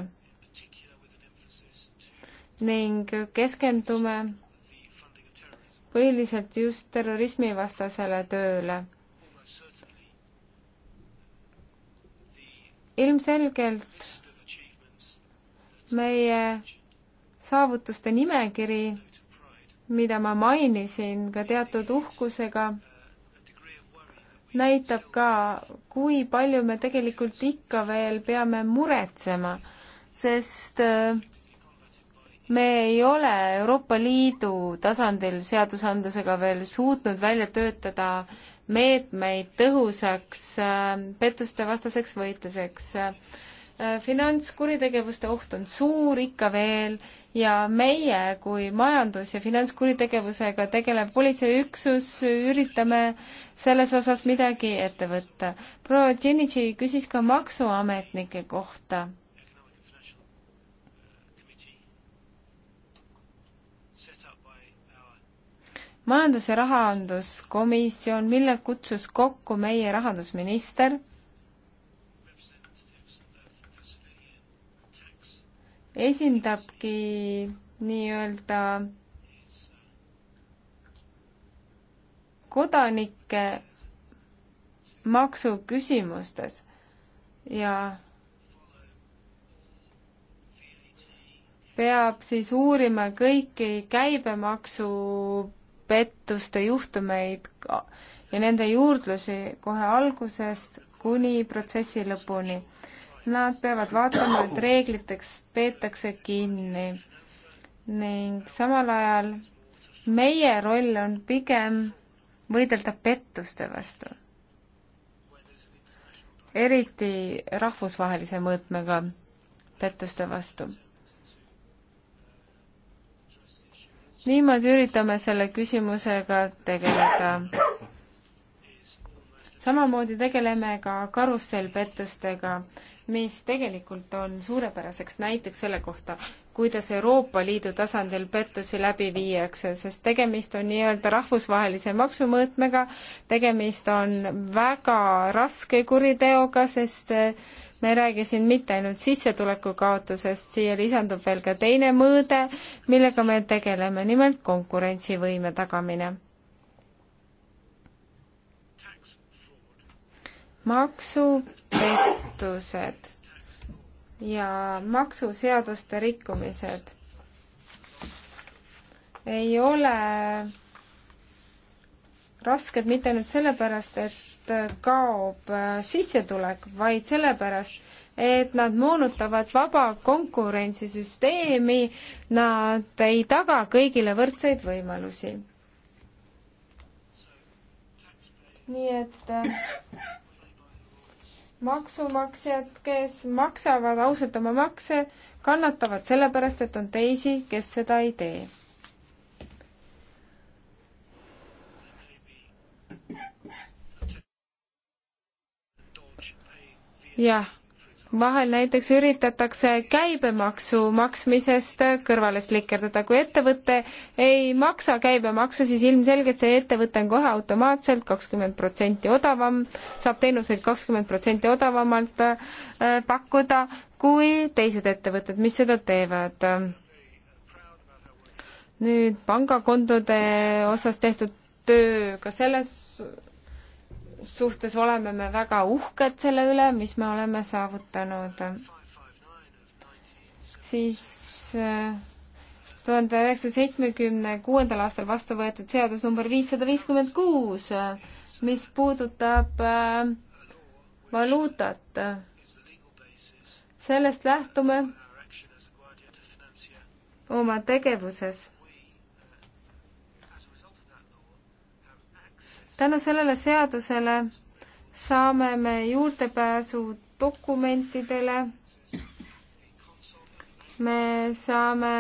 [SPEAKER 1] ning keskendume põhiliselt just terrorismivastasele tööle. ilmselgelt meie saavutuste nimekiri, mida ma mainisin ka teatud uhkusega, näitab ka, kui palju me tegelikult ikka veel peame muretsema, sest äh, me ei ole Euroopa Liidu tasandil seadusandlusega veel suutnud välja töötada meetmeid tõhusaks äh, petustevastaseks võitluseks Äh, finantskuritegevuste oht on suur ikka veel ja meie kui majandus- ja finantskuritegevusega tegelev politseiüksus üritame selles osas midagi ette võtta. proua Tšenitši küsis ka maksuametnike kohta. majandus- ja rahanduskomisjon, mille kutsus kokku meie rahandusminister esindabki nii-öelda kodanikke maksuküsimustes ja peab siis uurima kõiki käibemaksupettuste juhtumeid ja nende juurdlusi kohe algusest kuni protsessi lõpuni Nad peavad vaatama, et reegliteks peetakse kinni ning samal ajal meie roll on pigem võidelda pettuste vastu. eriti rahvusvahelise mõõtmega pettuste vastu. niimoodi üritame selle küsimusega tegeleda samamoodi tegeleme ka karussellpettustega, mis tegelikult on suurepäraseks näiteks selle kohta, kuidas Euroopa Liidu tasandil pettusi läbi viiakse, sest tegemist on nii-öelda rahvusvahelise maksumõõtmega, tegemist on väga raske kuriteoga, sest me ei räägi siin mitte ainult sissetuleku kaotusest, siia lisandub veel ka teine mõõde, millega me tegeleme, nimelt konkurentsivõime tagamine maksupettused ja maksuseaduste rikkumised ei ole rasked mitte ainult sellepärast, et kaob äh, sissetulek, vaid sellepärast, et nad moonutavad vaba konkurentsisüsteemi, nad ei taga kõigile võrdseid võimalusi. nii et äh, maksumaksjad, kes maksavad ausalt oma makse, kannatavad sellepärast, et on teisi, kes seda ei tee. jah vahel näiteks üritatakse käibemaksu maksmisest kõrvale slikerdada. kui ettevõte ei maksa käibemaksu, siis ilmselgelt see ettevõte on kohe automaatselt kakskümmend protsenti odavam, saab teenuseid kakskümmend protsenti odavamalt äh, pakkuda kui teised ettevõtted, mis seda teevad. nüüd pangakontode osas tehtud töö, ka selles suhtes oleme me väga uhked selle üle, mis me oleme saavutanud. siis äh, tuhande üheksasaja seitsmekümne kuuendal aastal vastu võetud seadus number viissada viiskümmend kuus, mis puudutab äh, valuutat. sellest lähtume oma tegevuses tänu sellele seadusele saame me juurdepääsu dokumentidele, me saame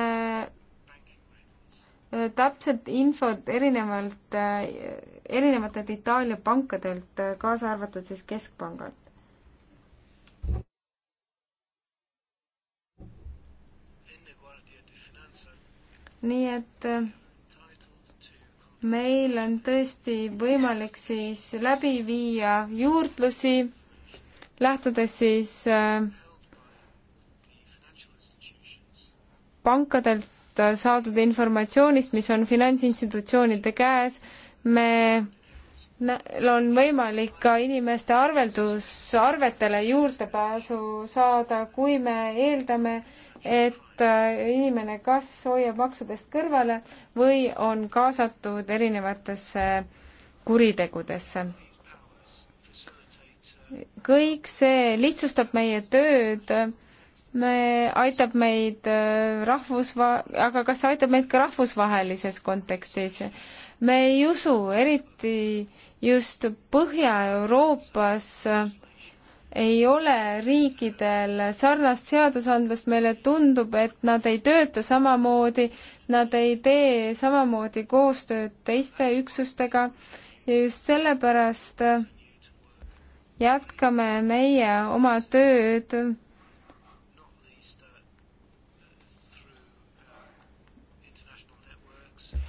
[SPEAKER 1] äh, täpselt infot erinevalt, äh, erinevatelt Itaalia pankadelt, äh, kaasa arvatud siis Keskpangalt. nii et meil on tõesti võimalik siis läbi viia juurdlusi, lähtudes siis äh, pankadelt äh, saadud informatsioonist, mis on finantsinstitutsioonide käes, me on võimalik ka inimeste arveldus, arvetele juurdepääsu saada, kui me eeldame, et äh, inimene kas hoiab maksudest kõrvale või on kaasatud erinevatesse kuritegudesse. kõik see lihtsustab meie tööd, me, aitab meid äh, rahvusva-, aga kas see aitab meid ka rahvusvahelises kontekstis? me ei usu, eriti just Põhja-Euroopas äh, ei ole riikidel sarnast seadusandlust, meile tundub, et nad ei tööta samamoodi, nad ei tee samamoodi koostööd teiste üksustega ja just sellepärast jätkame meie oma tööd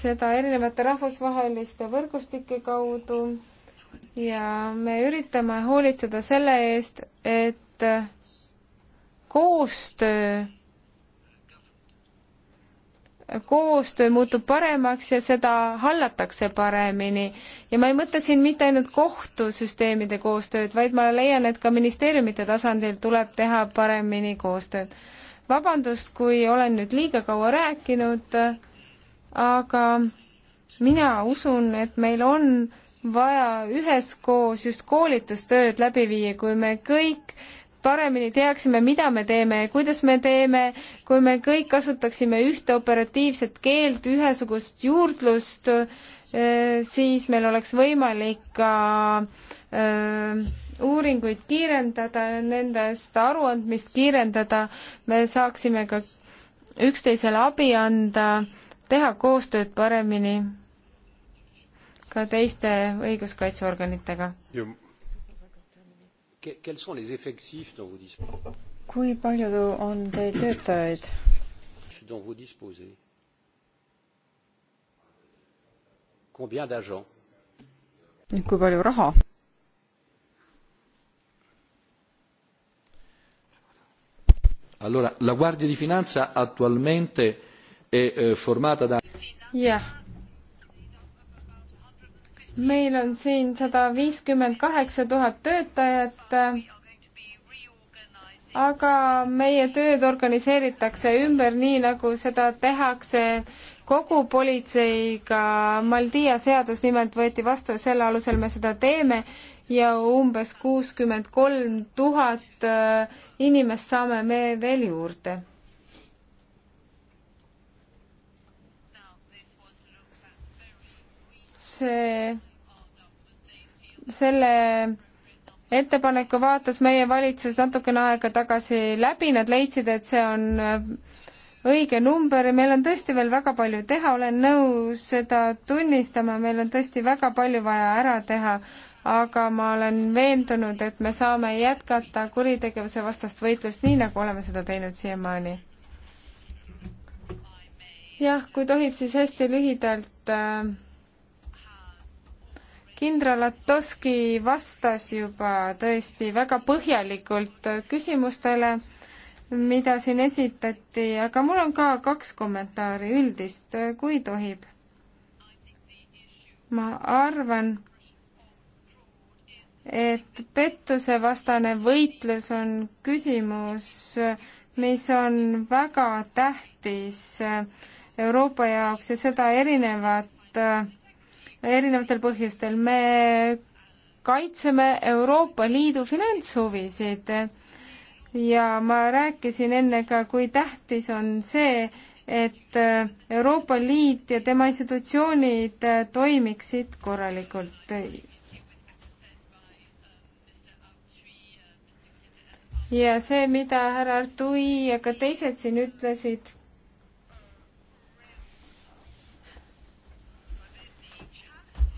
[SPEAKER 1] seda erinevate rahvusvaheliste võrgustike kaudu ja me üritame hoolitseda selle eest, et koostöö, koostöö muutub paremaks ja seda hallatakse paremini. ja ma ei mõtle siin mitte ainult kohtusüsteemide koostööd, vaid ma leian, et ka ministeeriumite tasandil tuleb teha paremini koostööd. vabandust, kui olen nüüd liiga kaua rääkinud, aga mina usun, et meil on vaja üheskoos just koolitustööd läbi viia, kui me kõik paremini teaksime, mida me teeme ja kuidas me teeme, kui me kõik kasutaksime ühte operatiivset keelt, ühesugust juurdlust, eh, siis meil oleks võimalik ka eh, uuringuid kiirendada, nendest aruandmist kiirendada, me saaksime ka üksteisele abi anda, teha koostööd paremini ka teiste õiguskaitseorganitega.
[SPEAKER 3] kui palju on teil töötajaid? kui palju raha?
[SPEAKER 2] allora la guardia di finanza attualmente è eh, formata da
[SPEAKER 1] jah, meil on siin sada viiskümmend kaheksa tuhat töötajat, aga meie tööd organiseeritakse ümber nii, nagu seda tehakse kogu politseiga. Maldia seadus nimelt võeti vastu, selle alusel me seda teeme ja umbes kuuskümmend kolm tuhat äh, inimest saame me veel juurde see, selle ettepaneku vaatas meie valitsus natukene aega tagasi läbi, nad leidsid, et see on äh, õige number ja meil on tõesti veel väga palju teha, olen nõus seda tunnistama, meil on tõesti väga palju vaja ära teha, aga ma olen veendunud, et me saame jätkata kuritegevuse vastast võitlust nii, nagu oleme seda teinud siiamaani. jah, kui tohib, siis hästi lühidalt äh, kindral Atoski vastas juba tõesti väga põhjalikult küsimustele, mida siin esitati, aga mul on ka kaks kommentaari üldist, kui tohib. ma arvan, et pettusevastane võitlus on küsimus, mis on väga tähtis Euroopa jaoks ja seda erinevad äh, erinevatel põhjustel. me kaitseme Euroopa Liidu finantshuvisid ja ma rääkisin enne ka, kui tähtis on see, et Euroopa Liit ja tema institutsioonid toimiksid korralikult. ja see, mida härra Artui ja ka teised siin ütlesid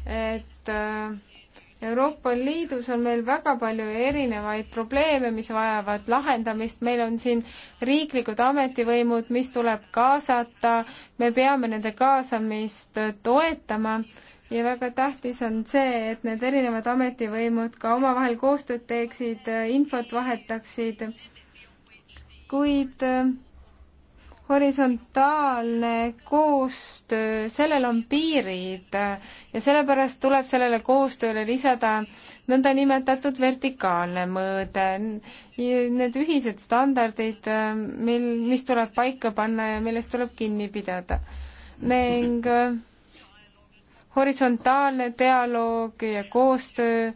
[SPEAKER 1] et äh, Euroopa Liidus on meil väga palju erinevaid probleeme, mis vajavad lahendamist, meil on siin riiklikud ametivõimud, mis tuleb kaasata, me peame nende kaasamist äh, toetama ja väga tähtis on see, et need erinevad ametivõimud ka omavahel koostööd teeksid, äh, infot vahetaksid, kuid horisontaalne koostöö, sellel on piirid ja sellepärast tuleb sellele koostööle lisada nõndanimetatud vertikaalne mõõde. Need ühised standardid, mil, mis tuleb paika panna ja millest tuleb kinni pidada. ning horisontaalne dialoog ja koostöö,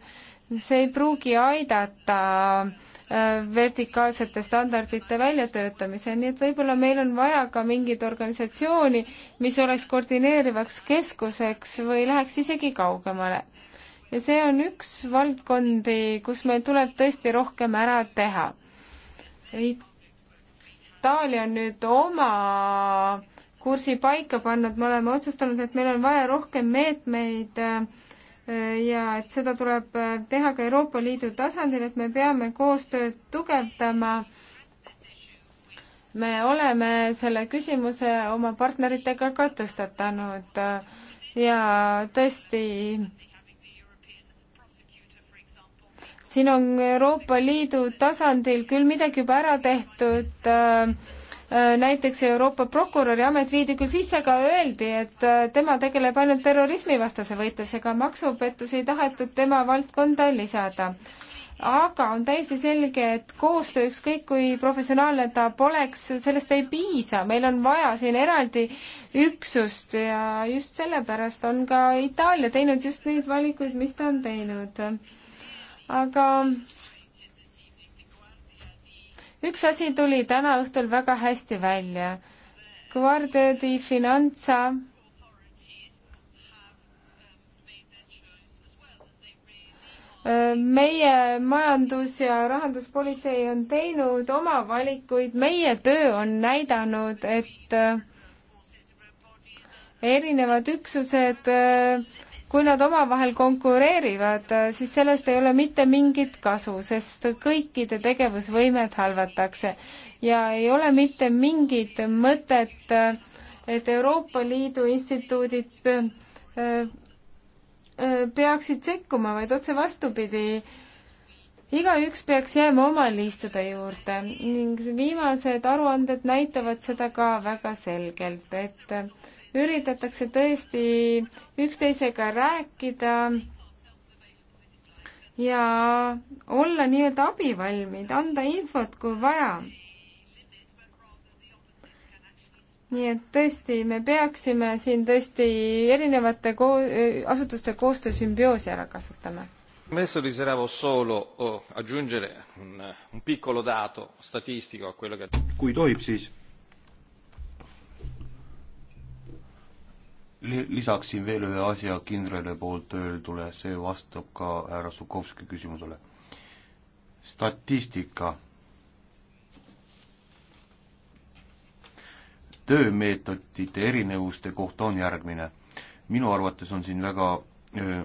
[SPEAKER 1] see ei pruugi aidata äh, Äh, vertikaalsete standardite väljatöötamise, nii et võib-olla meil on vaja ka mingit organisatsiooni, mis oleks koordineerivaks keskuseks või läheks isegi kaugemale. ja see on üks valdkondi, kus meil tuleb tõesti rohkem ära teha. Itaalia on nüüd oma kursi paika pannud, me oleme otsustanud, et meil on vaja rohkem meetmeid äh, ja et seda tuleb äh, teha ka Euroopa Liidu tasandil, et me peame koostööd tugevdama. me oleme selle küsimuse oma partneritega ka tõstatanud ja tõesti siin on Euroopa Liidu tasandil küll midagi juba ära tehtud äh, Äh, näiteks Euroopa prokuröri amet viidi küll sisse, aga öeldi, et äh, tema tegeleb ainult terrorismivastase võitlusega, maksupettusi ei tahetud tema valdkonda lisada. aga on täiesti selge, et koostöö, ükskõik kui professionaalne ta poleks, sellest ei piisa, meil on vaja siin eraldi üksust ja just sellepärast on ka Itaalia teinud just neid valikuid, mis ta on teinud. aga üks asi tuli täna õhtul väga hästi välja. Guardia di Finanza meie majandus- ja rahanduspolitsei on teinud oma valikuid, meie töö on näidanud, et erinevad üksused äh, kui nad omavahel konkureerivad, äh, siis sellest ei ole mitte mingit kasu, sest kõikide tegevusvõimed halvatakse ja ei ole mitte mingit mõtet, äh, et Euroopa Liidu instituudid äh, peaksid sekkuma, vaid otse vastupidi, igaüks peaks jääma oma liistude juurde ning viimased aruanded näitavad seda ka väga selgelt, et üritatakse tõesti üksteisega rääkida ja olla nii-öelda abivalmid, anda infot, kui vaja. nii et tõesti, me peaksime siin tõesti erinevate ko-, asutuste koostöö sümbioosi ära kasutama.
[SPEAKER 2] Adesso desideravo solo oh, aggiungere un, un piccolo dato statistico a quello che... Kui tohib, siis lisaksin veel ühe asja kindrali poolt öeldule, see vastab ka härra Sukovski küsimusele. statistika. töömeetodite erinevuste kohta on järgmine. minu arvates on siin väga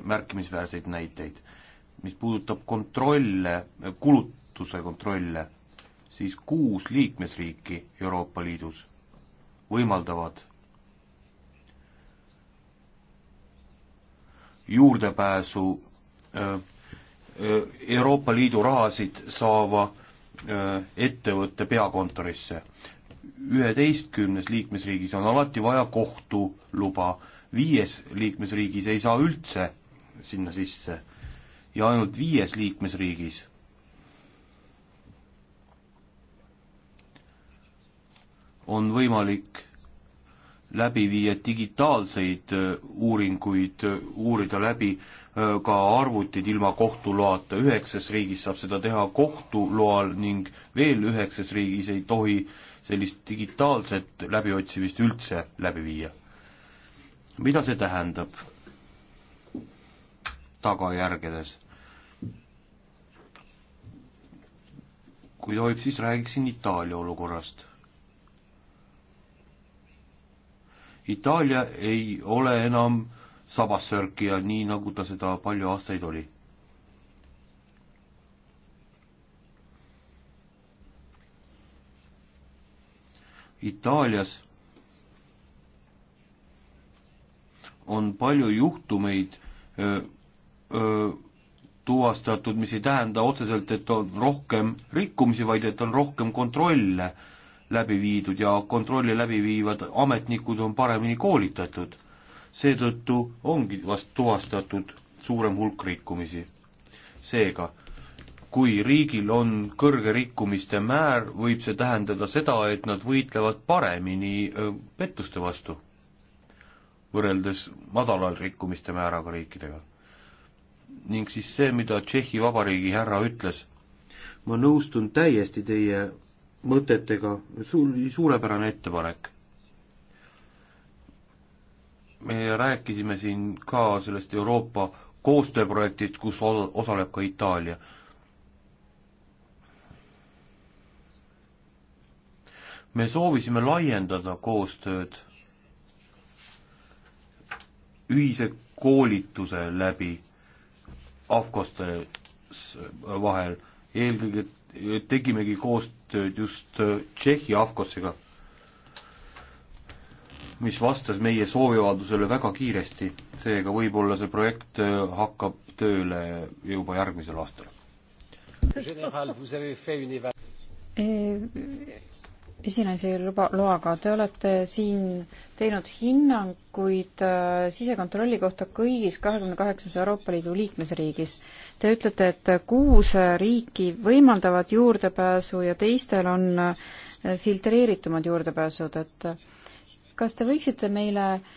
[SPEAKER 2] märkimisväärseid näiteid. mis puudutab kontrolle, kulutuse kontrolle, siis kuus liikmesriiki Euroopa Liidus võimaldavad juurdepääsu Euroopa Liidu rahasid saava ettevõtte peakontorisse. üheteistkümnes liikmesriigis on alati vaja kohtuluba, viies liikmesriigis ei saa üldse sinna sisse ja ainult viies liikmesriigis on võimalik läbi viia digitaalseid äh, uuringuid, äh, uurida läbi äh, ka arvutid ilma kohtuloata, üheksas riigis saab seda teha kohtu loal ning veel üheksas riigis ei tohi sellist digitaalset läbiotsimist üldse läbi viia. mida see tähendab tagajärgedes? kui tohib, siis räägiksin Itaalia olukorrast Itaalia ei ole enam sabassörkija, nii nagu ta seda palju aastaid oli. Itaalias on palju juhtumeid öö, öö, tuvastatud, mis ei tähenda otseselt, et on rohkem rikkumisi, vaid et on rohkem kontrolle läbi viidud ja kontrolli läbi viivad ametnikud on paremini koolitatud. seetõttu ongi vast tuvastatud suurem hulk rikkumisi. seega, kui riigil on kõrge rikkumiste määr, võib see tähendada seda, et nad võitlevad paremini pettuste vastu, võrreldes madalal rikkumiste määraga riikidega. ning siis see, mida Tšehhi Vabariigi härra ütles, ma nõustun täiesti teie mõtetega, sul-, suurepärane ettepanek. me rääkisime siin ka sellest Euroopa koostööprojektist, kus osaleb ka Itaalia. me soovisime laiendada koostööd ühise koolituse läbi AFCOSTE vahel, eelkõige tegimegi koostööd koostööd just äh, Tšehhi Avkosega, mis vastas meie sooviavaldusele väga kiiresti, seega võib-olla see projekt äh, hakkab tööle juba järgmisel aastal
[SPEAKER 3] esinaisi luba, loaga, te olete siin teinud hinnanguid äh, sisekontrolli kohta kõigis kahekümne kaheksas Euroopa Liidu liikmesriigis. Te ütlete, et kuus riiki võimaldavad juurdepääsu ja teistel on äh, filtreeritumad juurdepääsud, et äh, kas te võiksite meile äh,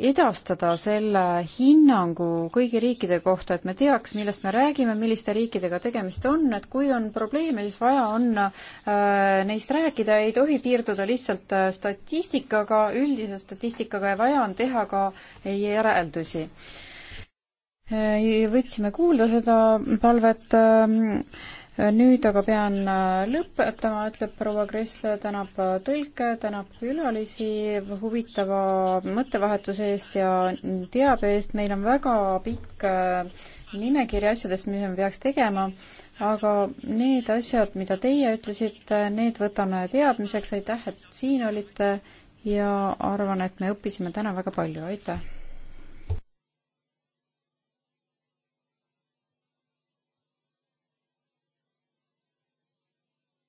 [SPEAKER 3] edastada selle hinnangu kõigi riikide kohta, et me teaks, millest me räägime, milliste riikidega tegemist on, et kui on probleeme, siis vaja on äh, neist rääkida, ei tohi piirduda lihtsalt äh, statistikaga, üldise statistikaga ja vaja on teha ka järeldusi. Äh, võtsime kuulda seda palvet nüüd aga pean äh, lõpetama, ütleb proua Kressle, tänab äh, tõlke, tänab külalisi huvitava mõttevahetuse eest ja teabe eest. meil on väga pikk äh, nimekiri asjadest, mida me peaks tegema, aga need asjad, mida teie ütlesite, need võtame teadmiseks. aitäh, et siin olite ja arvan, et me õppisime täna väga palju. aitäh!